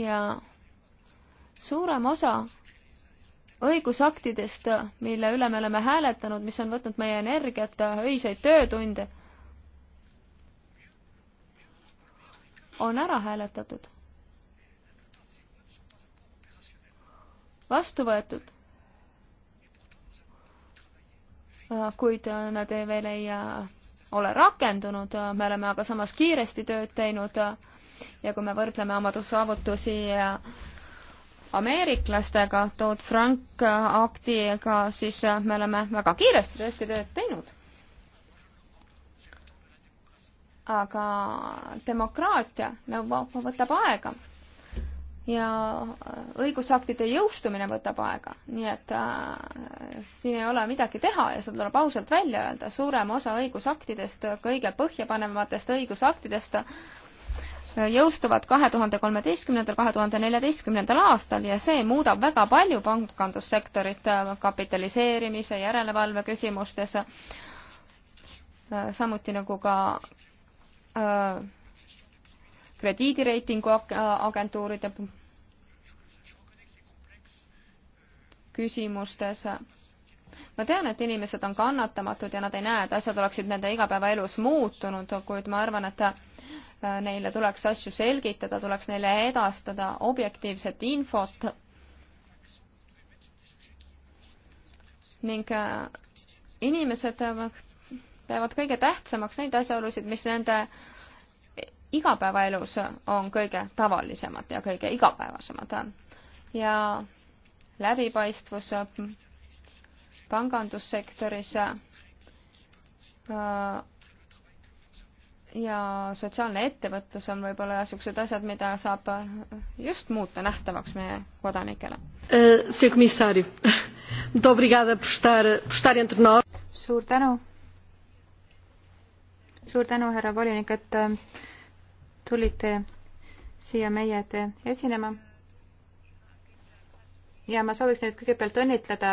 S1: ja suurem osa õigusaktidest, mille üle me oleme hääletanud, mis on võtnud meie energiat, öiseid töötunde, on ära hääletatud. vastu võetud. kuid nad ei, veel ei ole rakendunud, me oleme aga samas kiiresti tööd teinud ja kui me võrdleme oma saavutusi ameeriklastega, Todd Frank aktiga, siis äh, me oleme väga kiiresti tõesti tööd teinud. aga demokraatia nõuab, nagu võtab aega ja õigusaktide jõustumine võtab aega, nii et äh, siin ei ole midagi teha ja seda tuleb ausalt välja öelda, suurem osa õigusaktidest, kõige põhjapanevatest õigusaktidest jõustuvad kahe tuhande kolmeteistkümnendal, kahe tuhande neljateistkümnendal aastal ja see muudab väga palju pangandussektorit äh, kapitaliseerimise, järelevalve küsimustes, äh, samuti nagu ka äh, krediidireitingu agentuuride küsimustes. ma tean, et inimesed on kannatamatud ja nad ei näe, et asjad oleksid nende igapäevaelus muutunud, kuid ma arvan, et neile tuleks asju selgitada, tuleks neile edastada objektiivset infot ning äh, inimesed peavad kõige tähtsamaks neid asjaolusid, mis nende igapäevaelus on kõige tavalisemad ja kõige igapäevasemad. ja läbipaistvus äh, pangandussektoris äh, ja sotsiaalne ettevõtlus on võib-olla niisugused asjad, mida saab just muuta nähtavaks meie kodanikele.
S3: Eh, [laughs] suur tänu. suur tänu, härra volinik, et äh, tulite siia meie ette esinema. ja ma sooviks nüüd kõigepealt õnnitleda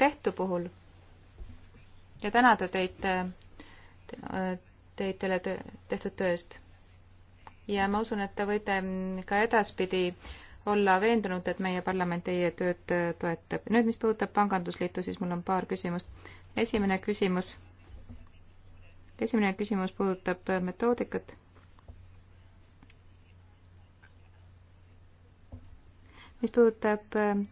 S3: tehtu puhul ja tänada teid äh, teid teile tehtud töö eest. ja ma usun, et te võite ka edaspidi olla veendunud, et meie parlament teie tööd toetab. nüüd, mis puudutab Pangandusliitu, siis mul on paar küsimust. esimene küsimus, esimene küsimus puudutab metoodikat. mis puudutab ähm,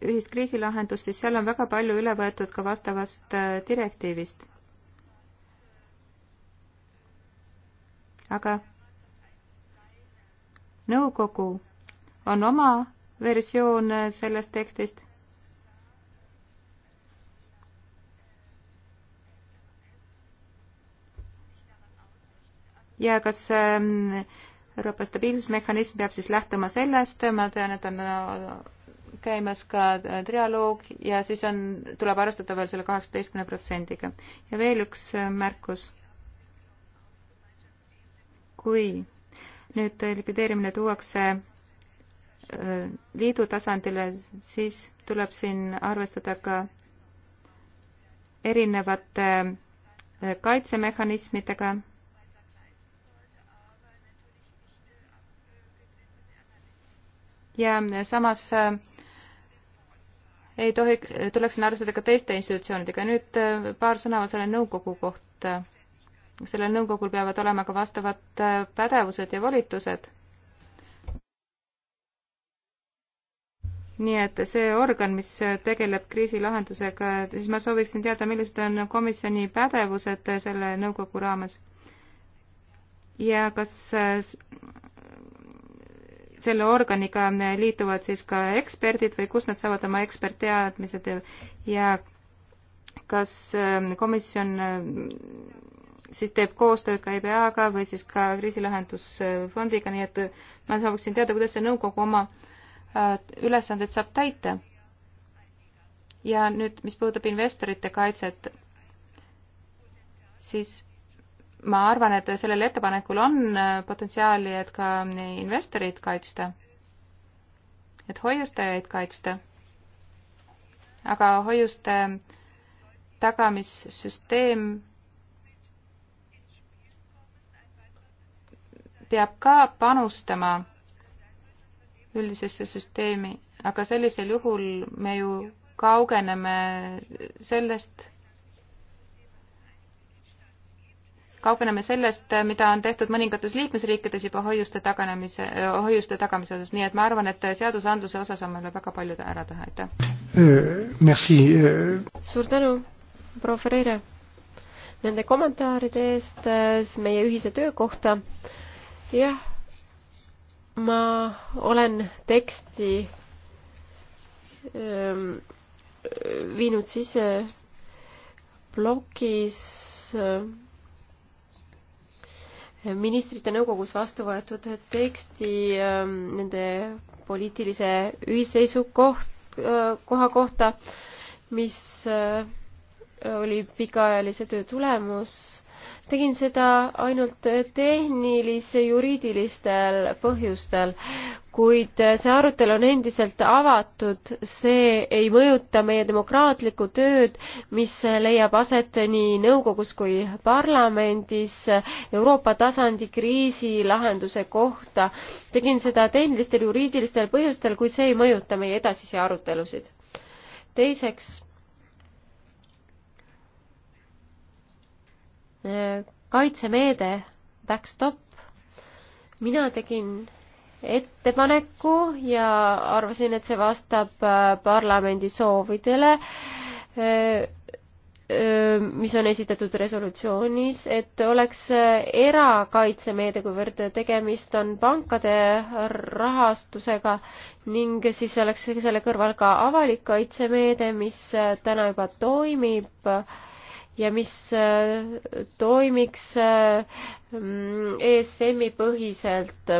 S3: ühist kriisilahendust, siis seal on väga palju üle võetud ka vastavast äh, direktiivist. aga nõukogu on oma versioon äh, sellest tekstist. ja kas ähm, Euroopa stabiilsusmehhanism peab siis lähtuma sellest, ma tean, et on äh, käimas ka äh, trialoog ja siis on, tuleb arvestada veel selle kaheksateistkümne protsendiga. ja veel üks äh, märkus. kui nüüd likvideerimine tuuakse äh, liidu tasandile, siis tuleb siin arvestada ka erinevate kaitsemehhanismidega ja samas ei tohi, tuleks siin arvestada ka teiste institutsioonidega. nüüd äh, paar sõna selle nõukogu kohta. sellel nõukogul peavad olema ka vastavad äh, pädevused ja volitused. nii et see organ, mis tegeleb kriisilahendusega, siis ma sooviksin teada, millised on komisjoni pädevused selle nõukogu raames ja kas äh, selle organiga liituvad siis ka eksperdid või kust nad saavad oma ekspertteadmised ja kas ähm, komisjon ähm, siis teeb koostööd ka EBA-ga või siis ka kriisilahendusfondiga, nii et äh, ma sooviksin teada, kuidas see nõukogu oma äh, ülesanded saab täita. ja nüüd, mis puudutab investorite kaitset, siis ma arvan, et sellel ettepanekul on äh, potentsiaali, et ka investorid kaitsta, et hoiustajaid kaitsta. aga hoiuste tagamissüsteem peab ka panustama üldisesse süsteemi, aga sellisel juhul me ju kaugeneme sellest, kaugeneme sellest, mida on tehtud mõningates liikmesriikides juba hoiuste taganemise, hoiuste tagamise osas, nii et ma arvan, et seadusandluse osas on meil veel väga palju ära teha, aitäh. Äh, äh. suur tänu, proua Ferreira,
S2: nende kommentaaride eest äh, meie ühise töö kohta. jah, ma olen teksti
S4: ähm, viinud
S2: sisse blogis ministrite nõukogus vastu võetud teksti ähm, nende poliitilise ühisseisu koht, äh, koha kohta, mis äh, oli pikaajalise töö tulemus tegin seda ainult tehnilise juriidilistel põhjustel, kuid see arutelu on endiselt avatud, see ei mõjuta meie demokraatlikku tööd, mis leiab aset nii nõukogus kui parlamendis Euroopa tasandi kriisilahenduse kohta. tegin seda tehnilistel juriidilistel põhjustel, kuid see ei mõjuta meie edasisi arutelusid. teiseks kaitsemeede, backstop. mina tegin ettepaneku ja arvasin, et see vastab äh, parlamendi soovidele, äh, äh, mis on esitatud resolutsioonis, et oleks erakaitsemeede, kuivõrd tegemist on pankade rahastusega ning siis oleks selle kõrval ka avalik kaitsemeede, mis täna juba toimib ja mis äh, toimiks äh, ESM-i põhiselt.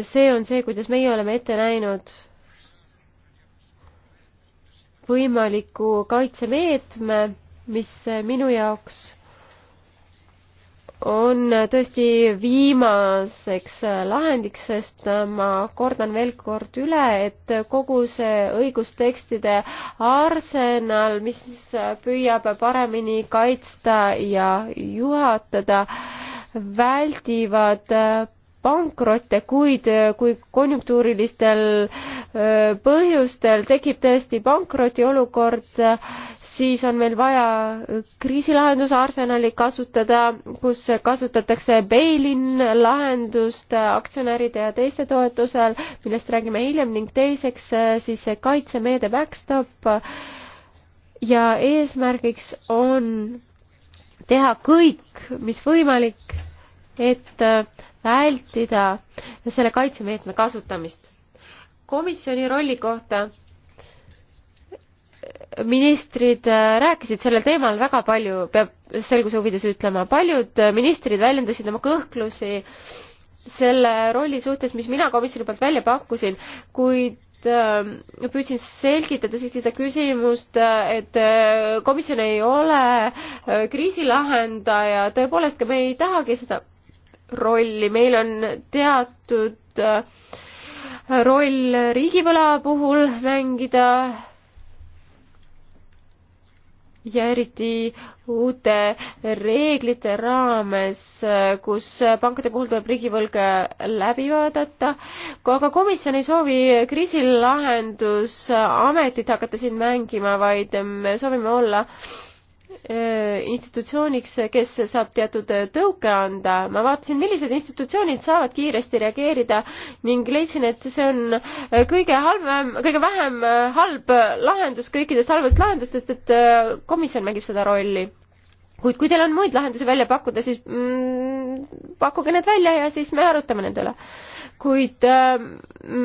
S2: see on see, kuidas meie oleme ette näinud võimaliku kaitsemeetme, mis minu jaoks on tõesti viimaseks lahendiks, sest ma kordan veel kord üle, et kogu see õigustekstide arsenal, mis püüab paremini kaitsta ja juhatada, väldivad pankrotte, kuid äh, kui konjunktuurilistel äh, põhjustel tekib tõesti pankrotiolukord, siis on meil vaja kriisilahenduse arsenali kasutada, kus kasutatakse bail-in lahendust aktsionäride ja teiste toetusel, millest räägime hiljem ning teiseks äh, siis see kaitsemeede backstop ja eesmärgiks on teha kõik, mis võimalik, et vältida selle kaitsemeetme kasutamist. komisjoni rolli kohta ministrid äh, rääkisid sellel teemal väga palju, peab selguse huvides ütlema, paljud äh, ministrid väljendasid oma kõhklusi selle rolli suhtes, mis mina komisjoni poolt välja pakkusin, kuid äh, püüdsin selgitada siiski seda küsimust, et komisjon ei ole kriisi lahendaja, tõepoolest ka me ei tahagi seda rolli, meil on teatud äh, roll riigivõla puhul mängida ja eriti uute reeglite raames, äh, kus pankade puhul tuleb riigivõlga läbi vaadata, aga komisjon ei soovi kriisilahendusametit äh, hakata siin mängima, vaid me soovime olla äh, Eh, institutsiooniks, kes saab teatud eh, tõuke anda. ma vaatasin, millised institutsioonid saavad kiiresti reageerida ning leidsin, et see on eh, kõige halvem, kõige vähem halb lahendus kõikidest halbadest lahendustest, et komisjon mängib seda rolli. kuid kui teil on muid lahendusi välja pakkuda, siis mm, pakkuge need välja ja siis me arutame nende üle kuid äh,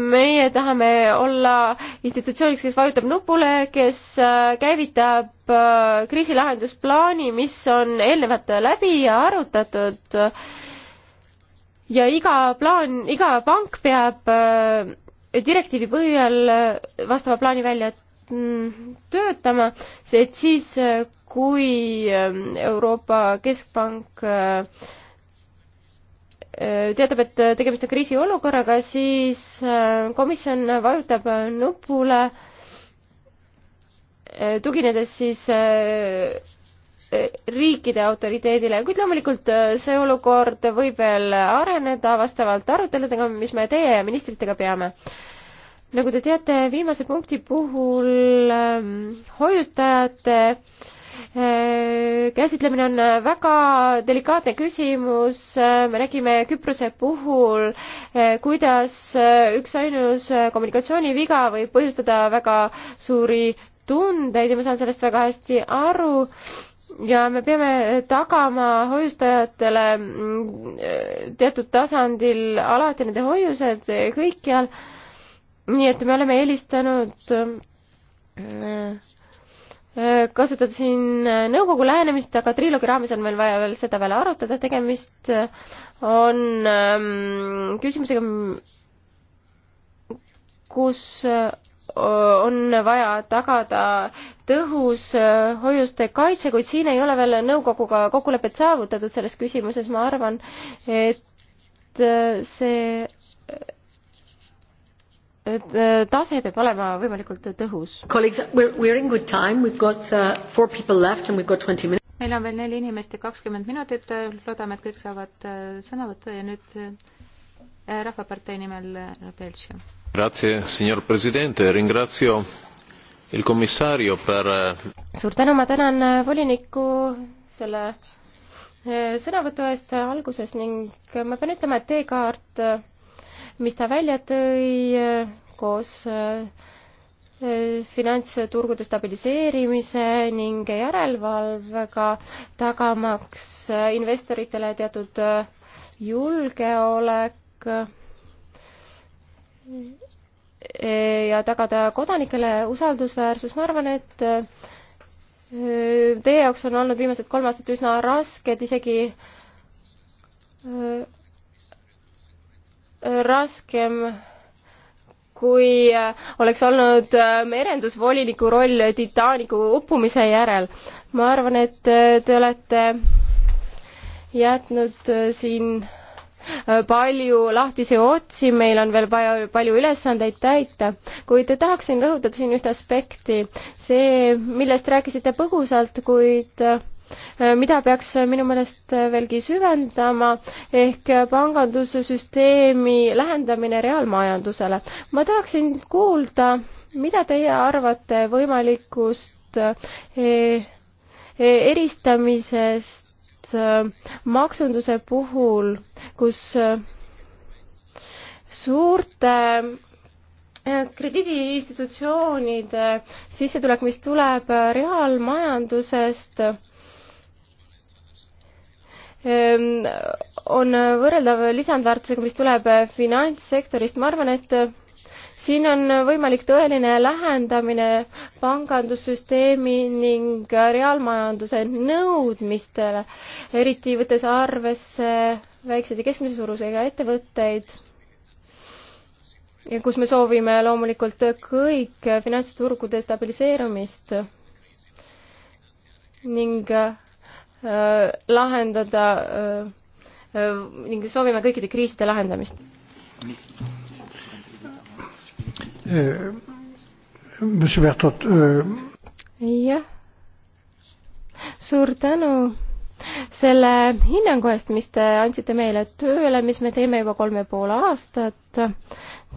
S2: meie tahame olla institutsiooniks, kes vajutab nupule, kes äh, käivitab äh, kriisilahendusplaani, mis on eelnevalt läbi ja arutatud. ja iga plaan, iga pank peab direktiivi põhjal vastava plaani välja mm, töötama, et siis, kui Euroopa Keskpank äh, Äh, teatab, et äh, tegemist on kriisiolukorraga, siis äh, komisjon vajutab nupule, tuginedes siis riikide autoriteedile, kuid loomulikult see olukord võib veel areneda vastavalt aruteludega, mis me teie ja ministritega peame. nagu te teate, viimase punkti puhul ähm, hoiustajate äh, Äh, käsitlemine on väga delikaatne küsimus, äh, me nägime Küprose puhul, äh, kuidas üksainus kommunikatsiooniviga võib põhjustada väga suuri tundeid ja ma saan sellest väga hästi aru ja me peame tagama hoiustajatele mm, teatud tasandil alati nende hoiused kõikjal. nii et me oleme eelistanud kasutada siin äh, nõukogu lähenemist, aga triloogi raames on meil vaja veel seda veel arutada, tegemist äh, on ähm, küsimusega, kus äh, on vaja tagada tõhus hoiuste kaitse, kuid siin ei ole veel nõukoguga kokkulepet saavutatud selles küsimuses, ma arvan, et see Äh, tase peab olema võimalikult tõhus. Uh,
S3: meil on veel neli inimest ja kakskümmend minutit, loodame, et kõik saavad äh, sõna võtta ja nüüd äh, Rahvapartei nimel Belgia.
S4: Grazie, signor presidente, ringrazio il commissario per.
S2: suur tänu, ma tänan volinikku selle sõnavõtu eest alguses ning ma pean ütlema, et teekaart mis ta välja tõi äh, koos äh, äh, finantsturgude stabiliseerimise ning järelevalvega, tagamaks investoritele teatud julgeolek ja tagada kodanikele usaldusväärsus, ma arvan, et Teie jaoks on olnud viimased kolm aastat üsna rasked, isegi raskem kui oleks olnud äh, merendusvoliniku roll Titanicu uppumise järel. ma arvan, et äh, te olete jätnud äh, siin palju lahtisi otsi, meil on veel palju, palju ülesandeid täita, kuid tahaksin rõhutada siin ühte aspekti, see, millest rääkisite põgusalt, kuid Äh, mida peaks minu meelest veelgi süvendama, ehk pangandussüsteemi lähendamine reaalmajandusele. ma tahaksin kuulda, mida teie arvate võimalikust äh, e, eristamisest äh, maksunduse puhul, kus suurte krediidiinstitutsioonide sissetulek, mis tuleb reaalmajandusest, Ehm, on võrreldav lisandväärtusega, mis tuleb eh, finantssektorist, ma arvan, et eh, siin on võimalik tõeline lähendamine pangandussüsteemi ning reaalmajanduse nõudmistele, eriti võttes arvesse väikseid ja keskmise suurusega ettevõtteid, kus me soovime loomulikult kõik finantsturgude stabiliseerumist ning eh, Äh, lahendada äh, äh, ning soovime kõikide kriiside lahendamist. jah, suur tänu selle hinnangu eest, mis te andsite meile tööle, mis me teeme juba kolm ja pool aastat.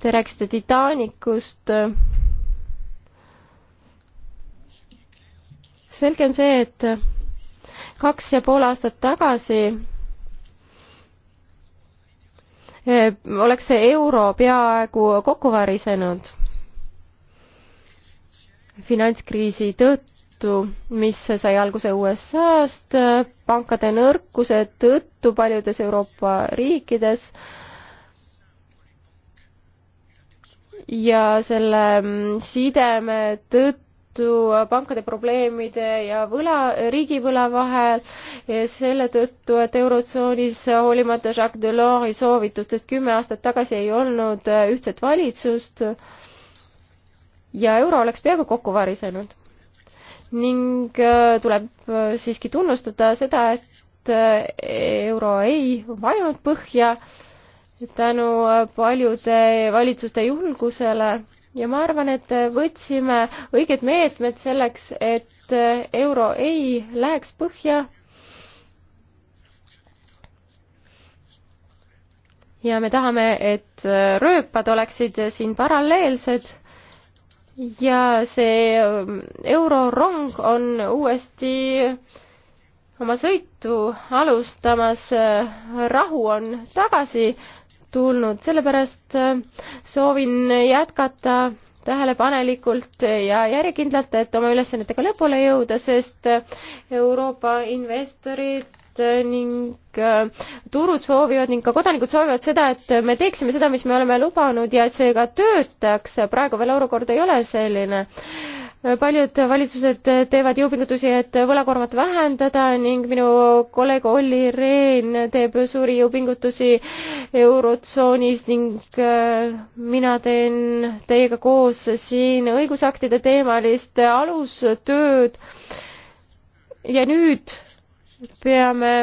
S2: Te rääkisite Titanicust. selge on see, et kaks ja pool aastat tagasi eh, oleks see euro peaaegu kokku varisenud finantskriisi tõttu, mis sai alguse USA-st, pankade nõrkuse tõttu paljudes Euroopa riikides ja selle mm, sideme tõttu tõttu pankade probleemide ja võla, riigivõla vahel, selle tõttu, et Eurotsoonis hoolimata Jacques Delors'i soovitustest kümme aastat tagasi ei olnud ühtset valitsust ja euro oleks peaaegu kokku varisenud. ning äh, tuleb äh, siiski tunnustada seda, et äh, euro ei vajunud põhja tänu paljude valitsuste julgusele ja ma arvan, et võtsime õiged meetmed selleks, et euro ei läheks põhja. ja me tahame, et rööpad oleksid siin paralleelsed ja see eurorong on uuesti oma sõitu alustamas, rahu on tagasi tulnud, sellepärast äh, soovin jätkata tähelepanelikult ja järjekindlalt, et oma ülesannetega lõpule jõuda, sest äh, Euroopa investorid äh, ning turud soovivad ning ka kodanikud soovivad seda, et me teeksime seda, mis me oleme lubanud ja et see ka töötaks. praegu veel olukord ei ole selline paljud valitsused teevad jõupingutusi, et võlakoormat vähendada ning minu kolleeg Olli Rehn teeb suuri jõupingutusi Eurotsoonis ning äh, mina teen teiega koos siin õigusaktide teemalist alustööd. ja nüüd peame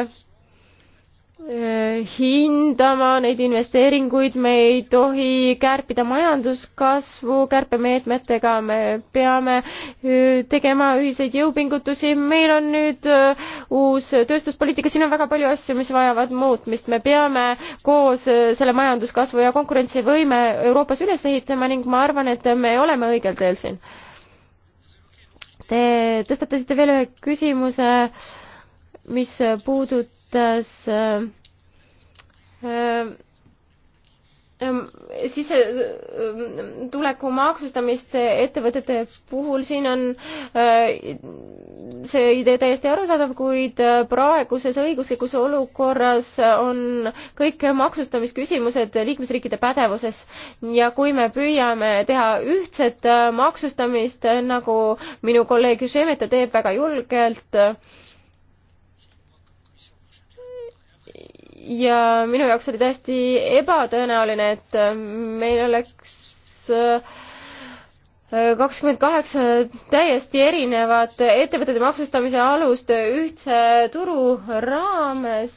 S2: Äh, hindama neid investeeringuid, me ei tohi kärpida majanduskasvu kärpemeetmetega, me peame äh, tegema ühiseid jõupingutusi, meil on nüüd äh, uus tööstuspoliitika, siin on väga palju asju, mis vajavad muutmist, me peame koos selle majanduskasvu ja konkurentsivõime Euroopas üles ehitama ning ma arvan, et me oleme õigel teel siin. Te tõstatasite veel ühe küsimuse mis puudutab esitas äh, äh, sissetuleku maksustamist ettevõtete puhul, siin on äh, see idee täiesti arusaadav, kuid praeguses õiguslikus olukorras on kõik maksustamisküsimused liikmesriikide pädevuses ja kui me püüame teha ühtset maksustamist, nagu minu kolleeg Žemeta teeb väga julgelt, ja minu jaoks oli täiesti ebatõenäoline, et äh, meil oleks äh, kakskümmend kaheksa täiesti erinevat ettevõtete maksustamise alust ühtse turu raames,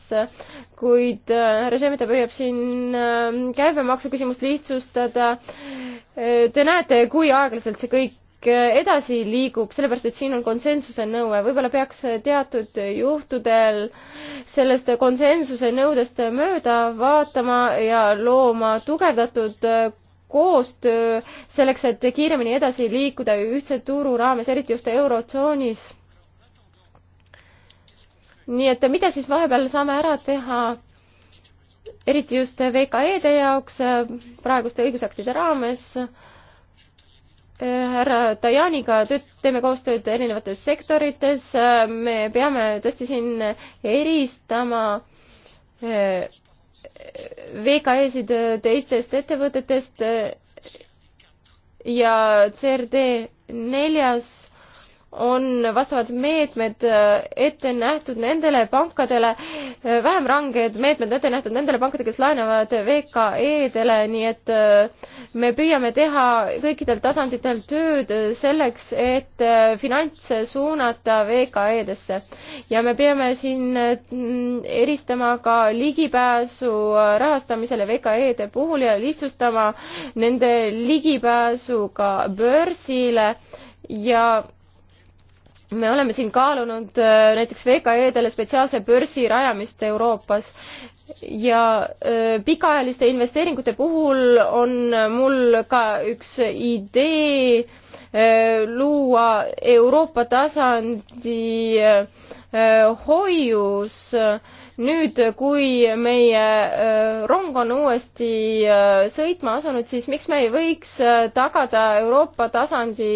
S2: kuid äh, režiimide püüab siin käibemaksu küsimust lihtsustada. Te näete, kui aeglaselt see kõik Eh, edasi liigub, sellepärast et siin on konsensuse nõue, võib-olla peaks teatud juhtudel sellest konsensuse nõudest mööda vaatama ja looma tugevdatud eh, koostöö selleks, et kiiremini edasi liikuda ühtse turu raames, eriti just Eurotsoonis. nii et mida siis vahepeal saame ära teha, eriti just VKE-de jaoks eh, praeguste õigusaktide raames härra Tajaniga tööd, teeme koostööd erinevates sektorites, me peame tõesti siin eristama eh, VKE-sid teistest ettevõtetest eh, ja CRD neljas on vastavad meetmed äh, ette nähtud nendele pankadele, äh, vähem ranged meetmed ette nähtud nendele pankadele, kes laenavad VKE-dele, nii et äh, me püüame teha kõikidel tasanditel tööd selleks, et finantse suunata VKE-desse. ja me peame siin eristama ka ligipääsu rahastamisele VKE-de puhul ja lihtsustama nende ligipääsu ka börsile ja me oleme siin kaalunud äh, näiteks VKE-dele spetsiaalse börsi rajamist Euroopas ja äh, pikaajaliste investeeringute puhul on mul ka üks idee äh, luua Euroopa tasandi hoius nüüd, kui meie äh, rong on uuesti äh, sõitma asunud, siis miks me ei võiks äh, tagada Euroopa tasandi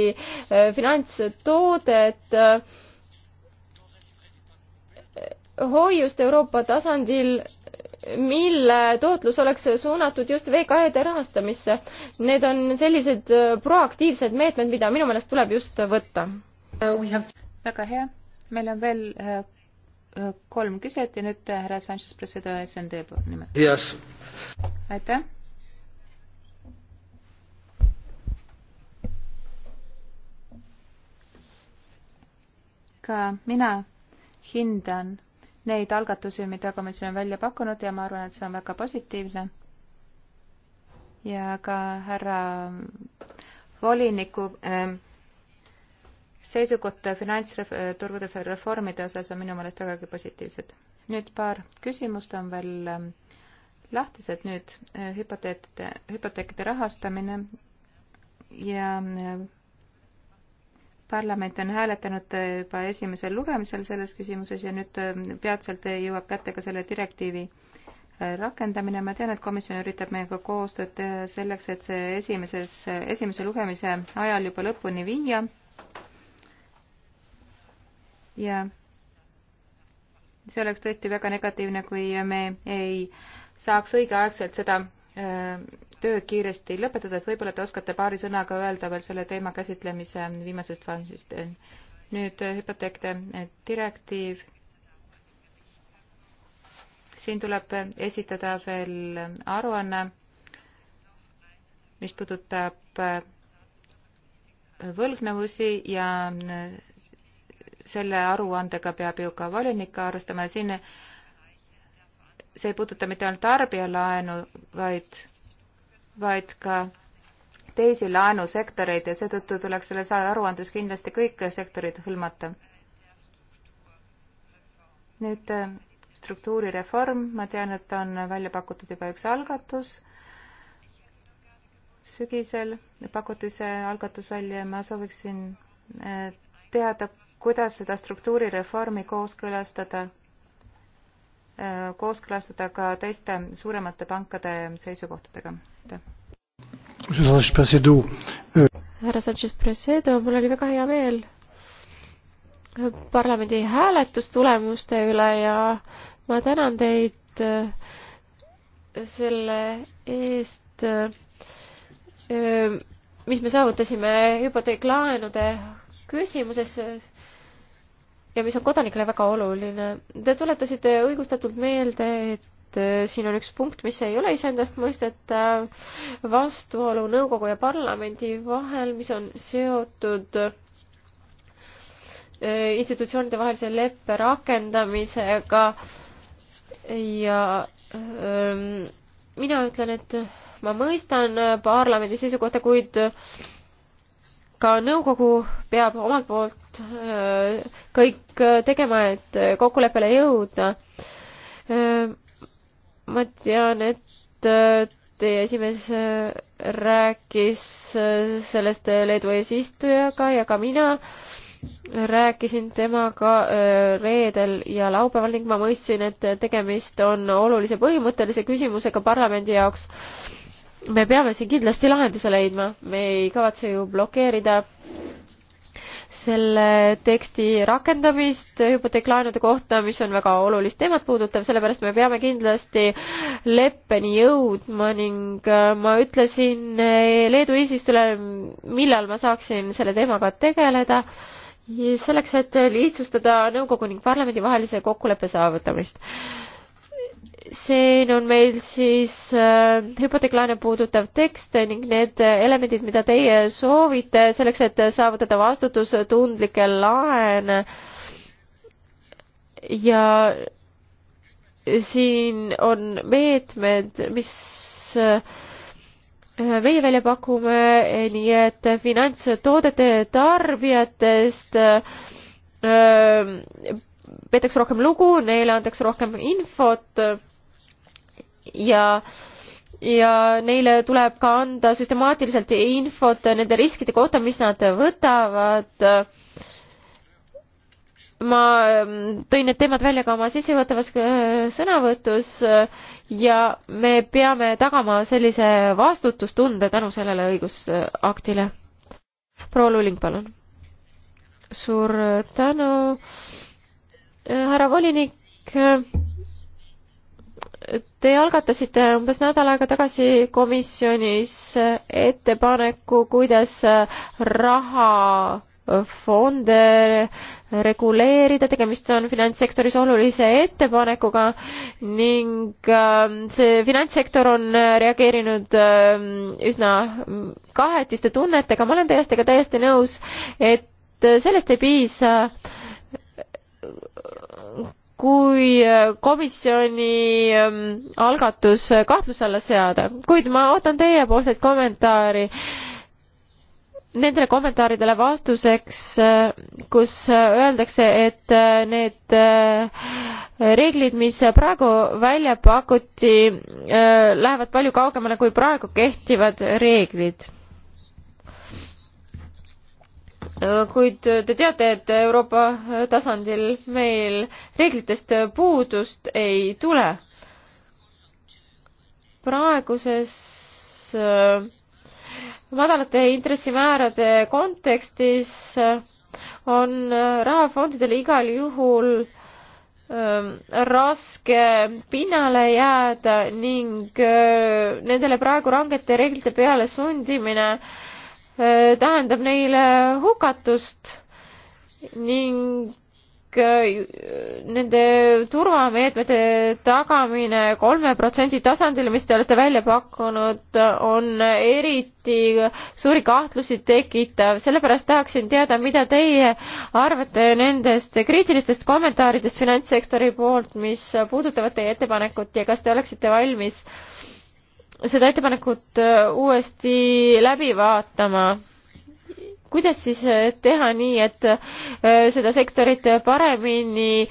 S2: finantstoodet, hoiust Euroopa tasandil, mille tootlus oleks suunatud just VKE-de rahastamisse. Need on sellised proaktiivsed
S3: meetmed, mida minu meelest tuleb just võtta. Uh, väga hea, meil on veel kolm küset ja nüüd härra Sanchez Preseda SND nimel. Yes. aitäh. ka mina hindan neid algatusi, mida komisjon on välja pakkunud ja ma arvan, et see on väga positiivne. ja ka härra voliniku äh, seisukoht finantsturgude reformide osas on minu meelest vägagi positiivsed. nüüd paar küsimust on veel ähm, lahtised nüüd äh, hüpoteetide, hüpoteekide rahastamine ja äh, parlament on hääletanud äh, juba esimesel lugemisel selles küsimuses ja nüüd peatselt jõuab kätte ka selle direktiivi rakendamine, ma tean, et komisjon üritab meiega koostööd teha selleks, et see esimeses, esimese lugemise ajal juba lõpuni viia ja see oleks tõesti väga negatiivne, kui me ei saaks õigeaegselt seda äh, tööd kiiresti lõpetada, et võib-olla te oskate paari sõnaga öelda veel selle teema käsitlemise viimasest faasist. nüüd äh, hüpoteekide äh, direktiiv. siin tuleb esitada veel aruanne, mis puudutab võlgnevusi ja selle aruandega peab ju ka volinik arvestama ja siin see ei puuduta mitte ainult tarbijalaenu, vaid, vaid ka teisi laenusektoreid ja seetõttu tuleks selles aruandes kindlasti kõik sektorid hõlmata. nüüd äh, struktuurireform, ma tean, et on välja pakutud juba üks algatus sügisel, pakuti see algatus välja ja ma sooviksin äh, teada, kuidas seda struktuurireformi kooskõlastada, kooskõlastada ka teiste suuremate pankade seisukohtadega. härra Sanchez-Presedo, mul oli väga hea meel parlamendi
S2: hääletustulemuste üle ja ma tänan teid äh, selle eest, äh, mis me saavutasime hüpoteeklaenude küsimuses ja mis on kodanikele väga oluline. Te tuletasite õigustatult meelde, et äh, siin on üks punkt, mis ei ole iseendastmõistetav vastuolu nõukogu ja parlamendi vahel, mis on seotud äh, institutsioonide vahelise leppe rakendamisega ja öö, ähm, mina ütlen, et ma mõistan äh, parlamendi seisukohta, kuid ka nõukogu peab omalt poolt äh, kõik äh, tegema, et äh, kokkuleppele jõuda. ma tean, et teie esimees rääkis sellest Leedu eesistujaga ja ka mina rääkisin temaga reedel ja laupäeval ning ma mõistsin, et tegemist on olulise põhimõttelise küsimusega parlamendi jaoks me peame siin kindlasti lahenduse leidma, me ei kavatse ju blokeerida selle teksti rakendamist hüpoteeklaenude kohta, mis on väga olulist teemat puudutav, sellepärast me peame kindlasti leppeni jõudma ning äh, ma ütlesin eh, Leedu eesistujale, millal ma saaksin selle teemaga tegeleda, selleks, et lihtsustada nõukogu ning parlamendi vahelise kokkuleppe saavutamist siin on meil siis äh, hüpoteeklaene puudutav tekst ning need elemendid, mida teie soovite selleks, et saavutada vastutustundlikke laene. ja siin on meetmed, mis äh, meie välja pakume, nii et finantstoodete tarbijatest äh, peetakse rohkem lugu, neile antakse rohkem infot ja ja neile tuleb ka anda süstemaatiliselt infot nende riskide kohta, mis nad võtavad. ma mm, tõin need teemad välja ka oma sissejuhatavas äh, sõnavõtus ja me peame tagama sellise vastutustunde tänu sellele õigusaktile. proua Luling, palun. suur tänu härra volinik, te algatasite umbes nädal aega tagasi komisjonis ettepaneku, kuidas raha fonde reguleerida, tegemist on finantssektoris olulise ettepanekuga ning ähm, see finantssektor on reageerinud ähm, üsna kahetiste tunnetega, ma olen täiesti ka täiesti nõus, et sellest ei piisa kui äh, komisjoni ähm, algatus äh, kahtluse alla seada, kuid ma ootan teiepoolseid kommentaari. Nendele kommentaaridele vastuseks, äh, kus öeldakse, et need reeglid, mis praegu välja pakuti, lähevad palju kaugemale kui praegu kehtivad reeglid kuid te teate, et Euroopa tasandil meil reeglitest puudust ei tule. praeguses äh, madalate intressimäärade kontekstis on rahafondidele igal juhul ähm, raske pinnale jääda ning äh, nendele praegu rangete reeglite peale sundimine äh, Äh, tähendab neile hukatust ning äh, nende turvameetmete tagamine kolme protsendi tasandil, mis te olete välja pakkunud, on eriti suuri kahtlusi tekitav. sellepärast tahaksin teada, mida teie arvate nendest kriitilistest kommentaaridest finantssektori poolt, mis puudutavad teie ettepanekut ja kas te oleksite valmis äh, seda ettepanekut äh, uuesti läbi vaatama kuidas siis äh, teha nii, et äh, seda sektorit paremini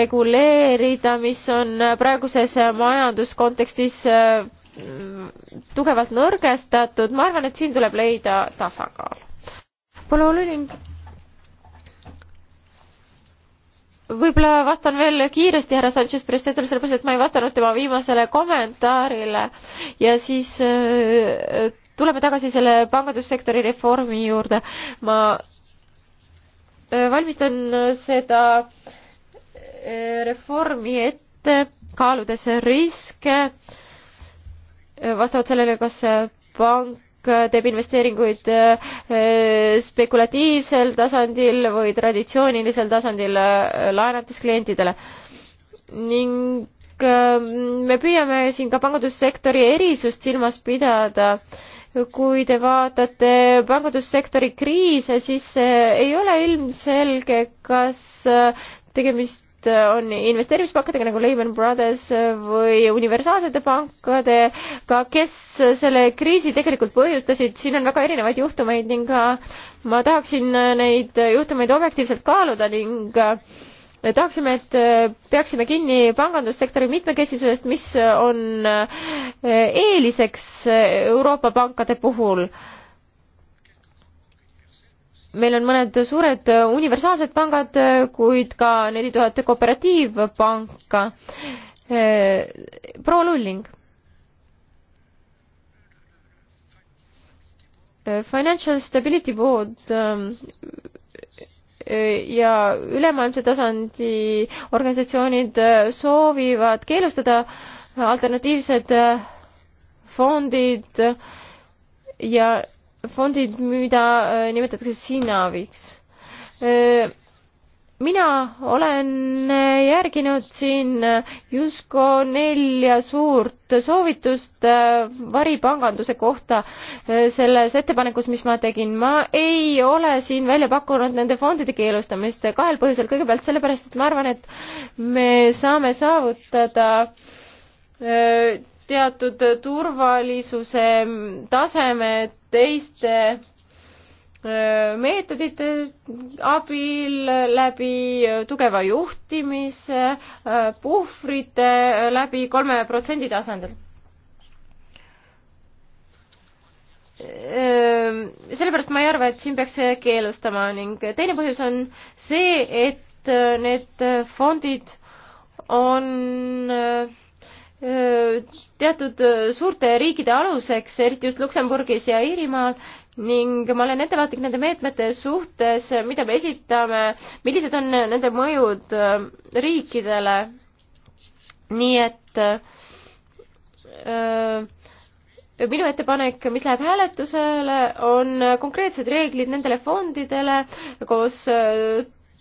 S2: reguleerida, mis on praeguses majanduskontekstis tugevalt nõrgestatud, ma arvan, et siin tuleb leida tasakaal. Paul Olüling võib-olla vastan veel kiiresti härra Sanchez Presetole, sellepärast et ma ei vastanud tema viimasele kommentaarile ja siis äh, tuleme tagasi selle pangandussektori reformi juurde. ma äh, valmistan seda äh, reformi ette, kaaludes riske vastavalt sellele, kas pank turg äh, teeb investeeringuid äh, äh, spekulatiivsel tasandil või traditsioonilisel tasandil laenates klientidele. ning ähm, me püüame siin ka pangandussektori erisust silmas pidada kui te vaatate pangandussektori kriise, siis ei ole ilmselge, kas tegemist tegemist äh, on investeerimispankadega nagu Lehman Brothers äh, või universaalsete pankadega, kes selle kriisi tegelikult põhjustasid, siin on väga erinevaid juhtumeid ning äh, ma tahaksin neid juhtumeid objektiivselt kaaluda ning tahaksime, et peaksime kinni pangandussektori mitmekesisusest, mis on eeliseks Euroopa pankade puhul meil on mõned suured äh, universaalsed pangad, äh, kuid ka neli tuhat kooperatiivpanka. Äh, proua Lulling. Financial Stability Board ähm, ja ülemaailmse tasandi organisatsioonid soovivad keelustada alternatiivsed fondid ja fondid, mida äh, nimetatakse Sinaviks. Äh, mina olen äh, järginud siin Jusko nelja suurt soovitust varipanganduse kohta selles ettepanekus, mis ma tegin. ma ei ole siin välja pakkunud nende fondide keelustamist kahel põhjusel. kõigepealt sellepärast, et ma arvan, et me saame saavutada teatud turvalisuse taseme, et teiste meetodite abil, läbi tugeva juhtimise, puhvrite, läbi kolme protsendi tasandil sellepärast ma ei arva, et siin peaks keelustama ning teine põhjus on see, et need fondid on teatud äh, suurte riikide aluseks, eriti just Luksemburgis ja Iirimaal ning ma olen ettevaatlik nende meetmete suhtes, mida me esitame, millised on nende mõjud äh, riikidele. nii et öö, äh, minu ettepanek, mis läheb hääletusele, on konkreetsed reeglid nendele fondidele koos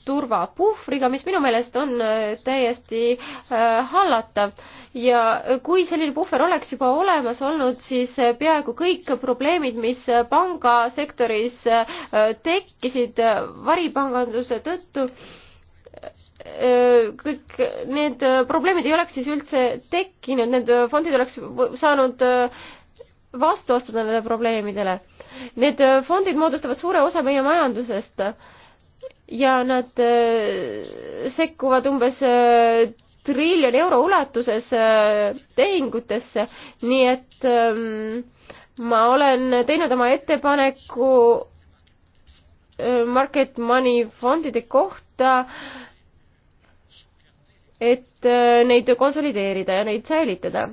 S2: turvapuhvriga, mis minu meelest on äh, täiesti äh, hallatav. ja kui selline puhver oleks juba olemas olnud, siis äh, peaaegu kõik probleemid, mis pangasektoris tekkisid varipanganduse tõttu, kõik need probleemid ei oleks siis üldse tekkinud, need fondid oleks saanud vastu astuda nendele probleemidele. Need fondid moodustavad suure osa meie majandusest ja nad äh, sekkuvad umbes äh, triljoni euro ulatuses äh, tehingutesse, nii et ähm, ma olen teinud oma ettepaneku market money fondide kohta, et neid konsolideerida ja neid säilitada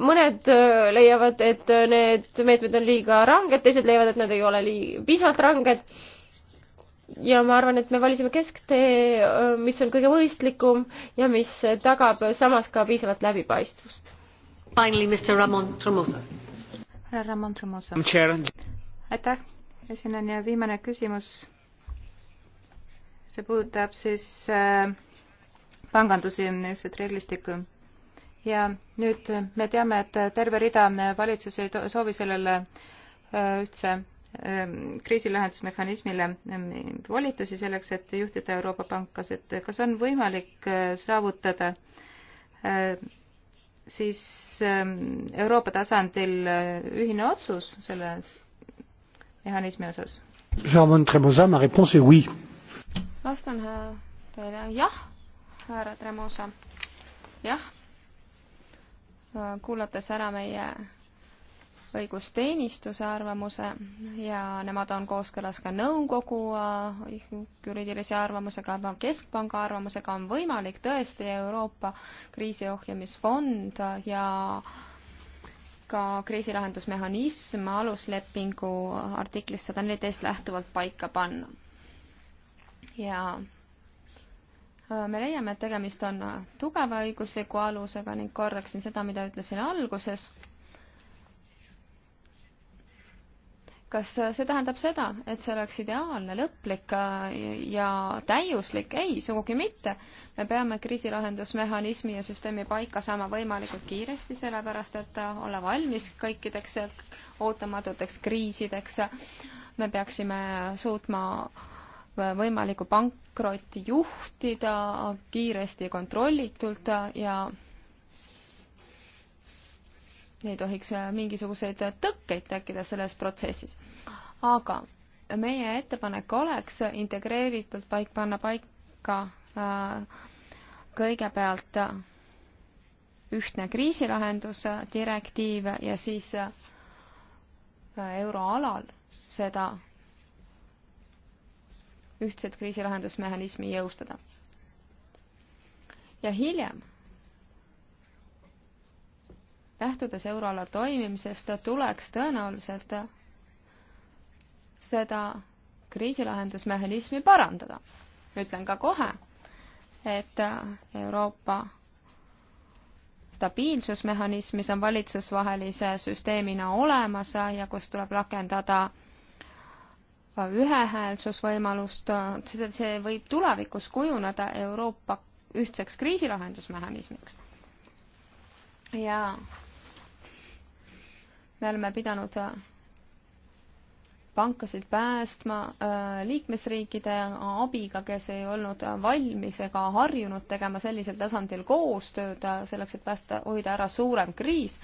S2: mõned äh, leiavad, et äh, need meetmed on liiga ranged, teised leiavad, et nad ei ole lii-, piisavalt ranged. ja ma arvan, et me valisime kesktee, äh, mis on kõige mõistlikum ja mis tagab samas ka piisavalt läbipaistvust. Finally, Mr Ramon Tremosa.
S3: härra Ramon Tremosa. aitäh, esinen ja viimane küsimus. see puudutab siis äh, pangandusi, niisugust reeglistikku ja nüüd me teame, et terve rida valitsusi ei soovi sellele äh, üldse ähm, kriisilahendusmehhanismile ähm, volitusi selleks, et juhtida Euroopa pankasid. kas on võimalik äh, saavutada äh, siis ähm, Euroopa tasandil ühine otsus selle mehhanismi osas?
S1: vastan teile jah, härra Tremosa, jah kuulates ära meie õigusteenistuse arvamuse ja nemad on kooskõlas ka nõukogu äh, juriidilise arvamusega, keskpanga arvamusega on võimalik tõesti Euroopa kriisiohjamisfond ja ka kriisilahendusmehhanism aluslepingu artiklist sada neliteist lähtuvalt paika panna. ja Äh, me leiame, et tegemist on äh, tugeva õigusliku alusega ning kordaksin seda, mida ütlesin alguses. kas äh, see tähendab seda, et see oleks ideaalne, lõplik ja täiuslik? ei, sugugi mitte. me peame kriisilahendusmehhanismi ja süsteemi paika saama võimalikult kiiresti, sellepärast et olla valmis kõikideks ootamatuteks kriisideks. me peaksime suutma äh, võimalikku pankrotti juhtida kiiresti ja kontrollitult ja ei tohiks mingisuguseid tõkkeid tekkida selles protsessis. aga meie ettepanek oleks integreeritult paik, panna paika äh, kõigepealt ühtne kriisilahendusdirektiiv ja siis äh, euroalal seda ühtset kriisilahendusmehhanismi jõustada. ja hiljem, lähtudes euroala toimimisest, tuleks tõenäoliselt seda kriisilahendusmehhanismi parandada. ütlen ka kohe, et Euroopa stabiilsusmehhanism, mis on valitsusvahelise süsteemina olemas ja kus tuleb rakendada ühehäälsusvõimalust, see võib tulevikus kujuneda Euroopa ühtseks kriisilahendusmehhanismiks. ja me oleme pidanud pankasid päästma äh, liikmesriikide abiga, kes ei olnud valmis ega harjunud tegema sellisel tasandil koostööd äh, selleks, et päästa, hoida ära suurem kriis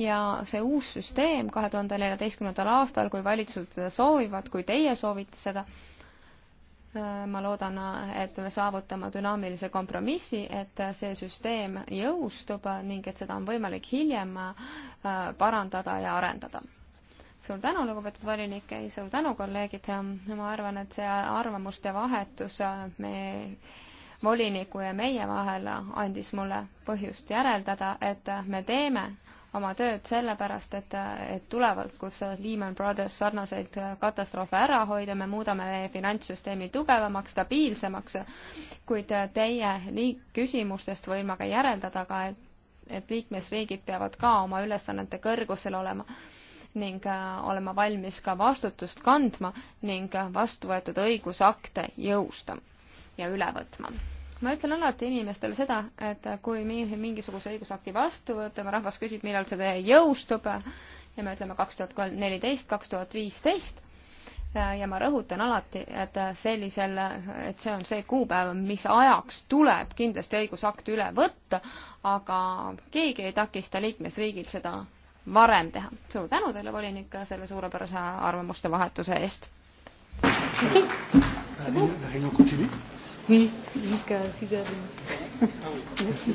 S1: ja see uus süsteem kahe tuhande neljateistkümnendal aastal, kui valitsused seda soovivad, kui teie soovite seda, äh, ma loodan, et me saavutame dünaamilise kompromissi, et see süsteem jõustub ning et seda on võimalik hiljem äh, parandada ja arendada. suur tänu, lugupeetud volinik, suur tänu, kolleegid, ma arvan, et see arvamuste vahetus äh, me voliniku ja meie vahel andis mulle põhjust järeldada, et me teeme oma tööd sellepärast, et, et tulevikus Lehman Brothers sarnaseid katastroofe ära hoida, me muudame meie finantssüsteemi tugevamaks, stabiilsemaks, kuid teie liik-, küsimustest võin ma ka järeldada ka, et, et liikmesriigid peavad ka oma ülesannete kõrgusel olema ning äh, olema valmis ka vastutust kandma ning vastu võetud õigusakte jõustama ja üle võtma ma ütlen alati inimestele seda, et kui me mingisuguse õigusakti vastu võtame, rahvas küsib, millal see jõustub ja me ütleme kaks tuhat kolm, neliteist, kaks tuhat viisteist ja ma rõhutan alati, et sellisel, et see on see kuupäev, mis ajaks tuleb kindlasti õigusakt üle võtta, aga keegi ei takista liikmesriigil seda varem teha. suur tänu teile, volinik, selle suurepärase arvamuste vahetuse eest. Oui, jusqu'à 6 heures. Merci.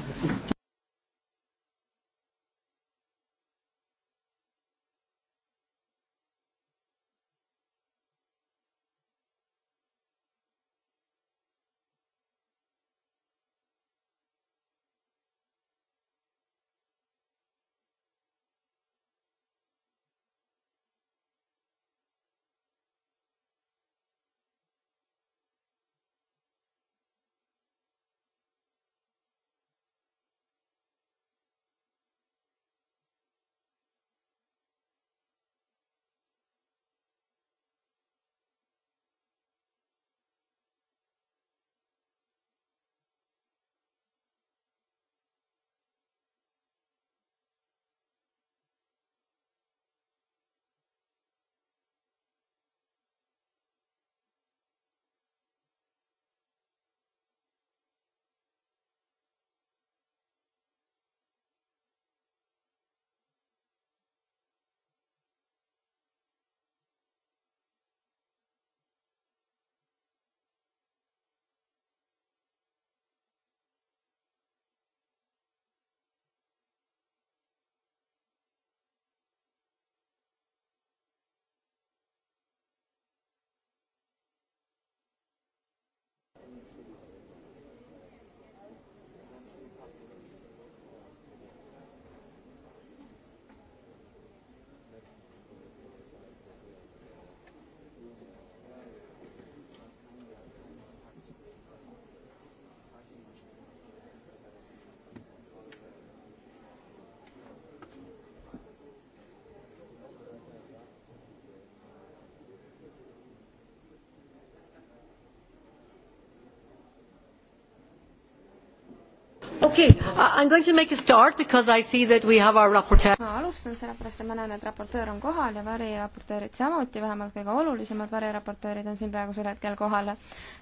S4: okei okay,, I am going to make a start because I see that we have our raporteur. ma
S1: alustan sellepärast, et ma näen, et raportöör on kohal ja variraportöörid samuti, vähemalt kõige olulisemad variraportöörid on siin praegusel hetkel kohal.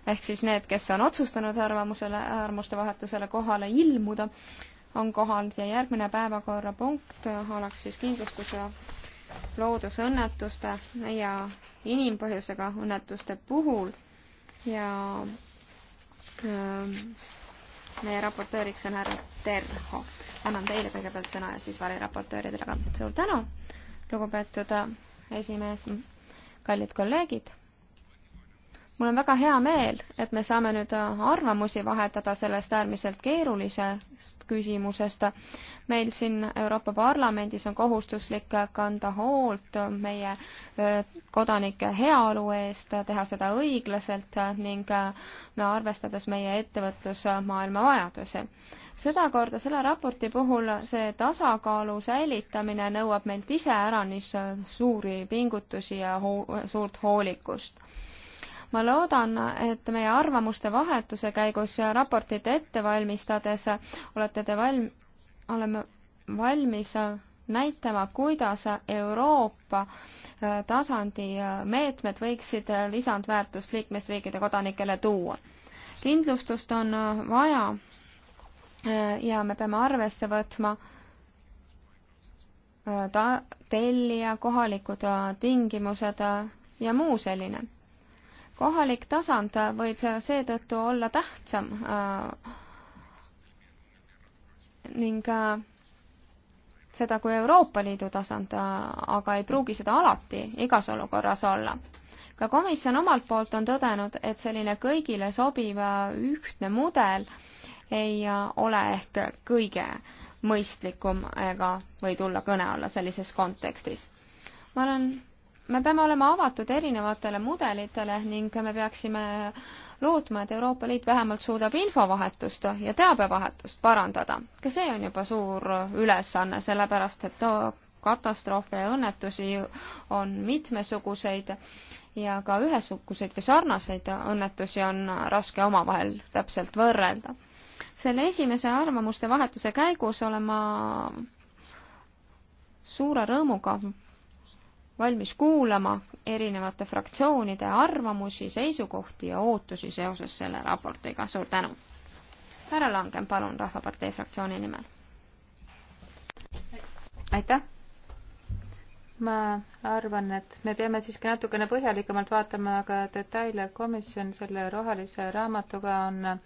S1: ehk siis need, kes on otsustanud arvamusele, arvamuste vahetusele kohale ilmuda, on kohal ja järgmine päevakorrapunkt oleks siis kindlustuse loodusõnnetuste ja inimpõhjusega õnnetuste puhul ja öö, ähm, meie raportööriks on härra Terho. annan teile kõigepealt sõna ja siis variraportööridele ka. suur tänu, lugupeetud äh, esimees, kallid kolleegid mul on väga hea meel, et me saame nüüd äh, arvamusi vahetada sellest äärmiselt keerulisest küsimusest. meil siin Euroopa Parlamendis on kohustuslik kanda hoolt meie äh, kodanike heaolu eest, teha seda õiglaselt ning äh, me arvestades meie ettevõtlusmaailma vajadusi. sedakorda selle raporti puhul see tasakaalu säilitamine nõuab meilt iseäranis suuri pingutusi ja hoo suurt hoolikust ma loodan, et meie arvamuste vahetuse käigus ja raportit ette valmistades olete te valm-, oleme valmis näitama, kuidas Euroopa äh, tasandi äh, meetmed võiksid äh, lisandväärtust liikmesriikide kodanikele tuua. kindlustust on vaja ja me peame arvesse võtma ta-, tellija, kohalikud tingimused ja muu selline kohalik tasand võib seetõttu olla tähtsam äh, ning äh, seda kui Euroopa Liidu tasand, äh, aga ei pruugi seda alati igas olukorras olla. ka komisjon omalt poolt on tõdenud, et selline kõigile sobiv ühtne mudel ei ole ehk kõige mõistlikum ega või tulla kõne alla sellises kontekstis. ma olen me peame olema avatud erinevatele mudelitele ning me peaksime lootma, et Euroopa Liit vähemalt suudab infovahetust ja teabevahetust parandada. ka see on juba suur ülesanne, sellepärast et katastroofe ja õnnetusi on mitmesuguseid ja ka ühesuguseid või sarnaseid õnnetusi on raske omavahel täpselt võrrelda. selle esimese arvamuste vahetuse käigus olen ma suure rõõmuga valmis kuulama erinevate fraktsioonide arvamusi, seisukohti ja ootusi seoses selle raportiga. suur tänu! härra Langen, palun, Rahvapartei fraktsiooni nimel.
S3: aitäh! ma arvan, et me peame siiski natukene põhjalikumalt vaatama ka detaile. komisjon selle rohelise raamatuga on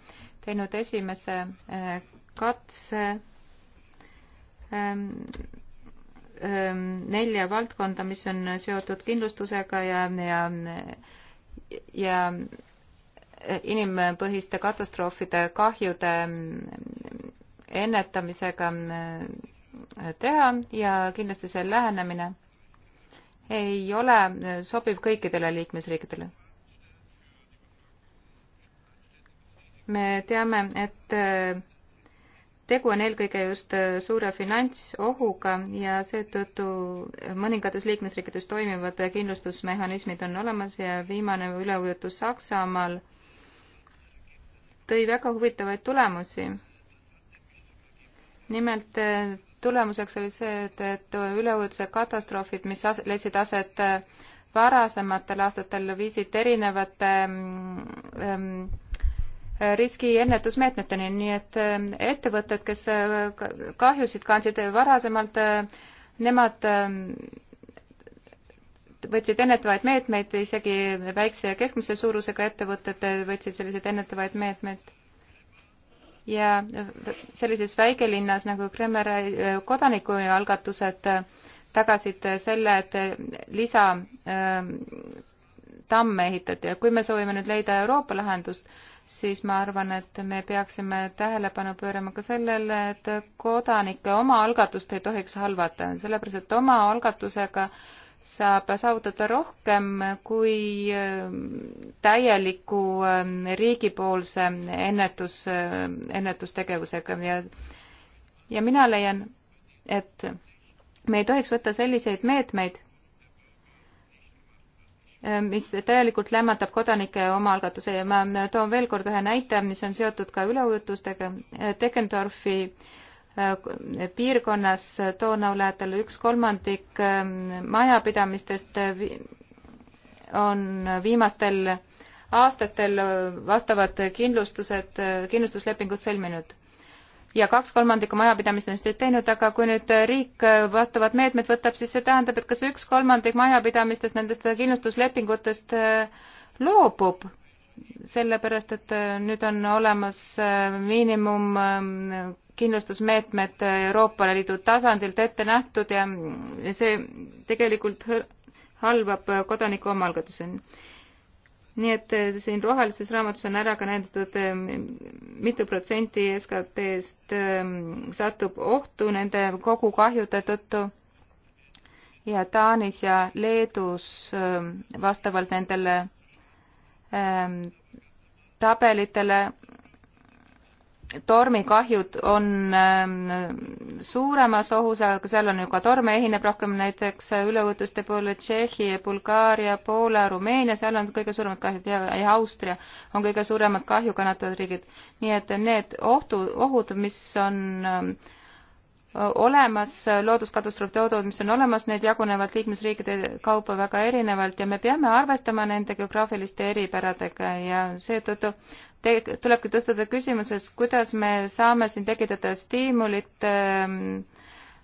S3: teinud esimese eh, katse ähm, nelja valdkonda, mis on seotud kindlustusega ja, ja, ja inimpõhiste katastroofide kahjude ennetamisega teha ja kindlasti see lähenemine ei ole sobiv kõikidele liikmesriikidele. me teame, et tegu on eelkõige just äh, suure finantsohuga ja seetõttu mõningates liikmesriikides toimivad kindlustusmehhanismid on olemas ja viimane üleujutus Saksamaal tõi väga huvitavaid tulemusi. nimelt äh, tulemuseks oli see, et, et üleujutuse katastroofid, mis as-, leidsid aset äh, varasematel aastatel, viisid erinevate mm, ähm, riskiennetusmeetmeteni, nii et eh, ettevõtted, kes eh, kahjusid kandsid varasemalt, eh, nemad võtsid ennetavaid meetmeid, isegi väikse ja keskmise suurusega ettevõtted võtsid selliseid ennetavaid meetmeid. ja sellises väikelinnas nagu Kremmer kodanikualgatused tagasid selle, et lisatamme ehitati ja kui me soovime nüüd leida Euroopa lahendust, siis ma arvan, et me peaksime tähelepanu pöörama ka sellele, et kodanike omaalgatust ei tohiks halvata, sellepärast et omaalgatusega saab saavutada rohkem kui ähm, täieliku ähm, riigipoolse ennetus, ähm, ennetustegevusega ja ja mina leian, et me ei tohiks võtta selliseid meetmeid, Ehm, mis täielikult lämmatab kodanike omaalgatuse ja ma äh, toon veel kord ühe näite, mis on seotud ka üleujutustega. Äh, Teckendorfi äh, piirkonnas toonaulajatel üks kolmandik ehm, majapidamistest on viimastel aastatel vastavad kindlustused, kindlustuslepingud sõlminud ja kaks kolmandikku majapidamistest ei teinud, aga kui nüüd riik vastavad meetmed võtab, siis see tähendab, et kas üks kolmandik majapidamistest nendest kindlustuslepingutest äh, loobub, sellepärast et äh, nüüd on olemas äh, miinimum kindlustusmeetmed Euroopa Liidu tasandilt ette nähtud ja see tegelikult halvab kodaniku omaalgatusi nii et eh, siin rohelises raamatus on ära ka näidatud, eh, mitu protsenti SKT-st eh, satub ohtu nende kogukahjude tõttu ja Taanis ja Leedus vastavalt nendele ähm, tabelitele tormikahjud on ähm, suuremas ohus, aga seal on ju ka torme ehineb rohkem, näiteks üleujutuste puhul Tšehhi, Bulgaaria, Poola, Rumeenia, seal on kõige suuremad kahjud ja, ja Austria on kõige suuremad kahju kannatavad riigid. nii et need ohtu, ohud, mis on ähm, olemas, looduskatastroofide ohud, mis on olemas, need jagunevad liikmesriikide kaupa väga erinevalt ja me peame arvestama nende geograafiliste eripäradega ja seetõttu te-, tulebki tõstada küsimuses, kuidas me saame siin tekitada stiimulit ähm,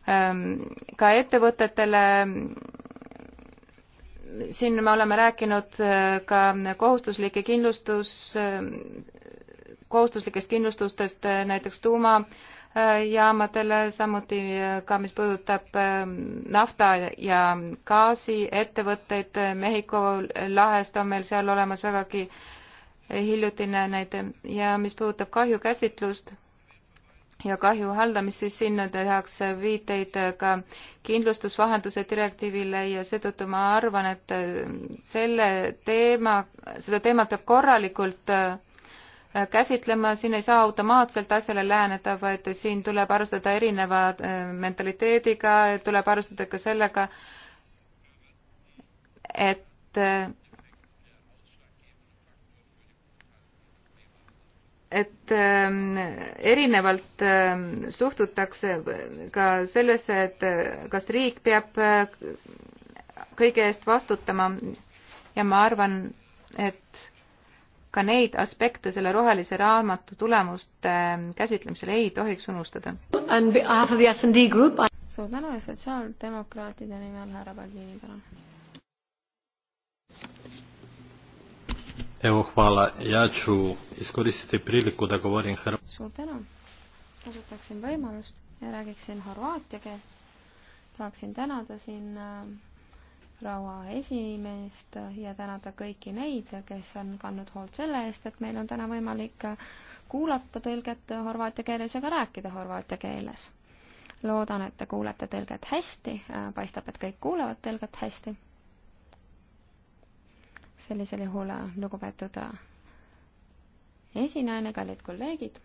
S3: ähm, ka ettevõtetele, siin me oleme rääkinud äh, ka kohustuslike kindlustus, ähm, kohustuslikest kindlustustest äh, näiteks tuumajaamadele, äh, samuti ka mis puudutab ähm, nafta ja gaasiettevõtteid, Mehhiko lahest on meil seal olemas vägagi äh, hiljutine näide ja mis puudutab kahjukäsitlust ja kahju haldamist, siis sinna tehakse viiteid ka kindlustusvahenduse direktiivile ja seetõttu ma arvan, et selle teema, seda teemat peab korralikult äh, käsitlema, siin ei saa automaatselt asjale läheneda, vaid siin tuleb arvestada erineva äh, mentaliteediga, tuleb arvestada ka sellega, et äh, et ähm, erinevalt ähm, suhtutakse ka sellesse, et äh, kas riik peab äh, kõige eest vastutama ja ma arvan, et ka neid aspekte selle rohelise raamatu tulemuste ähm, käsitlemisel ei tohiks unustada.
S1: suur tänu ja sotsiaaldemokraatide nimel härra Paldini, palun.
S4: Evo, hvala. Ja ću iskoristiti priliku da govorim hrvatski.
S1: Suur tänu. Kasutaksin võimalust ja räägiksin horvaatia keelt. Tahaksin tänada siin äh, proua esimeest ja tänada kõiki neid, kes on kandnud hoolt selle eest, et meil on täna võimalik äh, kuulata tõlget horvaatia keeles ja ka rääkida horvaatia keeles. loodan, et te kuulete tõlget hästi, äh, paistab, et kõik kuulevad tõlget hästi sellisel juhul äh, lugupeetud äh, esinaine, kallid kolleegid.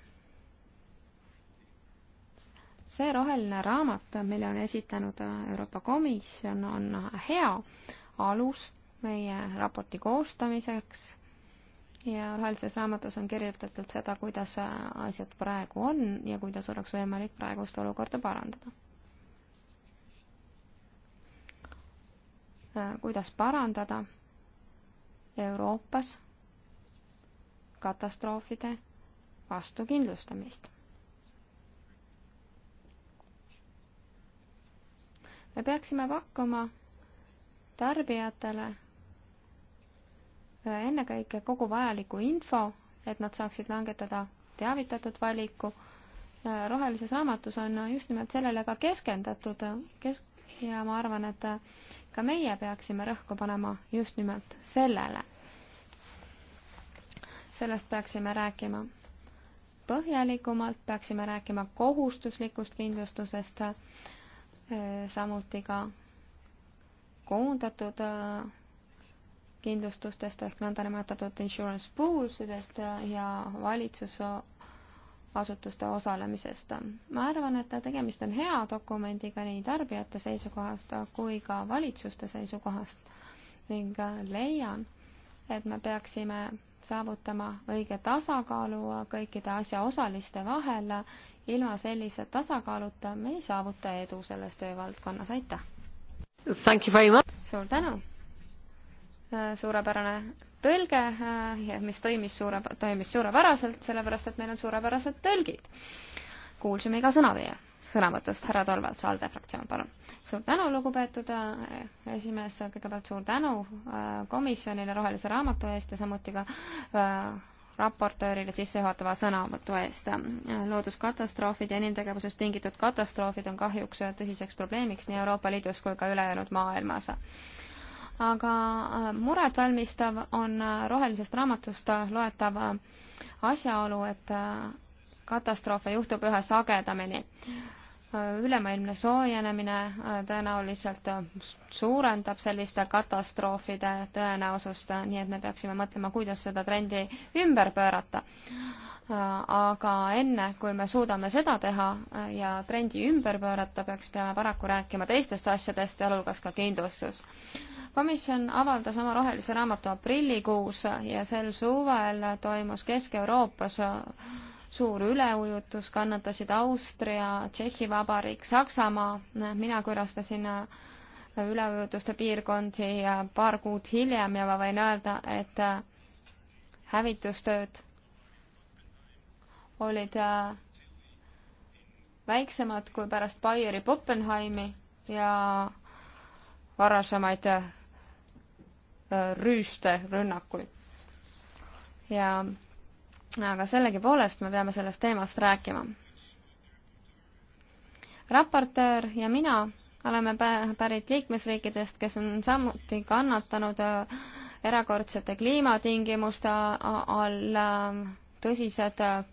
S1: see roheline raamat, mille on esitanud äh, Euroopa Komisjon, on hea alus meie raporti koostamiseks ja rohelises raamatus on kirjeldatud seda, kuidas asjad praegu on ja kuidas oleks võimalik praegust olukorda parandada. kuidas parandada Euroopas katastroofide vastu kindlustamist. me peaksime pakkuma tarbijatele ennekõike kogu vajaliku info, et nad saaksid langetada teavitatud valiku. rohelises raamatus on just nimelt sellele ka keskendatud kesk- ja ma arvan, et ka meie peaksime rõhku panema just nimelt sellele. sellest peaksime rääkima põhjalikumalt, peaksime rääkima kohustuslikust kindlustusest, eh, samuti ka koondatud eh, kindlustustest ehk nõndanimetatud insurance pool sidest eh, ja valitsus asutuste osalemisest. ma arvan, et tegemist on hea dokumendiga nii tarbijate seisukohast kui ka valitsuste seisukohast ning leian, et me peaksime saavutama õige tasakaalu kõikide asjaosaliste vahel. ilma sellise tasakaaluta me ei saavuta edu selles töövaldkonnas, aitäh! suur tänu! suurepärane tõlge, äh, mis toimis suure, toimis suurepäraselt, sellepärast et meil on suurepärased tõlgid. kuulsime iga sõna teie sõnavõtust, härra Tolvalts, ALDE fraktsioon, palun. suur tänu, lugupeetud äh, esimees, kõigepealt suur tänu äh, komisjonile Rohelise Raamatu eest ja samuti ka raportöörile sissejuhatava sõnavõtu eest. looduskatastroofid ja inimtegevusest tingitud katastroofid on kahjuks tõsiseks probleemiks nii Euroopa Liidus kui ka ülejäänud maailmas aga äh, muret valmistav on äh, rohelisest raamatust äh, loetav asjaolu, et katastroofe juhtub üha sagedamini. ülemaailmne soojenemine tõenäoliselt suurendab selliste katastroofide tõenäosust, nii et me peaksime mõtlema, kuidas seda trendi ümber pöörata. aga enne, kui me suudame seda teha ja trendi ümber pöörata, peaks, peame paraku rääkima teistest asjadest, sealhulgas ka kindlustus komisjon avaldas oma rohelise raamatu aprillikuus ja sel suvel toimus Kesk-Euroopas suur üleujutus, kannatasid Austria, Tšehhi Vabariik, Saksamaa, mina külastasin üleujutuste piirkondi paar kuud hiljem ja ma võin öelda, et hävitustööd olid väiksemad kui pärast Bayeri Poppenheimi ja varasemaid rüüsterünnakuid. ja aga sellegipoolest me peame sellest teemast rääkima. raportöör ja mina oleme pärit liikmesriikidest, kes on samuti kannatanud äh, erakordsete kliimatingimuste all äh, tõsised äh,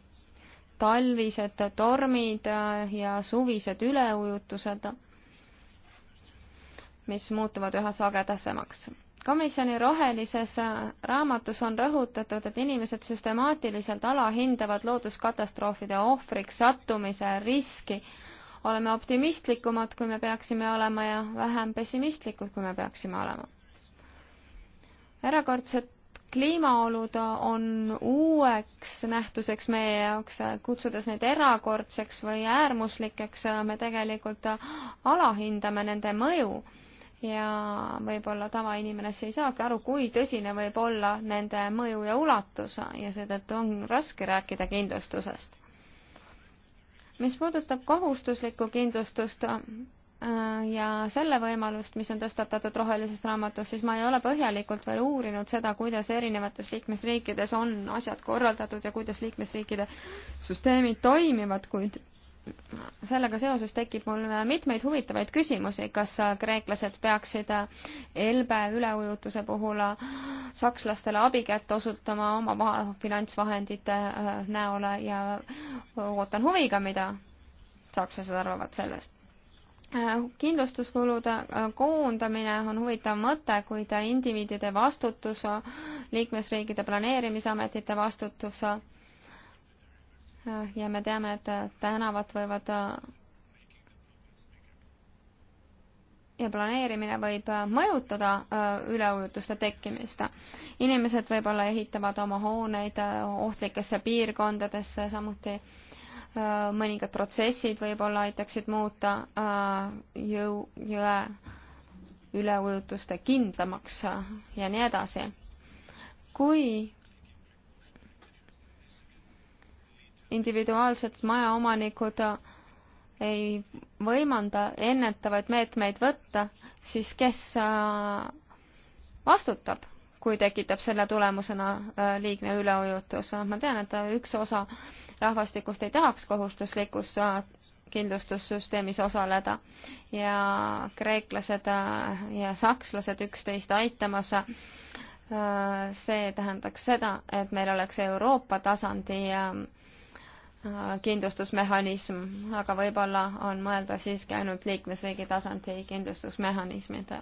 S1: talvised tormid ja suvised üleujutused, mis muutuvad üha sagedasemaks komisjoni rohelises äh, raamatus on rõhutatud, et inimesed süstemaatiliselt alahindavad looduskatastroofide ohvriks sattumise riski. oleme optimistlikumad, kui me peaksime olema ja vähem pessimistlikud, kui me peaksime olema. erakordsed kliimaolud on uueks nähtuseks meie jaoks, kutsudes neid erakordseks või äärmuslikeks, me tegelikult alahindame nende mõju ja võib-olla tavainimene siis ei saagi aru, kui tõsine võib olla nende mõju ja ulatus ja seetõttu on raske rääkida kindlustusest. mis puudutab kohustuslikku kindlustust äh, ja selle võimalust, mis on tõstatatud rohelises raamatus, siis ma ei ole põhjalikult veel uurinud seda, kuidas erinevates liikmesriikides on asjad korraldatud ja kuidas liikmesriikide süsteemid toimivad, kuid sellega seoses tekib mul mitmeid huvitavaid küsimusi, kas kreeklased peaksid Elbe üleujutuse puhul sakslastele abikätt osutama oma finantsvahendite äh, näole ja ootan huviga, mida sakslased arvavad sellest. Äh, kindlustuskulude äh, koondamine on huvitav mõte, kuid indiviidide vastutus, liikmesriikide planeerimisametite vastutus Äh, ja me teame, et äh, tänavad võivad äh, ja planeerimine võib mõjutada üleujutuste tekkimist. inimesed võib-olla ehitavad oma hooneid ohtlikesse piirkondadesse, samuti mõningad protsessid võib-olla aitaksid muuta jõu, jõe üleujutuste kindlamaks ja nii edasi. kui individuaalsed majaomanikud äh, ei võimalda ennetavaid meetmeid võtta, siis kes äh, vastutab, kui tekitab selle tulemusena äh, liigne üleujutus? ma tean, et üks osa rahvastikust ei tahaks kohustuslikus kindlustussüsteemis osaleda ja kreeklased ja sakslased üksteist aitamas see tähendaks seda, et meil oleks Euroopa tasandi Äh, kindlustusmehhanism, aga võib-olla on mõelda siiski ainult liikmesriigi tasandi kindlustusmehhanismid.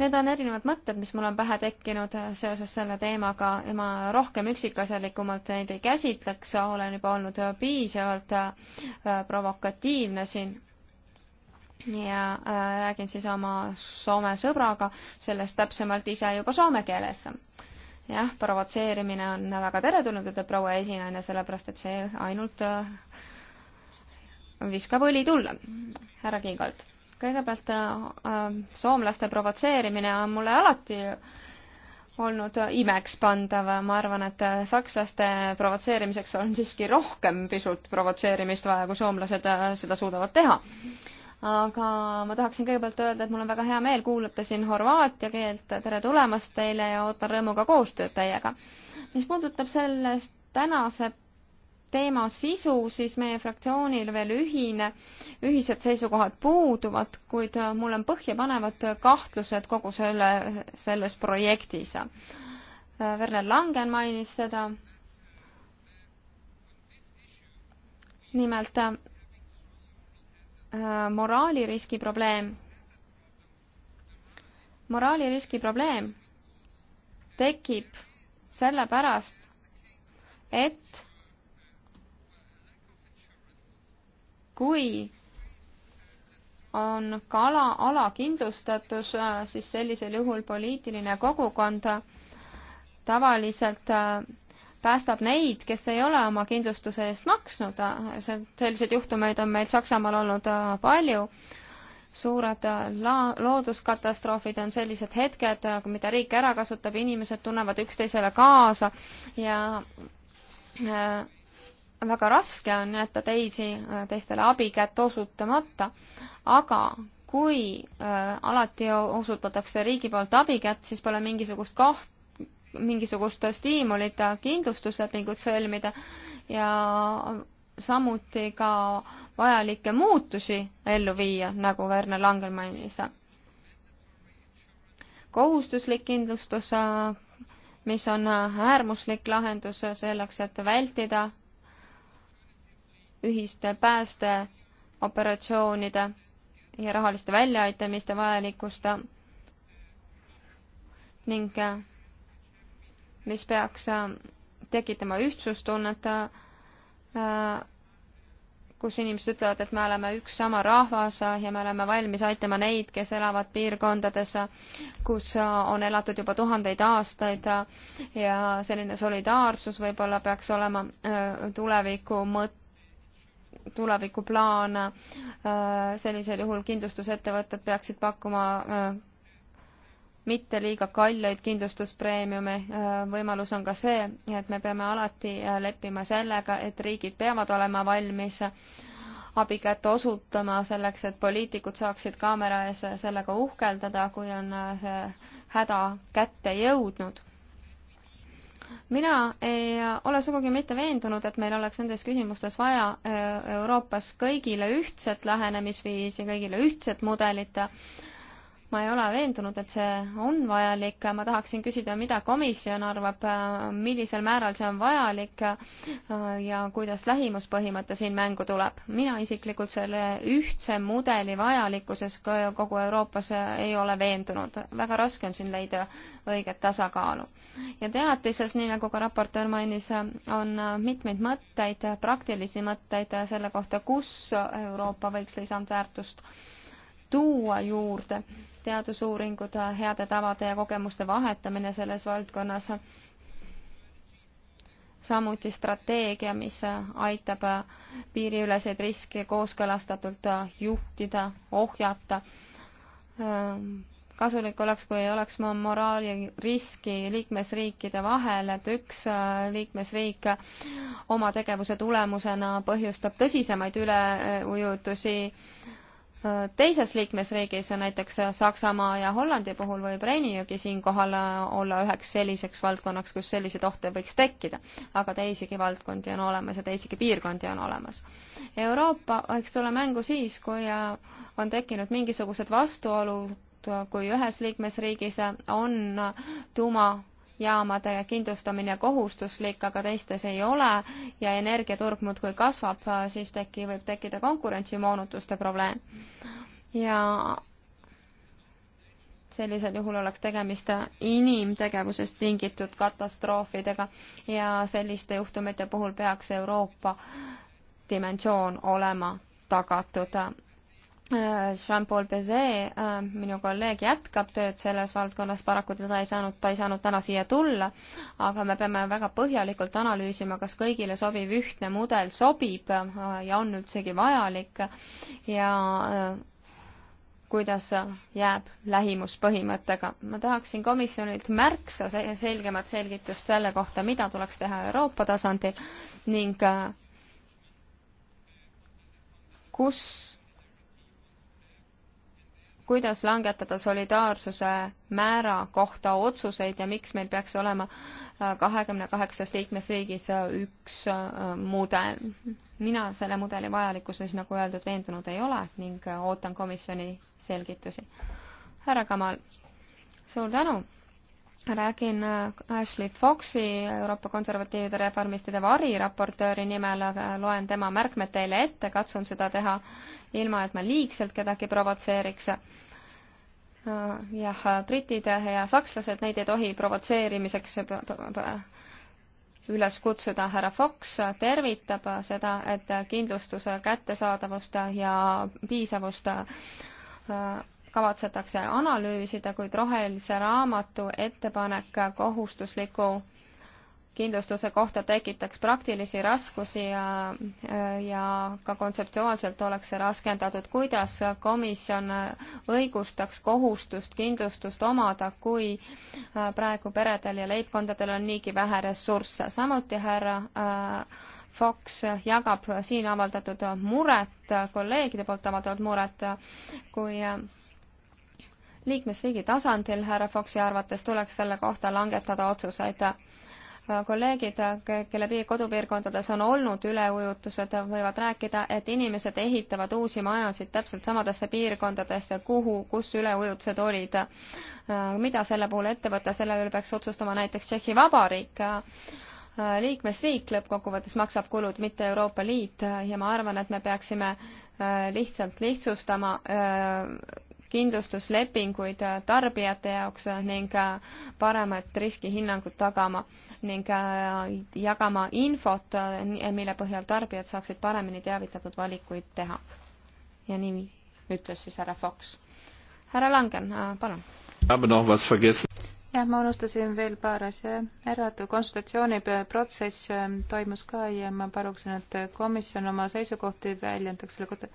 S1: Need on erinevad mõtted, mis mul on pähe tekkinud seoses selle teemaga ja ma rohkem üksikasjalikumalt neid ei käsitleks, olen juba olnud piisavalt äh, provokatiivne siin ja äh, räägin siis oma Soome sõbraga sellest täpsemalt ise juba soome keeles jah, provotseerimine on väga teretulnud, ütleb proua esinaine, sellepärast et see ainult äh, viskab õli tulle. härra Kiigalt, kõigepealt äh, äh, soomlaste provotseerimine on mulle alati olnud imekspandav, ma arvan, et sakslaste provotseerimiseks on siiski rohkem pisut provotseerimist vaja, kui soomlased seda suudavad teha aga ma tahaksin kõigepealt öelda, et mul on väga hea meel kuulata siin horvaatia keelt, tere tulemast teile ja ootan rõõmuga koostööd teiega. mis puudutab sellest tänase teema sisu, siis meie fraktsioonil veel ühine, ühised seisukohad puuduvad, kuid mul on põhjapanevad kahtlused kogu selle, selles projektis. Werner Langen mainis seda. nimelt Äh, moraaliriski probleem. moraaliriski probleem tekib sellepärast, et kui on kala alakindlustatus, äh, siis sellisel juhul poliitiline kogukond tavaliselt äh, päästab neid, kes ei ole oma kindlustuse eest maksnud, selliseid juhtumeid on meil Saksamaal olnud äh, palju, suured äh, la-, looduskatastroofid on sellised hetked, äh, mida riik ära kasutab, inimesed tunnevad üksteisele kaasa ja väga raske on jätta teisi, teistele abikätt osutamata, aga kui äh, alati osutatakse riigi poolt abikätt, siis pole mingisugust koht, mingisugust stiimulit kindlustuslepingut sõlmida ja samuti ka vajalikke muutusi ellu viia, nagu Werner Langel mainis. kohustuslik kindlustus, mis on äärmuslik lahendus selleks, et vältida ühiste päästeoperatsioonide ja rahaliste väljaaitamiste vajalikkust ning mis peaks äh, tekitama ühtsustunnet, äh, kus inimesed ütlevad, et me oleme üks sama rahvas äh, ja me oleme valmis aitama neid, kes elavad piirkondades, kus on elatud juba tuhandeid aastaid ja selline solidaarsus võib-olla peaks olema tuleviku mõte tulevikuplaan, sellisel juhul kindlustusettevõtted peaksid pakkuma mitte liiga kalleid kindlustuspreemiume, äh, võimalus on ka see, et me peame alati äh, leppima sellega, et riigid peavad olema valmis abikätt osutama selleks, et poliitikud saaksid kaamera ees sellega uhkeldada, kui on äh, see häda kätte jõudnud. mina ei ole sugugi mitte veendunud, et meil oleks nendes küsimustes vaja Euroopas kõigile ühtset lähenemisviisi, kõigile ühtset mudelit ma ei ole veendunud, et see on vajalik, ma tahaksin küsida, mida komisjon arvab, millisel määral see on vajalik äh, ja kuidas lähimuspõhimõte siin mängu tuleb. mina isiklikult selle ühtse mudeli vajalikkuses kogu Euroopas äh, ei ole veendunud, väga raske on siin leida õiget tasakaalu. ja teatises, nii nagu ka raportöör mainis, on äh, mitmeid mõtteid, praktilisi mõtteid selle kohta, kus Euroopa võiks lisandväärtust tuua juurde teadusuuringud, heade tavade ja kogemuste vahetamine selles valdkonnas, samuti strateegia, mis aitab piiriüleseid riske kooskõlastatult juhtida, ohjata. kasulik oleks, kui ei oleks moraali riski liikmesriikide vahel, et üks liikmesriik oma tegevuse tulemusena põhjustab tõsisemaid üleujutusi teises liikmesriigis, näiteks Saksamaa ja Hollandi puhul võib Reinijõgi siinkohal olla üheks selliseks valdkonnaks, kus selliseid ohte võiks tekkida. aga teisigi valdkondi on olemas ja teisigi piirkondi on olemas. Euroopa võiks tulla mängu siis, kui on tekkinud mingisugused vastuolud, kui ühes liikmesriigis on tuuma jaamade kindlustamine kohustuslik, aga teistes ei ole ja energiaturg muudkui kasvab, siis teki, võib tekkida konkurentsimoonutuste probleem. ja sellisel juhul oleks tegemist inimtegevusest tingitud katastroofidega ja selliste juhtumite puhul peaks Euroopa dimensioon olema tagatud. Jean-Paul Bezet, äh, minu kolleeg, jätkab tööd selles valdkonnas, paraku teda ei saanud, ta ei saanud täna siia tulla, aga me peame väga põhjalikult analüüsima, kas kõigile sobiv ühtne mudel sobib äh, ja on üldsegi vajalik ja äh, kuidas jääb lähimuspõhimõttega. ma tahaksin komisjonilt märksa selgemat selgitust selle kohta, mida tuleks teha Euroopa tasandil ning kus kuidas langetada solidaarsuse määra kohta otsuseid ja miks meil peaks olema äh, kahekümne kaheksas liikmesriigis äh, üks äh, mudel. mina selle mudeli vajalikkuses, nagu öeldud, veendunud ei ole ning ootan komisjoni selgitusi. härra Kamal, suur tänu räägin äh, Ashley Foxi, Euroopa Konservatiivide Reformistide variraportööri nimel, aga loen tema märkmed teile ette, katsun seda teha ilma, et ma liigselt kedagi provotseeriks. Äh, jah, britid ja sakslased, neid ei tohi provotseerimiseks üles kutsuda. härra Fox tervitab seda, et kindlustuse kättesaadavust ja piisavust äh, kavatsetakse analüüsida, kuid rohelise raamatu ettepanek kohustusliku kindlustuse kohta tekitaks praktilisi raskusi ja, ja ka kontseptuaalselt oleks see raskendatud, kuidas komisjon õigustaks kohustust kindlustust omada, kui praegu peredel ja leibkondadel on niigi vähe ressursse. samuti härra äh, Fox jagab siin avaldatud muret, kolleegide poolt avaldatud muret, kui äh, liikmesriigi tasandil härra Foxi arvates tuleks selle kohta langetada otsuseid. kolleegid, kelle kodupiirkondades on olnud üleujutused, võivad rääkida, et inimesed ehitavad uusi majasid täpselt samadesse piirkondadesse, kuhu, kus üleujutused olid. mida selle puhul ette võtta, selle üle peaks otsustama näiteks Tšehhi Vabariik liikmesriik lõppkokkuvõttes maksab kulud, mitte Euroopa Liit ja ma arvan, et me peaksime lihtsalt lihtsustama kindlustuslepinguid äh, tarbijate jaoks äh, ning äh, paremat riskihinnangut tagama ning jagama infot, mille põhjal tarbijad saaksid paremini teavitatud valikuid teha. ja
S3: nii ütles siis härra Fox. härra Langen, palun. jah, ma unustasin veel paar asja ära, et konsultatsiooniprotsess ähm, toimus ka ja ma paluksin, et komisjon oma seisukohti väljendaks selle kohta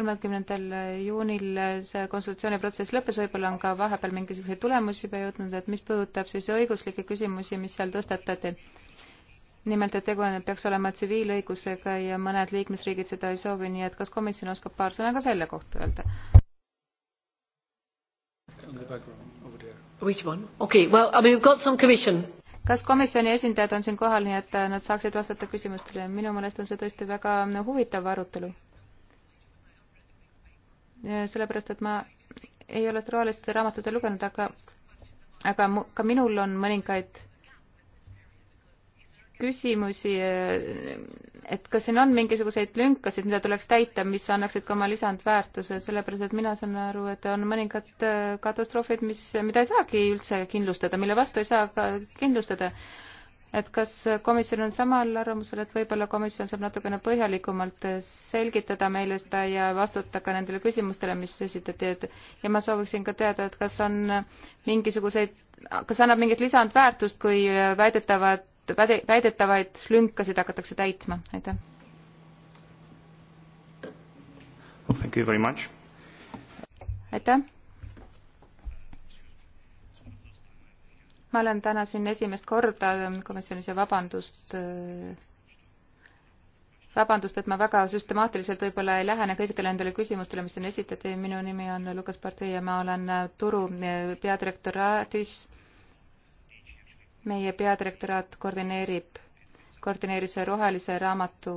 S3: kolmekümnendal juunil see konsultatsiooniprotsess lõppes, võib-olla on ka vahepeal mingisuguseid tulemusi juba jõudnud, et mis puudutab siis õiguslikke küsimusi, mis seal tõstatati. nimelt, et tegu peaks olema tsiviilõigusega ja mõned liikmesriigid seda ei soovi, nii et kas komisjon oskab paar sõna ka selle kohta öelda? Okay, well, I mean, kas komisjoni esindajad on siin kohal, nii et nad saaksid vastata küsimustele? minu meelest on see tõesti väga huvitav arutelu sellepärast et ma ei ole Austraaliast raamatut lugenud, aga, aga ka minul on mõningaid küsimusi, et kas siin on mingisuguseid lünkasid, mida tuleks täita, mis annaksid ka oma lisandväärtuse, sellepärast et mina saan aru, et on mõningad äh, katastroofid, mis, mida ei saagi üldse kindlustada, mille vastu ei saa ka kindlustada et kas komisjon on samal arvamusel, et võib-olla komisjon saab natukene põhjalikumalt selgitada meile seda ja vastata ka nendele küsimustele, mis esitati, et ja ma sooviksin ka teada, et kas on mingisuguseid, kas annab mingit lisandväärtust, kui väidetavad, väidetavaid lünkasid hakatakse täitma, aitäh
S4: well,.
S3: aitäh ma olen täna siin esimest korda komisjonis ja vabandust, äh, vabandust, et ma väga süstemaatiliselt võib-olla ei lähene kõikidele nendele küsimustele, mis siin esitati, minu nimi on Lukas Partei ja ma olen äh, Turu äh, peadirektoraadis. meie peadirektoraat koordineerib, koordineeris rohelise raamatu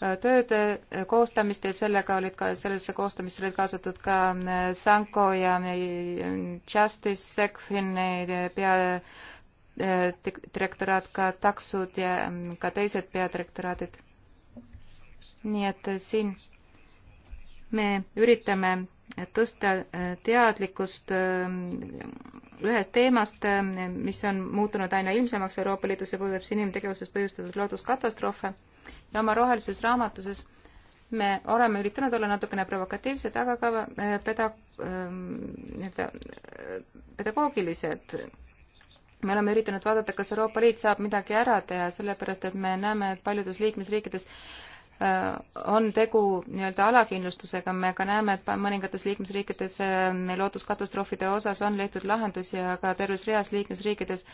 S3: tööde koostamist ja sellega olid ka, sellesse koostamisse olid kaasatud ka äh, Sanko ja Justice Secfini äh, peadirektoraat, äh, ka taksud ja mm, ka teised peadirektoraadid. nii et siin me üritame tõsta teadlikkust ühest teemast, mis on muutunud aina ilmsemaks Euroopa Liidus ja puudutab siin inimtegevusest põhjustatud looduskatastroofe ja oma rohelises raamatuses me oleme üritanud olla natukene provokatiivsed, aga ka äh, peda-, ähm, nii-öelda äh, pedagoogilised. me oleme üritanud vaadata, kas Euroopa Liit saab midagi ära teha, sellepärast et me näeme, et paljudes liikmesriikides äh, on tegu nii-öelda alakindlustusega, me ka näeme, et mõningates liikmesriikides looduskatastroofide osas on leitud lahendusi, aga terves reas liikmesriikides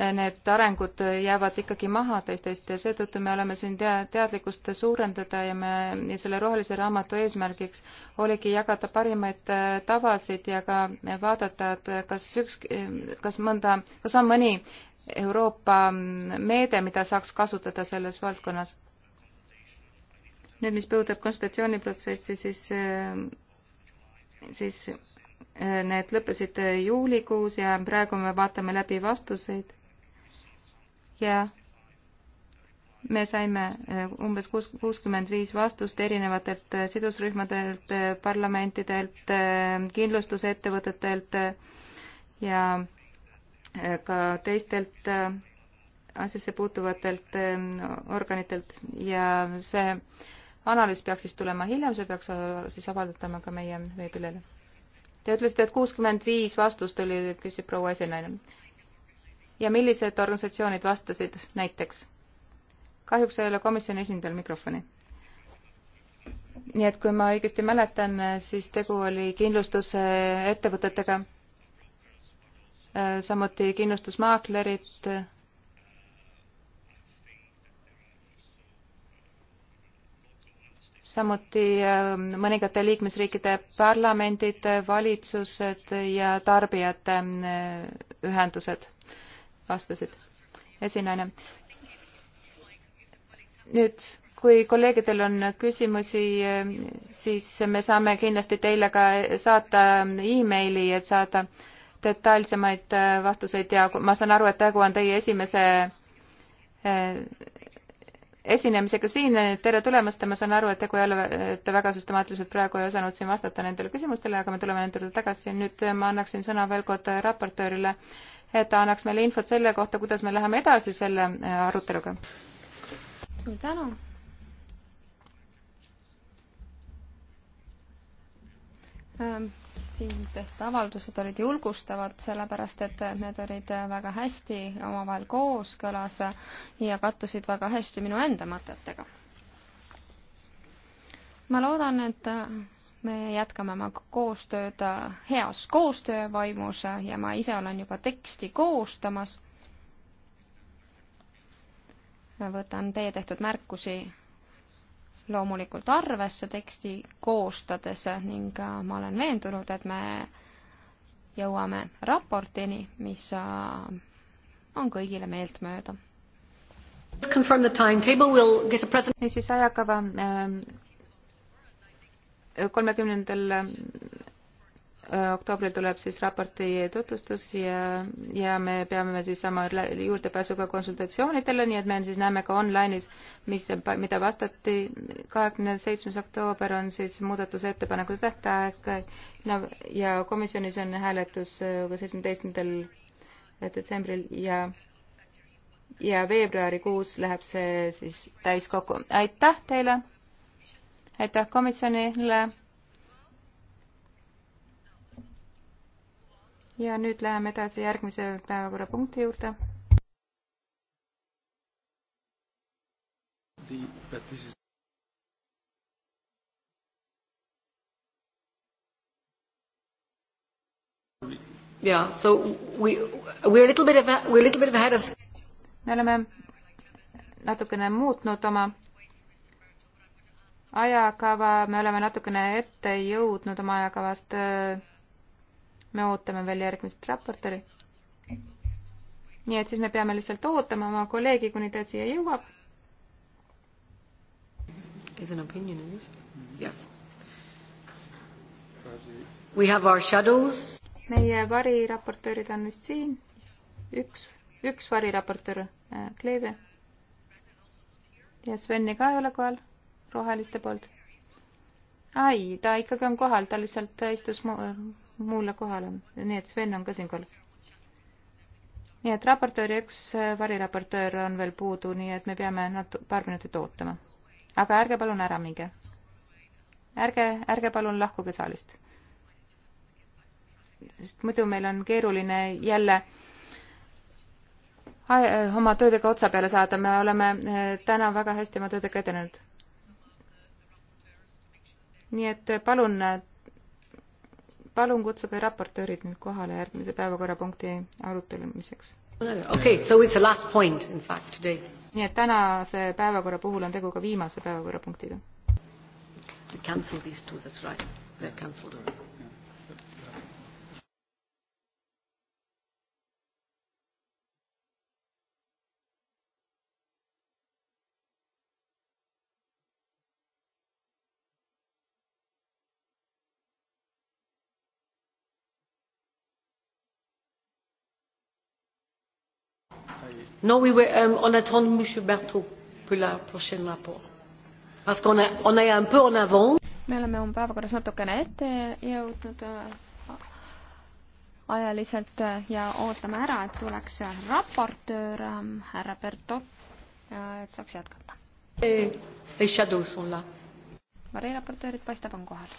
S3: Äh, need arengud jäävad ikkagi maha teistest ja seetõttu me oleme siin tea-, teadlikkust suurendada ja me, ja selle rohelise raamatu eesmärgiks oligi jagada parimaid äh, tavasid ja ka vaadata, et kas üks, kas mõnda, kas on mõni Euroopa mm, meede, mida saaks kasutada selles valdkonnas. nüüd, mis puudutab konsultatsiooniprotsessi, siis, äh, siis need lõppesid juulikuus ja praegu me vaatame läbi vastuseid ja me saime eh, umbes kuuskümmend viis vastust erinevatelt eh, sidusrühmadelt, eh, parlamentidelt, kindlustusettevõtetelt ja ka teistelt asjasse puutuvatelt organitelt ja see analüüs peaks siis tulema hiljem, see peaks siis avaldatama ka meie veebilehel. Te ütlesite, et kuuskümmend viis vastust oli, küsib proua esinaine ja millised organisatsioonid vastasid näiteks? kahjuks ei ole komisjoni esindajal mikrofoni. nii et kui ma õigesti mäletan, siis tegu oli kindlustusettevõtetega, samuti kindlustusmaaklerid, samuti ähm, mõningate liikmesriikide parlamendid, valitsused ja tarbijate ähm, ühendused vastasid esinaine. nüüd, kui kolleegidel on küsimusi, siis me saame kindlasti teile ka saata emaili, et saada detailsemaid vastuseid ja ma saan aru, et tegu on teie esimese eh, esinemisega siin, tere tulemast ja ma saan aru, et tegu ei ole, et te väga süstemaatiliselt praegu ei osanud siin vastata nendele küsimustele, aga me tuleme nende juurde tagasi. nüüd ma annaksin sõna veel kord raportöörile, et ta annaks meile infot selle kohta, kuidas me läheme edasi selle äh, aruteluga.
S1: suur tänu. Ähm, siin tehtud avaldused olid julgustavad, sellepärast et need olid väga hästi omavahel kooskõlas ja kattusid väga hästi minu enda mõtetega. ma loodan, et me jätkame oma koostööd äh, heas koostöövaimus äh, ja ma ise olen juba teksti koostamas. võtan teie tehtud märkusi loomulikult arvesse teksti koostades ning äh, ma olen veendunud, et me jõuame raportini, mis on kõigile meeltmööda.
S3: ja siis ajakava kolmekümnendal äh, oktoobril tuleb siis raporti tutvustus ja, ja me peame siis sama juurdepääsuga konsultatsioonidele, nii et me siis näeme ka online'is, mis, mida vastati. kahekümne seitsmes oktoober on siis muudatusettepanekute tähtaeg no, ja komisjonis on hääletus äh, seitsmeteistkümnendal detsembril ja ja veebruarikuus läheb see siis täiskokku. aitäh teile! aitäh komisjonile. ja nüüd läheme edasi järgmise päevakorrapunkti juurde.
S4: The, but this is
S3: Yeah, so we, we're a little bit of, we're a little bit ahead of... me oleme natukene muutnud oma ajakava, me oleme natukene ette jõudnud oma ajakavast. me ootame veel järgmist raportööri. nii et siis me peame lihtsalt ootama oma kolleegi, kuni ta siia jõuab.
S4: Is an opinion, is it? Yes. We have our shadows.
S3: meie variraportöörid on vist siin. üks, üks variraportöör, äh, Kleeve. ja Sveni ka ei ole kohal roheliste poolt. ai, ta ikkagi on kohal, ta lihtsalt istus mu muule kohale, nii et Sven on ka siin kohal. nii et raportöör ja üks variraportöör on veel puudu, nii et me peame natu-, paar minutit ootama. aga ärge palun ära minge. ärge, ärge palun lahkuge saalist. sest muidu meil on keeruline jälle oma töödega otsa peale saada, me oleme eh, täna väga hästi oma töödega edenenud nii et äh, palun, äh, palun kutsuge raportöörid nüüd kohale järgmise päevakorrapunkti arutelemiseks. Okay, so it's the last point in fact today. nii et tänase päevakorra puhul on tegu ka viimase päevakorrapunktiga. We cancel these
S4: two, that's right, they are cancelled. Non, oui, oui, euh, on attend M. Berthaud pour la prochaine rapport. Parce qu'on on est un peu en avant.
S1: me oleme oma päevakorras natukene ette jõudnud äh, ajaliselt äh, ja ootame ära, et tuleks raportöör ähm, härra Bertot, et saaks jätkata. varireportöörid paistab, on kohal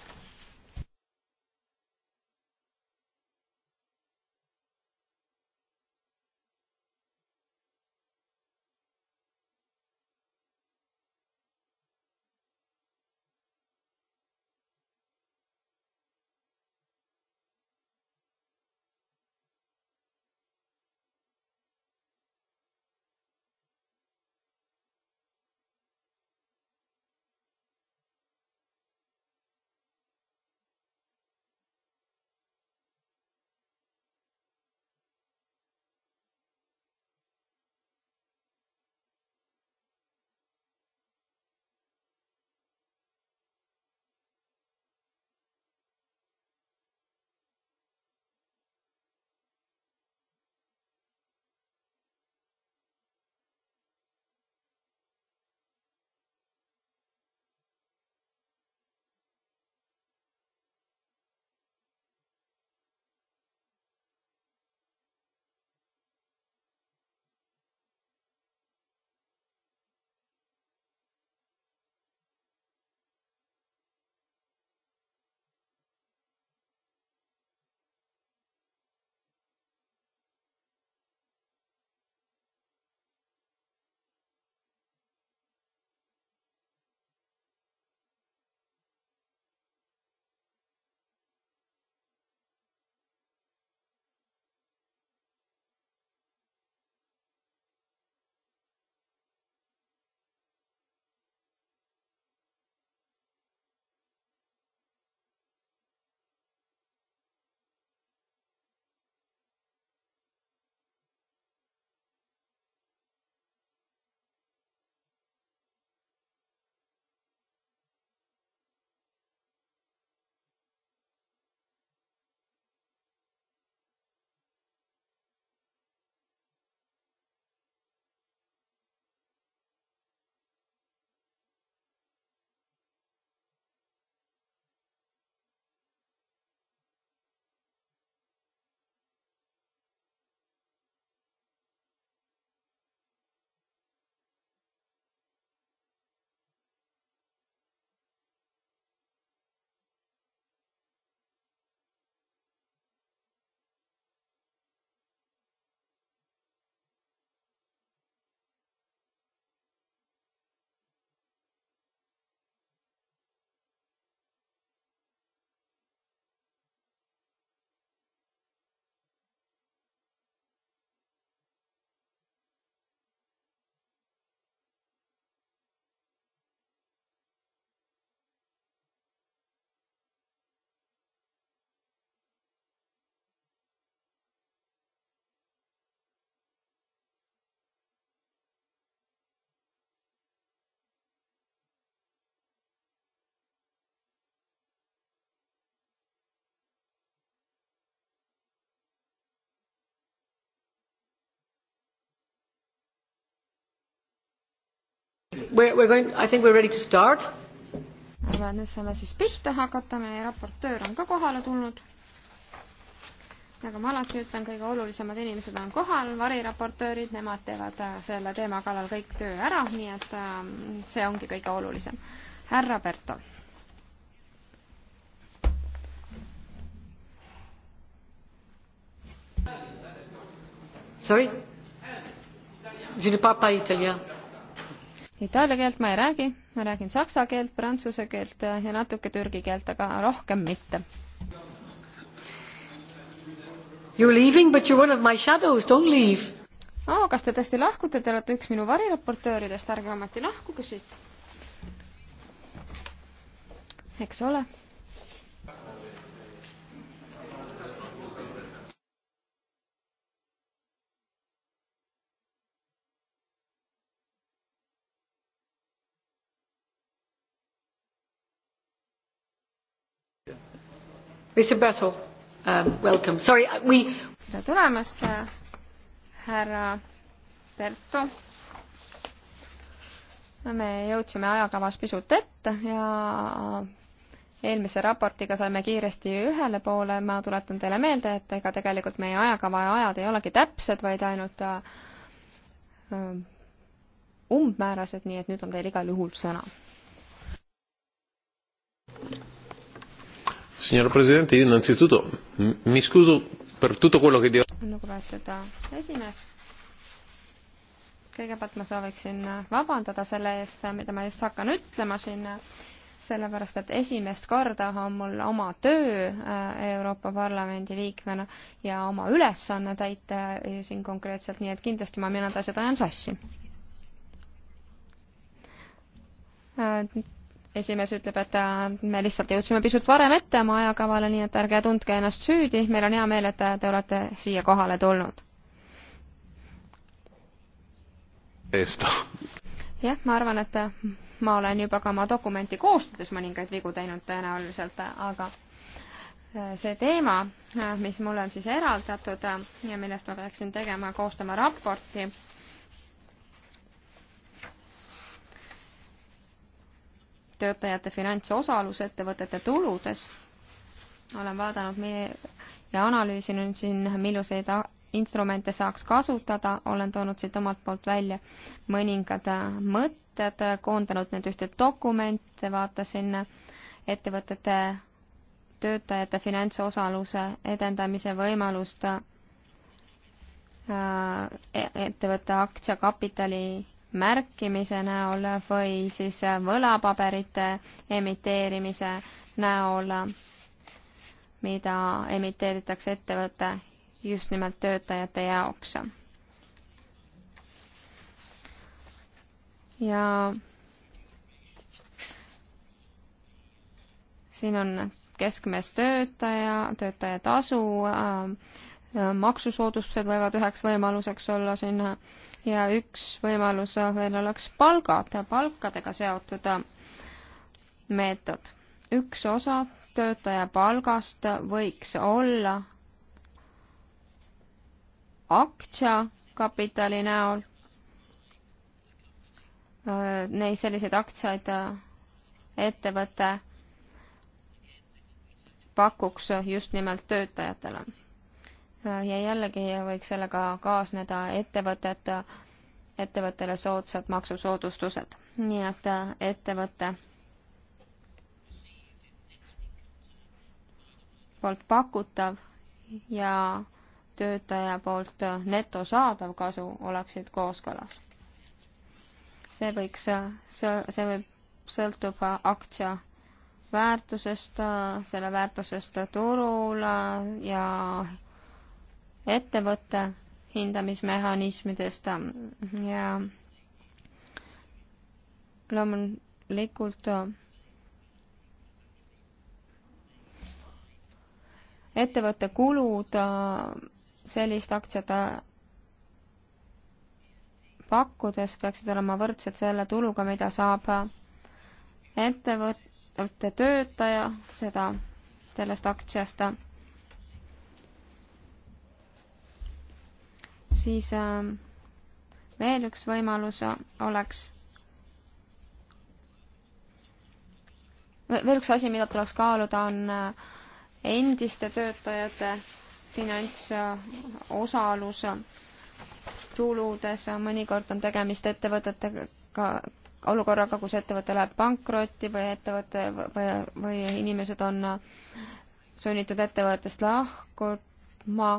S4: We're, we're going, I think we're ready to start.
S1: aga nüüd saame siis pihta hakata, meie raportöör on ka kohale tulnud. nagu ma alati ütlen, kõige olulisemad inimesed on kohal, variraportöörid, nemad teevad äh, selle teema kallal kõik töö ära, nii et ähm, see ongi kõige olulisem. härra Bertol.
S4: Sorry? Je ne parle pas italien
S1: Itaalia keelt ma ei räägi, ma räägin saksa keelt, prantsuse keelt ja natuke türgi keelt, aga rohkem mitte. You are leaving but you are one of my shadows, don't leave. aa, oh, kas te tõesti lahkute, te olete üks minu variraportööridest, ärge ometi lahkuge siit. eks ole
S4: Um, uh,
S1: tere tulemast, äh, härra Berto. me jõudsime ajakavas pisut ette ja eelmise raportiga saime kiiresti ühele poole, ma tuletan teile meelde, et ega tegelikult meie ajakava ja ajad ei olegi täpsed, vaid ainult äh, ähm, umbmäärased, nii et nüüd on teil igal juhul sõna.
S4: Signor Presidente, io innanzitutto mi scuso per tutto quello che dirò.
S1: lugupeetud äh, esimees, kõigepealt ma sooviksin äh, vabandada selle eest, äh, mida ma just hakkan ütlema siin, sellepärast et esimest korda on mul oma töö Euroopa Parlamendi liikmena ja oma ülesanne täita siin konkreetselt, nii et kindlasti ma mõned asjad ajan sassi esimees ütleb, et äh, me lihtsalt jõudsime pisut varem ette oma ajakavale, nii et ärge tundke ennast süüdi, meil on hea meel, et äh, te olete siia kohale tulnud. jah, ma arvan, et äh, ma olen juba ka oma dokumenti koostades mõningaid vigu teinud tõenäoliselt, aga see teema, mis mulle on siis eraldatud ja millest ma peaksin tegema, koostama raporti töötajate finantsosalus ettevõtete tuludes. olen vaadanud meie ja analüüsinud siin, milliseid instrumente saaks kasutada, olen toonud siit omalt poolt välja mõningad äh, mõtted, koondanud need ühte dokumenti, vaatasin äh, ettevõtete töötajate finantsosaluse edendamise võimalust äh, e-, ettevõtte aktsiakapitali märkimise näol või siis võlapaberite emiteerimise näol, mida emiteeritakse ettevõte just nimelt töötajate jaoks. ja siin on keskmes töötaja, töötaja tasu, äh, maksusoodustused võivad üheks võimaluseks olla siin äh, ja üks võimalus veel oleks palgad, palkadega seotud meetod. üks osa töötaja palgast võiks olla aktsiakapitali näol. Neid selliseid aktsiaid ettevõte pakuks just nimelt töötajatele ja jällegi võiks sellega kaasneda ettevõtet, ettevõttele soodsad maksusoodustused. nii et äh, ettevõtte poolt pakutav ja töötaja poolt äh, neto saadav kasu oleksid kooskõlas. see võiks, äh, see võib, sõltub aktsia väärtusest, selle väärtusest turul ja ettevõtte hindamismehhanismidest ja loomulikult ettevõtte kulud sellist aktsiat pakkudes peaksid olema võrdsed selle tuluga, mida saab ettevõtte töötaja seda, sellest aktsiast siis äh, veel üks võimalus äh, oleks, veel üks asi, mida tuleks kaaluda, on äh, endiste töötajate finantsosalus tuludes, mõnikord on tegemist ettevõtetega, olukorraga, kus ettevõte läheb pankrotti või ettevõte või, või inimesed on sunnitud ettevõttest lahkuma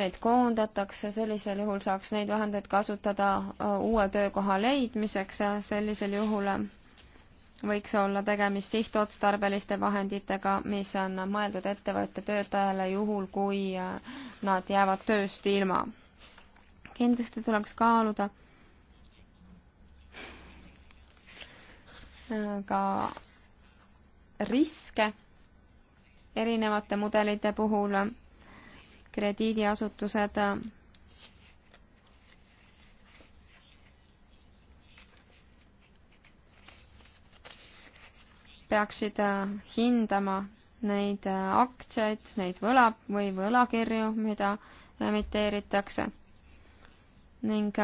S1: neid koondatakse, sellisel juhul saaks neid vahendeid kasutada äh, uue töökoha leidmiseks ja sellisel juhul äh, võiks olla tegemist sihtotstarbeliste vahenditega, mis on mõeldud ettevõtte töötajale juhul, kui äh, nad jäävad tööst ilma. kindlasti tuleks kaaluda ka riske erinevate mudelite puhul krediidiasutused äh, peaksid äh, hindama neid äh, aktsiaid, neid võla või võlakirju, mida emiteeritakse ning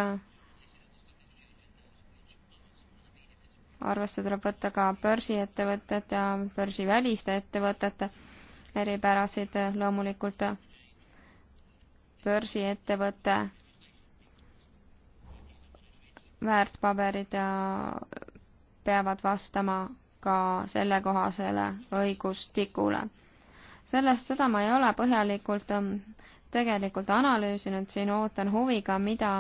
S1: arvesse tuleb võtta ka börsiettevõtted ja börsiväliste ettevõtete eripärasid loomulikult börsiettevõte väärtpaberid peavad vastama ka sellekohasele õigustikule. sellest, seda ma ei ole põhjalikult ähm, tegelikult analüüsinud, siin ootan huviga, mida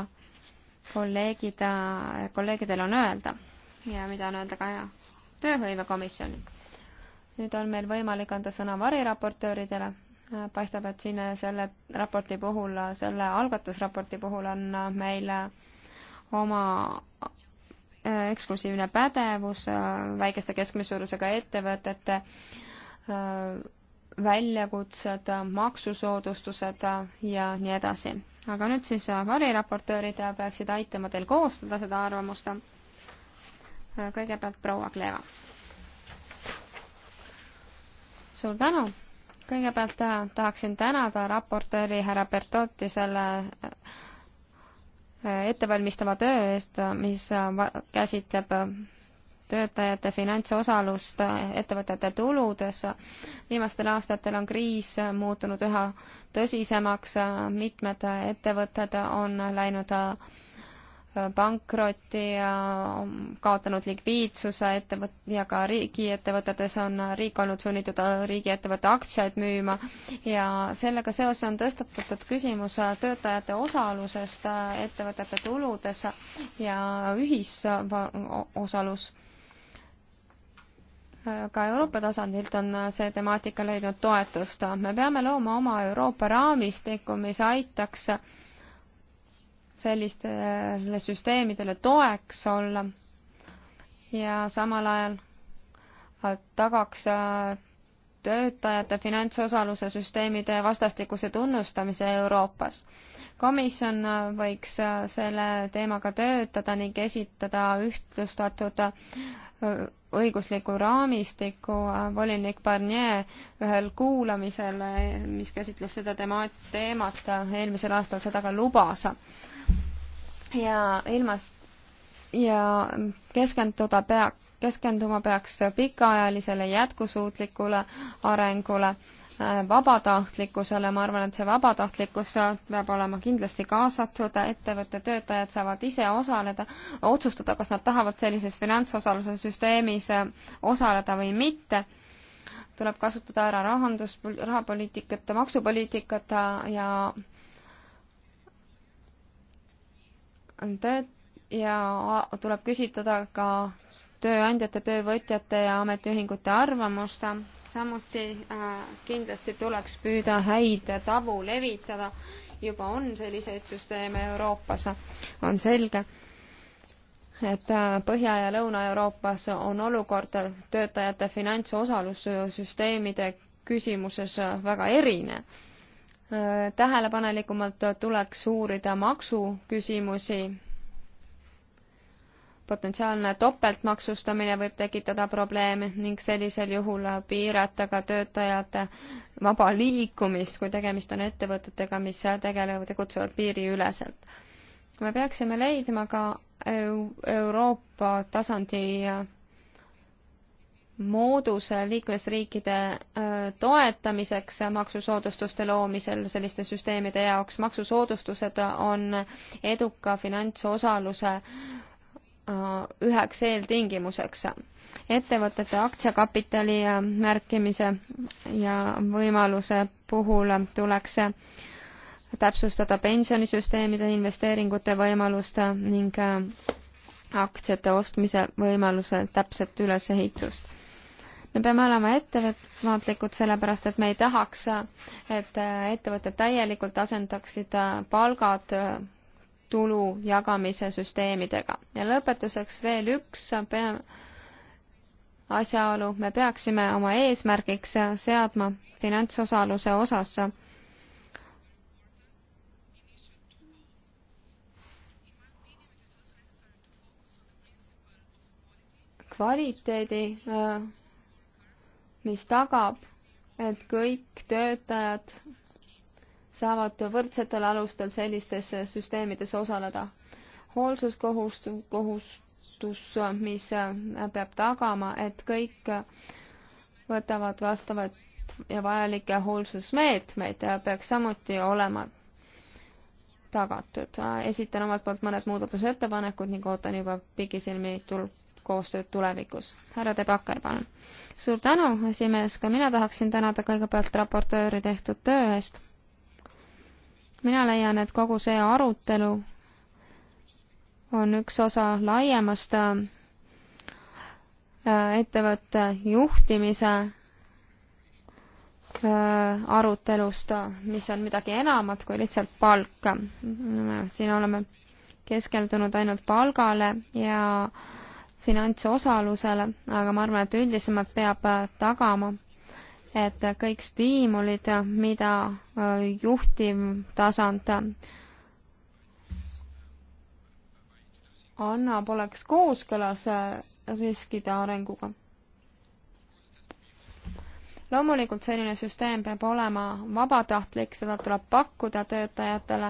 S1: kolleegid, äh, kolleegidel on öelda ja mida on öelda ka tööhõivekomisjonil. nüüd on meil võimalik anda sõna variraportööridele paistab, et siin selle raporti puhul, selle algatusraporti puhul on meil oma äh, eksklusiivne pädevus äh, väikeste keskmise suurusega ettevõtete äh, väljakutsed, maksusoodustused ja nii edasi. aga nüüd siis variraportöörid peaksid aitama teil koostada seda arvamust. kõigepealt proua Kleva. suur tänu kõigepealt äh, tahaksin tänada raportööri härra Bertotti selle äh, ettevalmistava töö eest, äh, mis käsitleb töötajate finantsosalust ettevõtete tuludes. viimastel aastatel on kriis muutunud üha tõsisemaks, mitmed ettevõtted on läinud pankrotti ja kaotanud likviidsuse ettevõt- ja ka riigiettevõtetes on riik olnud sunnitud äh, riigiettevõtte aktsiaid müüma ja sellega seoses on tõstatatud küsimus äh, töötajate osalusest äh, ettevõtete tuludes ja ühisosalus. ka Euroopa tasandilt on see temaatika leidnud toetust. me peame looma oma Euroopa raamistiku, mis aitaks sellistele süsteemidele toeks olla ja samal ajal äh, tagaks äh, töötajate finantsosaluse süsteemide vastastikuse tunnustamise Euroopas. komisjon äh, võiks selle teemaga töötada ning esitada ühtlustatud õigusliku raamistiku volinik Barnier ühel kuulamisel, mis käsitles seda tema teemat, eelmisel aastal seda ka lubas ja ilmas ja keskenduda pea, keskenduma peaks pikaajalisele jätkusuutlikule arengule, äh, vabatahtlikkusele, ma arvan, et see vabatahtlikkus peab olema kindlasti kaasatud, ettevõtte töötajad saavad ise osaleda, otsustada, kas nad tahavad sellises finantsosaluse süsteemis äh, osaleda või mitte tuleb kasutada ära rahandus, rahapoliitikat, maksupoliitikat äh, ja on töö ja tuleb küsitleda ka tööandjate, töövõtjate ja ametiühingute arvamust. samuti äh, kindlasti tuleks püüda häid tavu levitada. juba on selliseid süsteeme Euroopas, on selge et äh, Põhja- ja Lõuna-Euroopas on olukord töötajate finantsosalussüsteemide küsimuses väga erinev tähelepanelikumalt tuleks uurida maksuküsimusi. potentsiaalne topeltmaksustamine võib tekitada probleeme ning sellisel juhul piirata ka töötajate vaba liikumist, kui tegemist on ettevõtetega, mis tegelevad ja kutsuvad piiriüleselt. me peaksime leidma ka Euroopa tasandi moodus liikmesriikide äh, toetamiseks maksusoodustuste loomisel selliste süsteemide jaoks. maksusoodustused on eduka finantsosaluse äh, üheks eeltingimuseks. ettevõtete aktsiakapitali äh, märkimise ja võimaluse puhul tuleks täpsustada pensionisüsteemide investeeringute võimalust ning aktsiate ostmise võimaluse täpset ülesehitust me peame olema ettevaatlikud, sellepärast et me ei tahaks, et ettevõtted täielikult asendaksid palgad tulu jagamise süsteemidega. ja lõpetuseks veel üks pea-, asjaolu, me peaksime oma eesmärgiks seadma finantsosaluse osas kvaliteedi äh, mis tagab, et kõik töötajad saavad võrdsetel alustel sellistes süsteemides osaleda. hoolsuskohustus, kohustus, mis peab tagama, et kõik võtavad vastavaid ja vajalikke hoolsusmeetmeid, peaks samuti olema tagatud. esitan omalt poolt mõned muudatusettepanekud ning ootan juba pikisilmi tul-, koostööd tulevikus. härra De Backer, palun. suur tänu, esimees, ka mina tahaksin tänada kõigepealt raportööri tehtud töö eest. mina leian, et kogu see arutelu on üks osa laiemast äh, ettevõtte juhtimise äh, arutelust, mis on midagi enamat kui lihtsalt palk. siin oleme keskeldunud ainult palgale ja äh, finantsosalusele, aga ma arvan, et üldisemalt peab äh, tagama, et kõik stiimulid, mida äh, juhtiv tasand annab, oleks kooskõlas äh, riskide arenguga. loomulikult selline süsteem peab olema vabatahtlik, seda tuleb pakkuda töötajatele,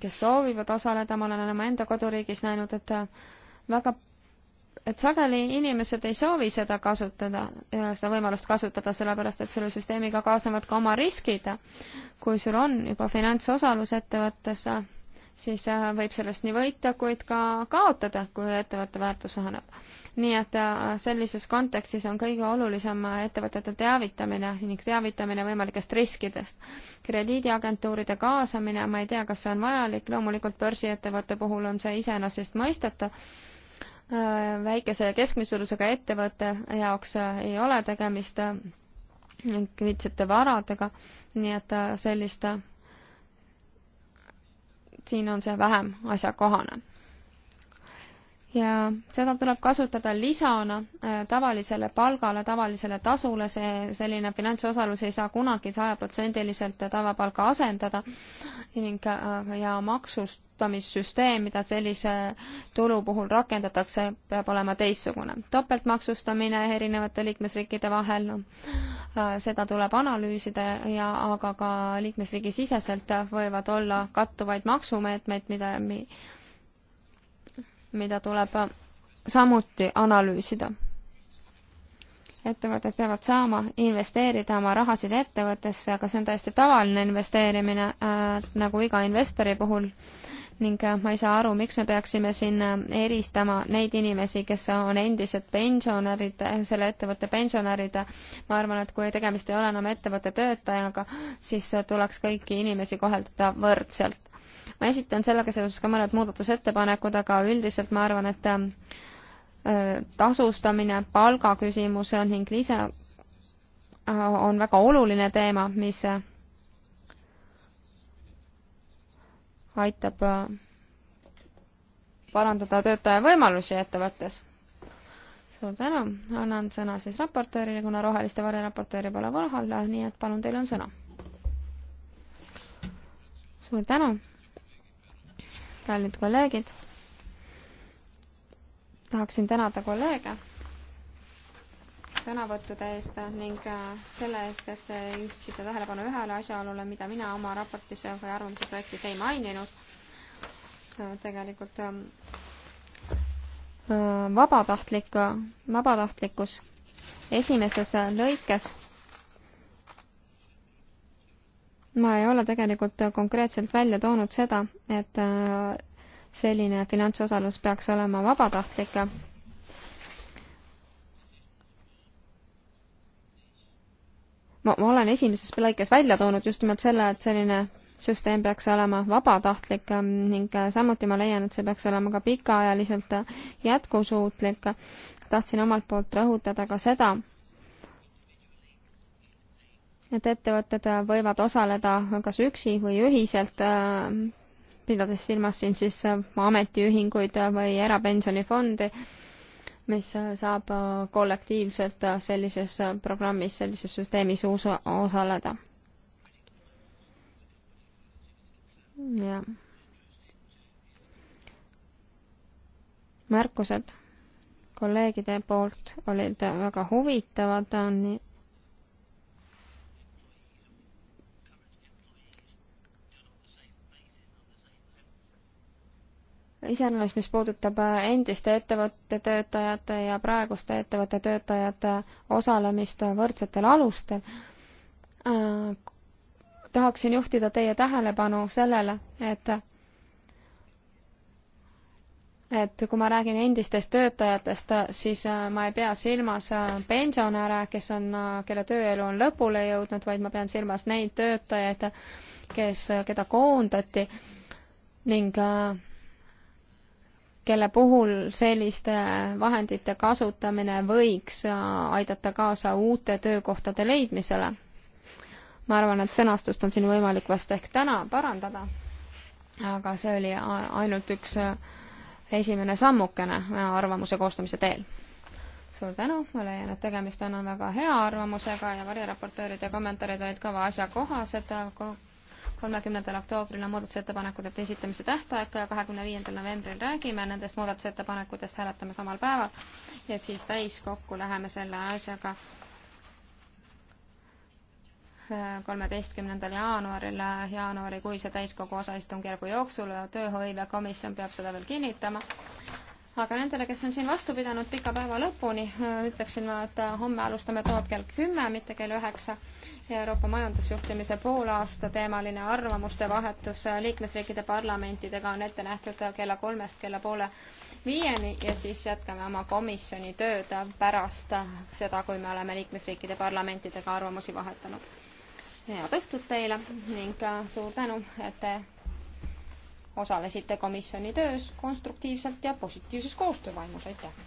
S1: kes soovivad osaleda, ma olen oma enda koduriigis näinud, et väga, et sageli inimesed ei soovi seda kasutada, seda võimalust kasutada, sellepärast et selle süsteemiga kaasnevad ka oma riskid. kui sul on juba finantsosalus ettevõttes, siis äh, võib sellest nii võita, kuid ka kaotada, kui ettevõtte väärtus väheneb. nii et äh, sellises kontekstis on kõige olulisem ettevõtete teavitamine ning teavitamine võimalikest riskidest. krediidiagentuuride kaasamine, ma ei tea, kas see on vajalik, loomulikult börsiettevõtte puhul on see iseenesestmõistetav, Äh, väikese ja keskmise suurusega ettevõtte jaoks äh, ei ole tegemist likviidsete äh, varadega, nii et sellist, siin on see vähem asjakohane. ja seda tuleb kasutada lisana tavalisele palgale, tavalisele tasule, see selline finantsosalus ei saa kunagi sajaprotsendiliselt tavapalka asendada ning ja maksust maksustamissüsteem, mida sellise tulu puhul rakendatakse, peab olema teistsugune. topeltmaksustamine erinevate liikmesriikide vahel, noh, seda tuleb analüüsida ja aga ka liikmesriigi siseselt võivad olla kattuvaid maksumeetmeid, mida, mida tuleb samuti analüüsida ettevõtted peavad saama investeerida oma rahasid ettevõttesse, aga see on täiesti tavaline investeerimine äh, nagu iga investori puhul ning äh, ma ei saa aru, miks me peaksime siin äh, eristama neid inimesi, kes on endised pensionärid, äh, selle ettevõtte pensionärid. ma arvan, et kui tegemist ei ole enam ettevõtte töötajaga, siis tuleks kõiki inimesi kohelda võrdselt. ma esitan sellega seoses ka mõned muudatusettepanekud, aga üldiselt ma arvan, et tasustamine, palgaküsimus ning lisa on väga oluline teema, mis aitab äh, parandada töötaja võimalusi ettevõttes. suur tänu, annan sõna siis raportöörile, kuna roheliste variraportööri pole kohal, äh, nii et palun, teil on sõna. suur tänu, kallid kolleegid. tahaksin tänada kolleege sõnavõttude eest ning äh, selle eest, et te juhtisite tähelepanu ühele asjaolule, mida mina oma raportis või arvamuse projektis ei maininud. Äh, tegelikult ähm, äh, vabatahtlik, vabatahtlikkus esimeses lõikes ma ei ole tegelikult konkreetselt välja toonud seda, et selline finantsosalus peaks olema vabatahtlik ma, ma olen esimeses lõikes välja toonud just nimelt selle, et selline süsteem peaks olema vabatahtlik ähm, ning äh, samuti ma leian, et see peaks olema ka pikaajaliselt äh, jätkusuutlik. tahtsin omalt poolt rõhutada ka seda, et ettevõtted äh, võivad osaleda kas üksi või ühiselt, ähm, pidades silmas siin siis ametiühinguid või erapensionifondi mis saab äh, kollektiivselt äh, sellises äh, programmis, sellises süsteemis osaleda. jah. märkused kolleegide poolt olid väga huvitavad, nii iseäranis, mis puudutab äh, endiste ettevõtte töötajate ja praeguste ettevõtte töötajate osalemist äh, võrdsetel alustel, äh, tahaksin juhtida teie tähelepanu sellele, et et kui ma räägin endistest töötajatest, siis ma ei pea silmas pensionäre, kes on, kelle tööelu on lõpule jõudnud, vaid ma pean silmas neid töötajaid, kes, keda koondati ning äh, kelle puhul selliste vahendite kasutamine võiks äh, aidata kaasa uute töökohtade leidmisele. ma arvan, et sõnastust on siin võimalik vast ehk täna parandada, aga see oli ainult üks äh, esimene sammukene äh, arvamuse koostamise teel. suur tänu, ma leian, et tegemist on väga hea arvamusega ja variraportööride kommentaarid olid ka asjakohased kolmekümnendal oktoobril on muudatusettepanekute esitamise tähtaeg, kahekümne viiendal novembril räägime nendest muudatusettepanekutest, hääletame samal päeval ja siis täiskokku läheme selle asjaga kolmeteistkümnendal jaanuaril jaanuarikuise täiskogu osaistungjärgu jooksul, tööhõivekomisjon peab seda veel kinnitama aga nendele, kes on siin vastu pidanud pika päeva lõpuni, äh, ütleksin ma, et äh, homme alustame tood kell kümme, mitte kell üheksa. Euroopa majandusjuhtimise poolaasta teemaline arvamuste vahetus äh, liikmesriikide parlamentidega on ette nähtud kella kolmest kella poole viieni ja siis jätkame oma komisjoni tööd pärast seda, kui me oleme liikmesriikide parlamentidega arvamusi vahetanud. head õhtut teile ning suur tänu, et te osalesite komisjoni töös konstruktiivselt ja positiivses koostöövaimus, aitäh!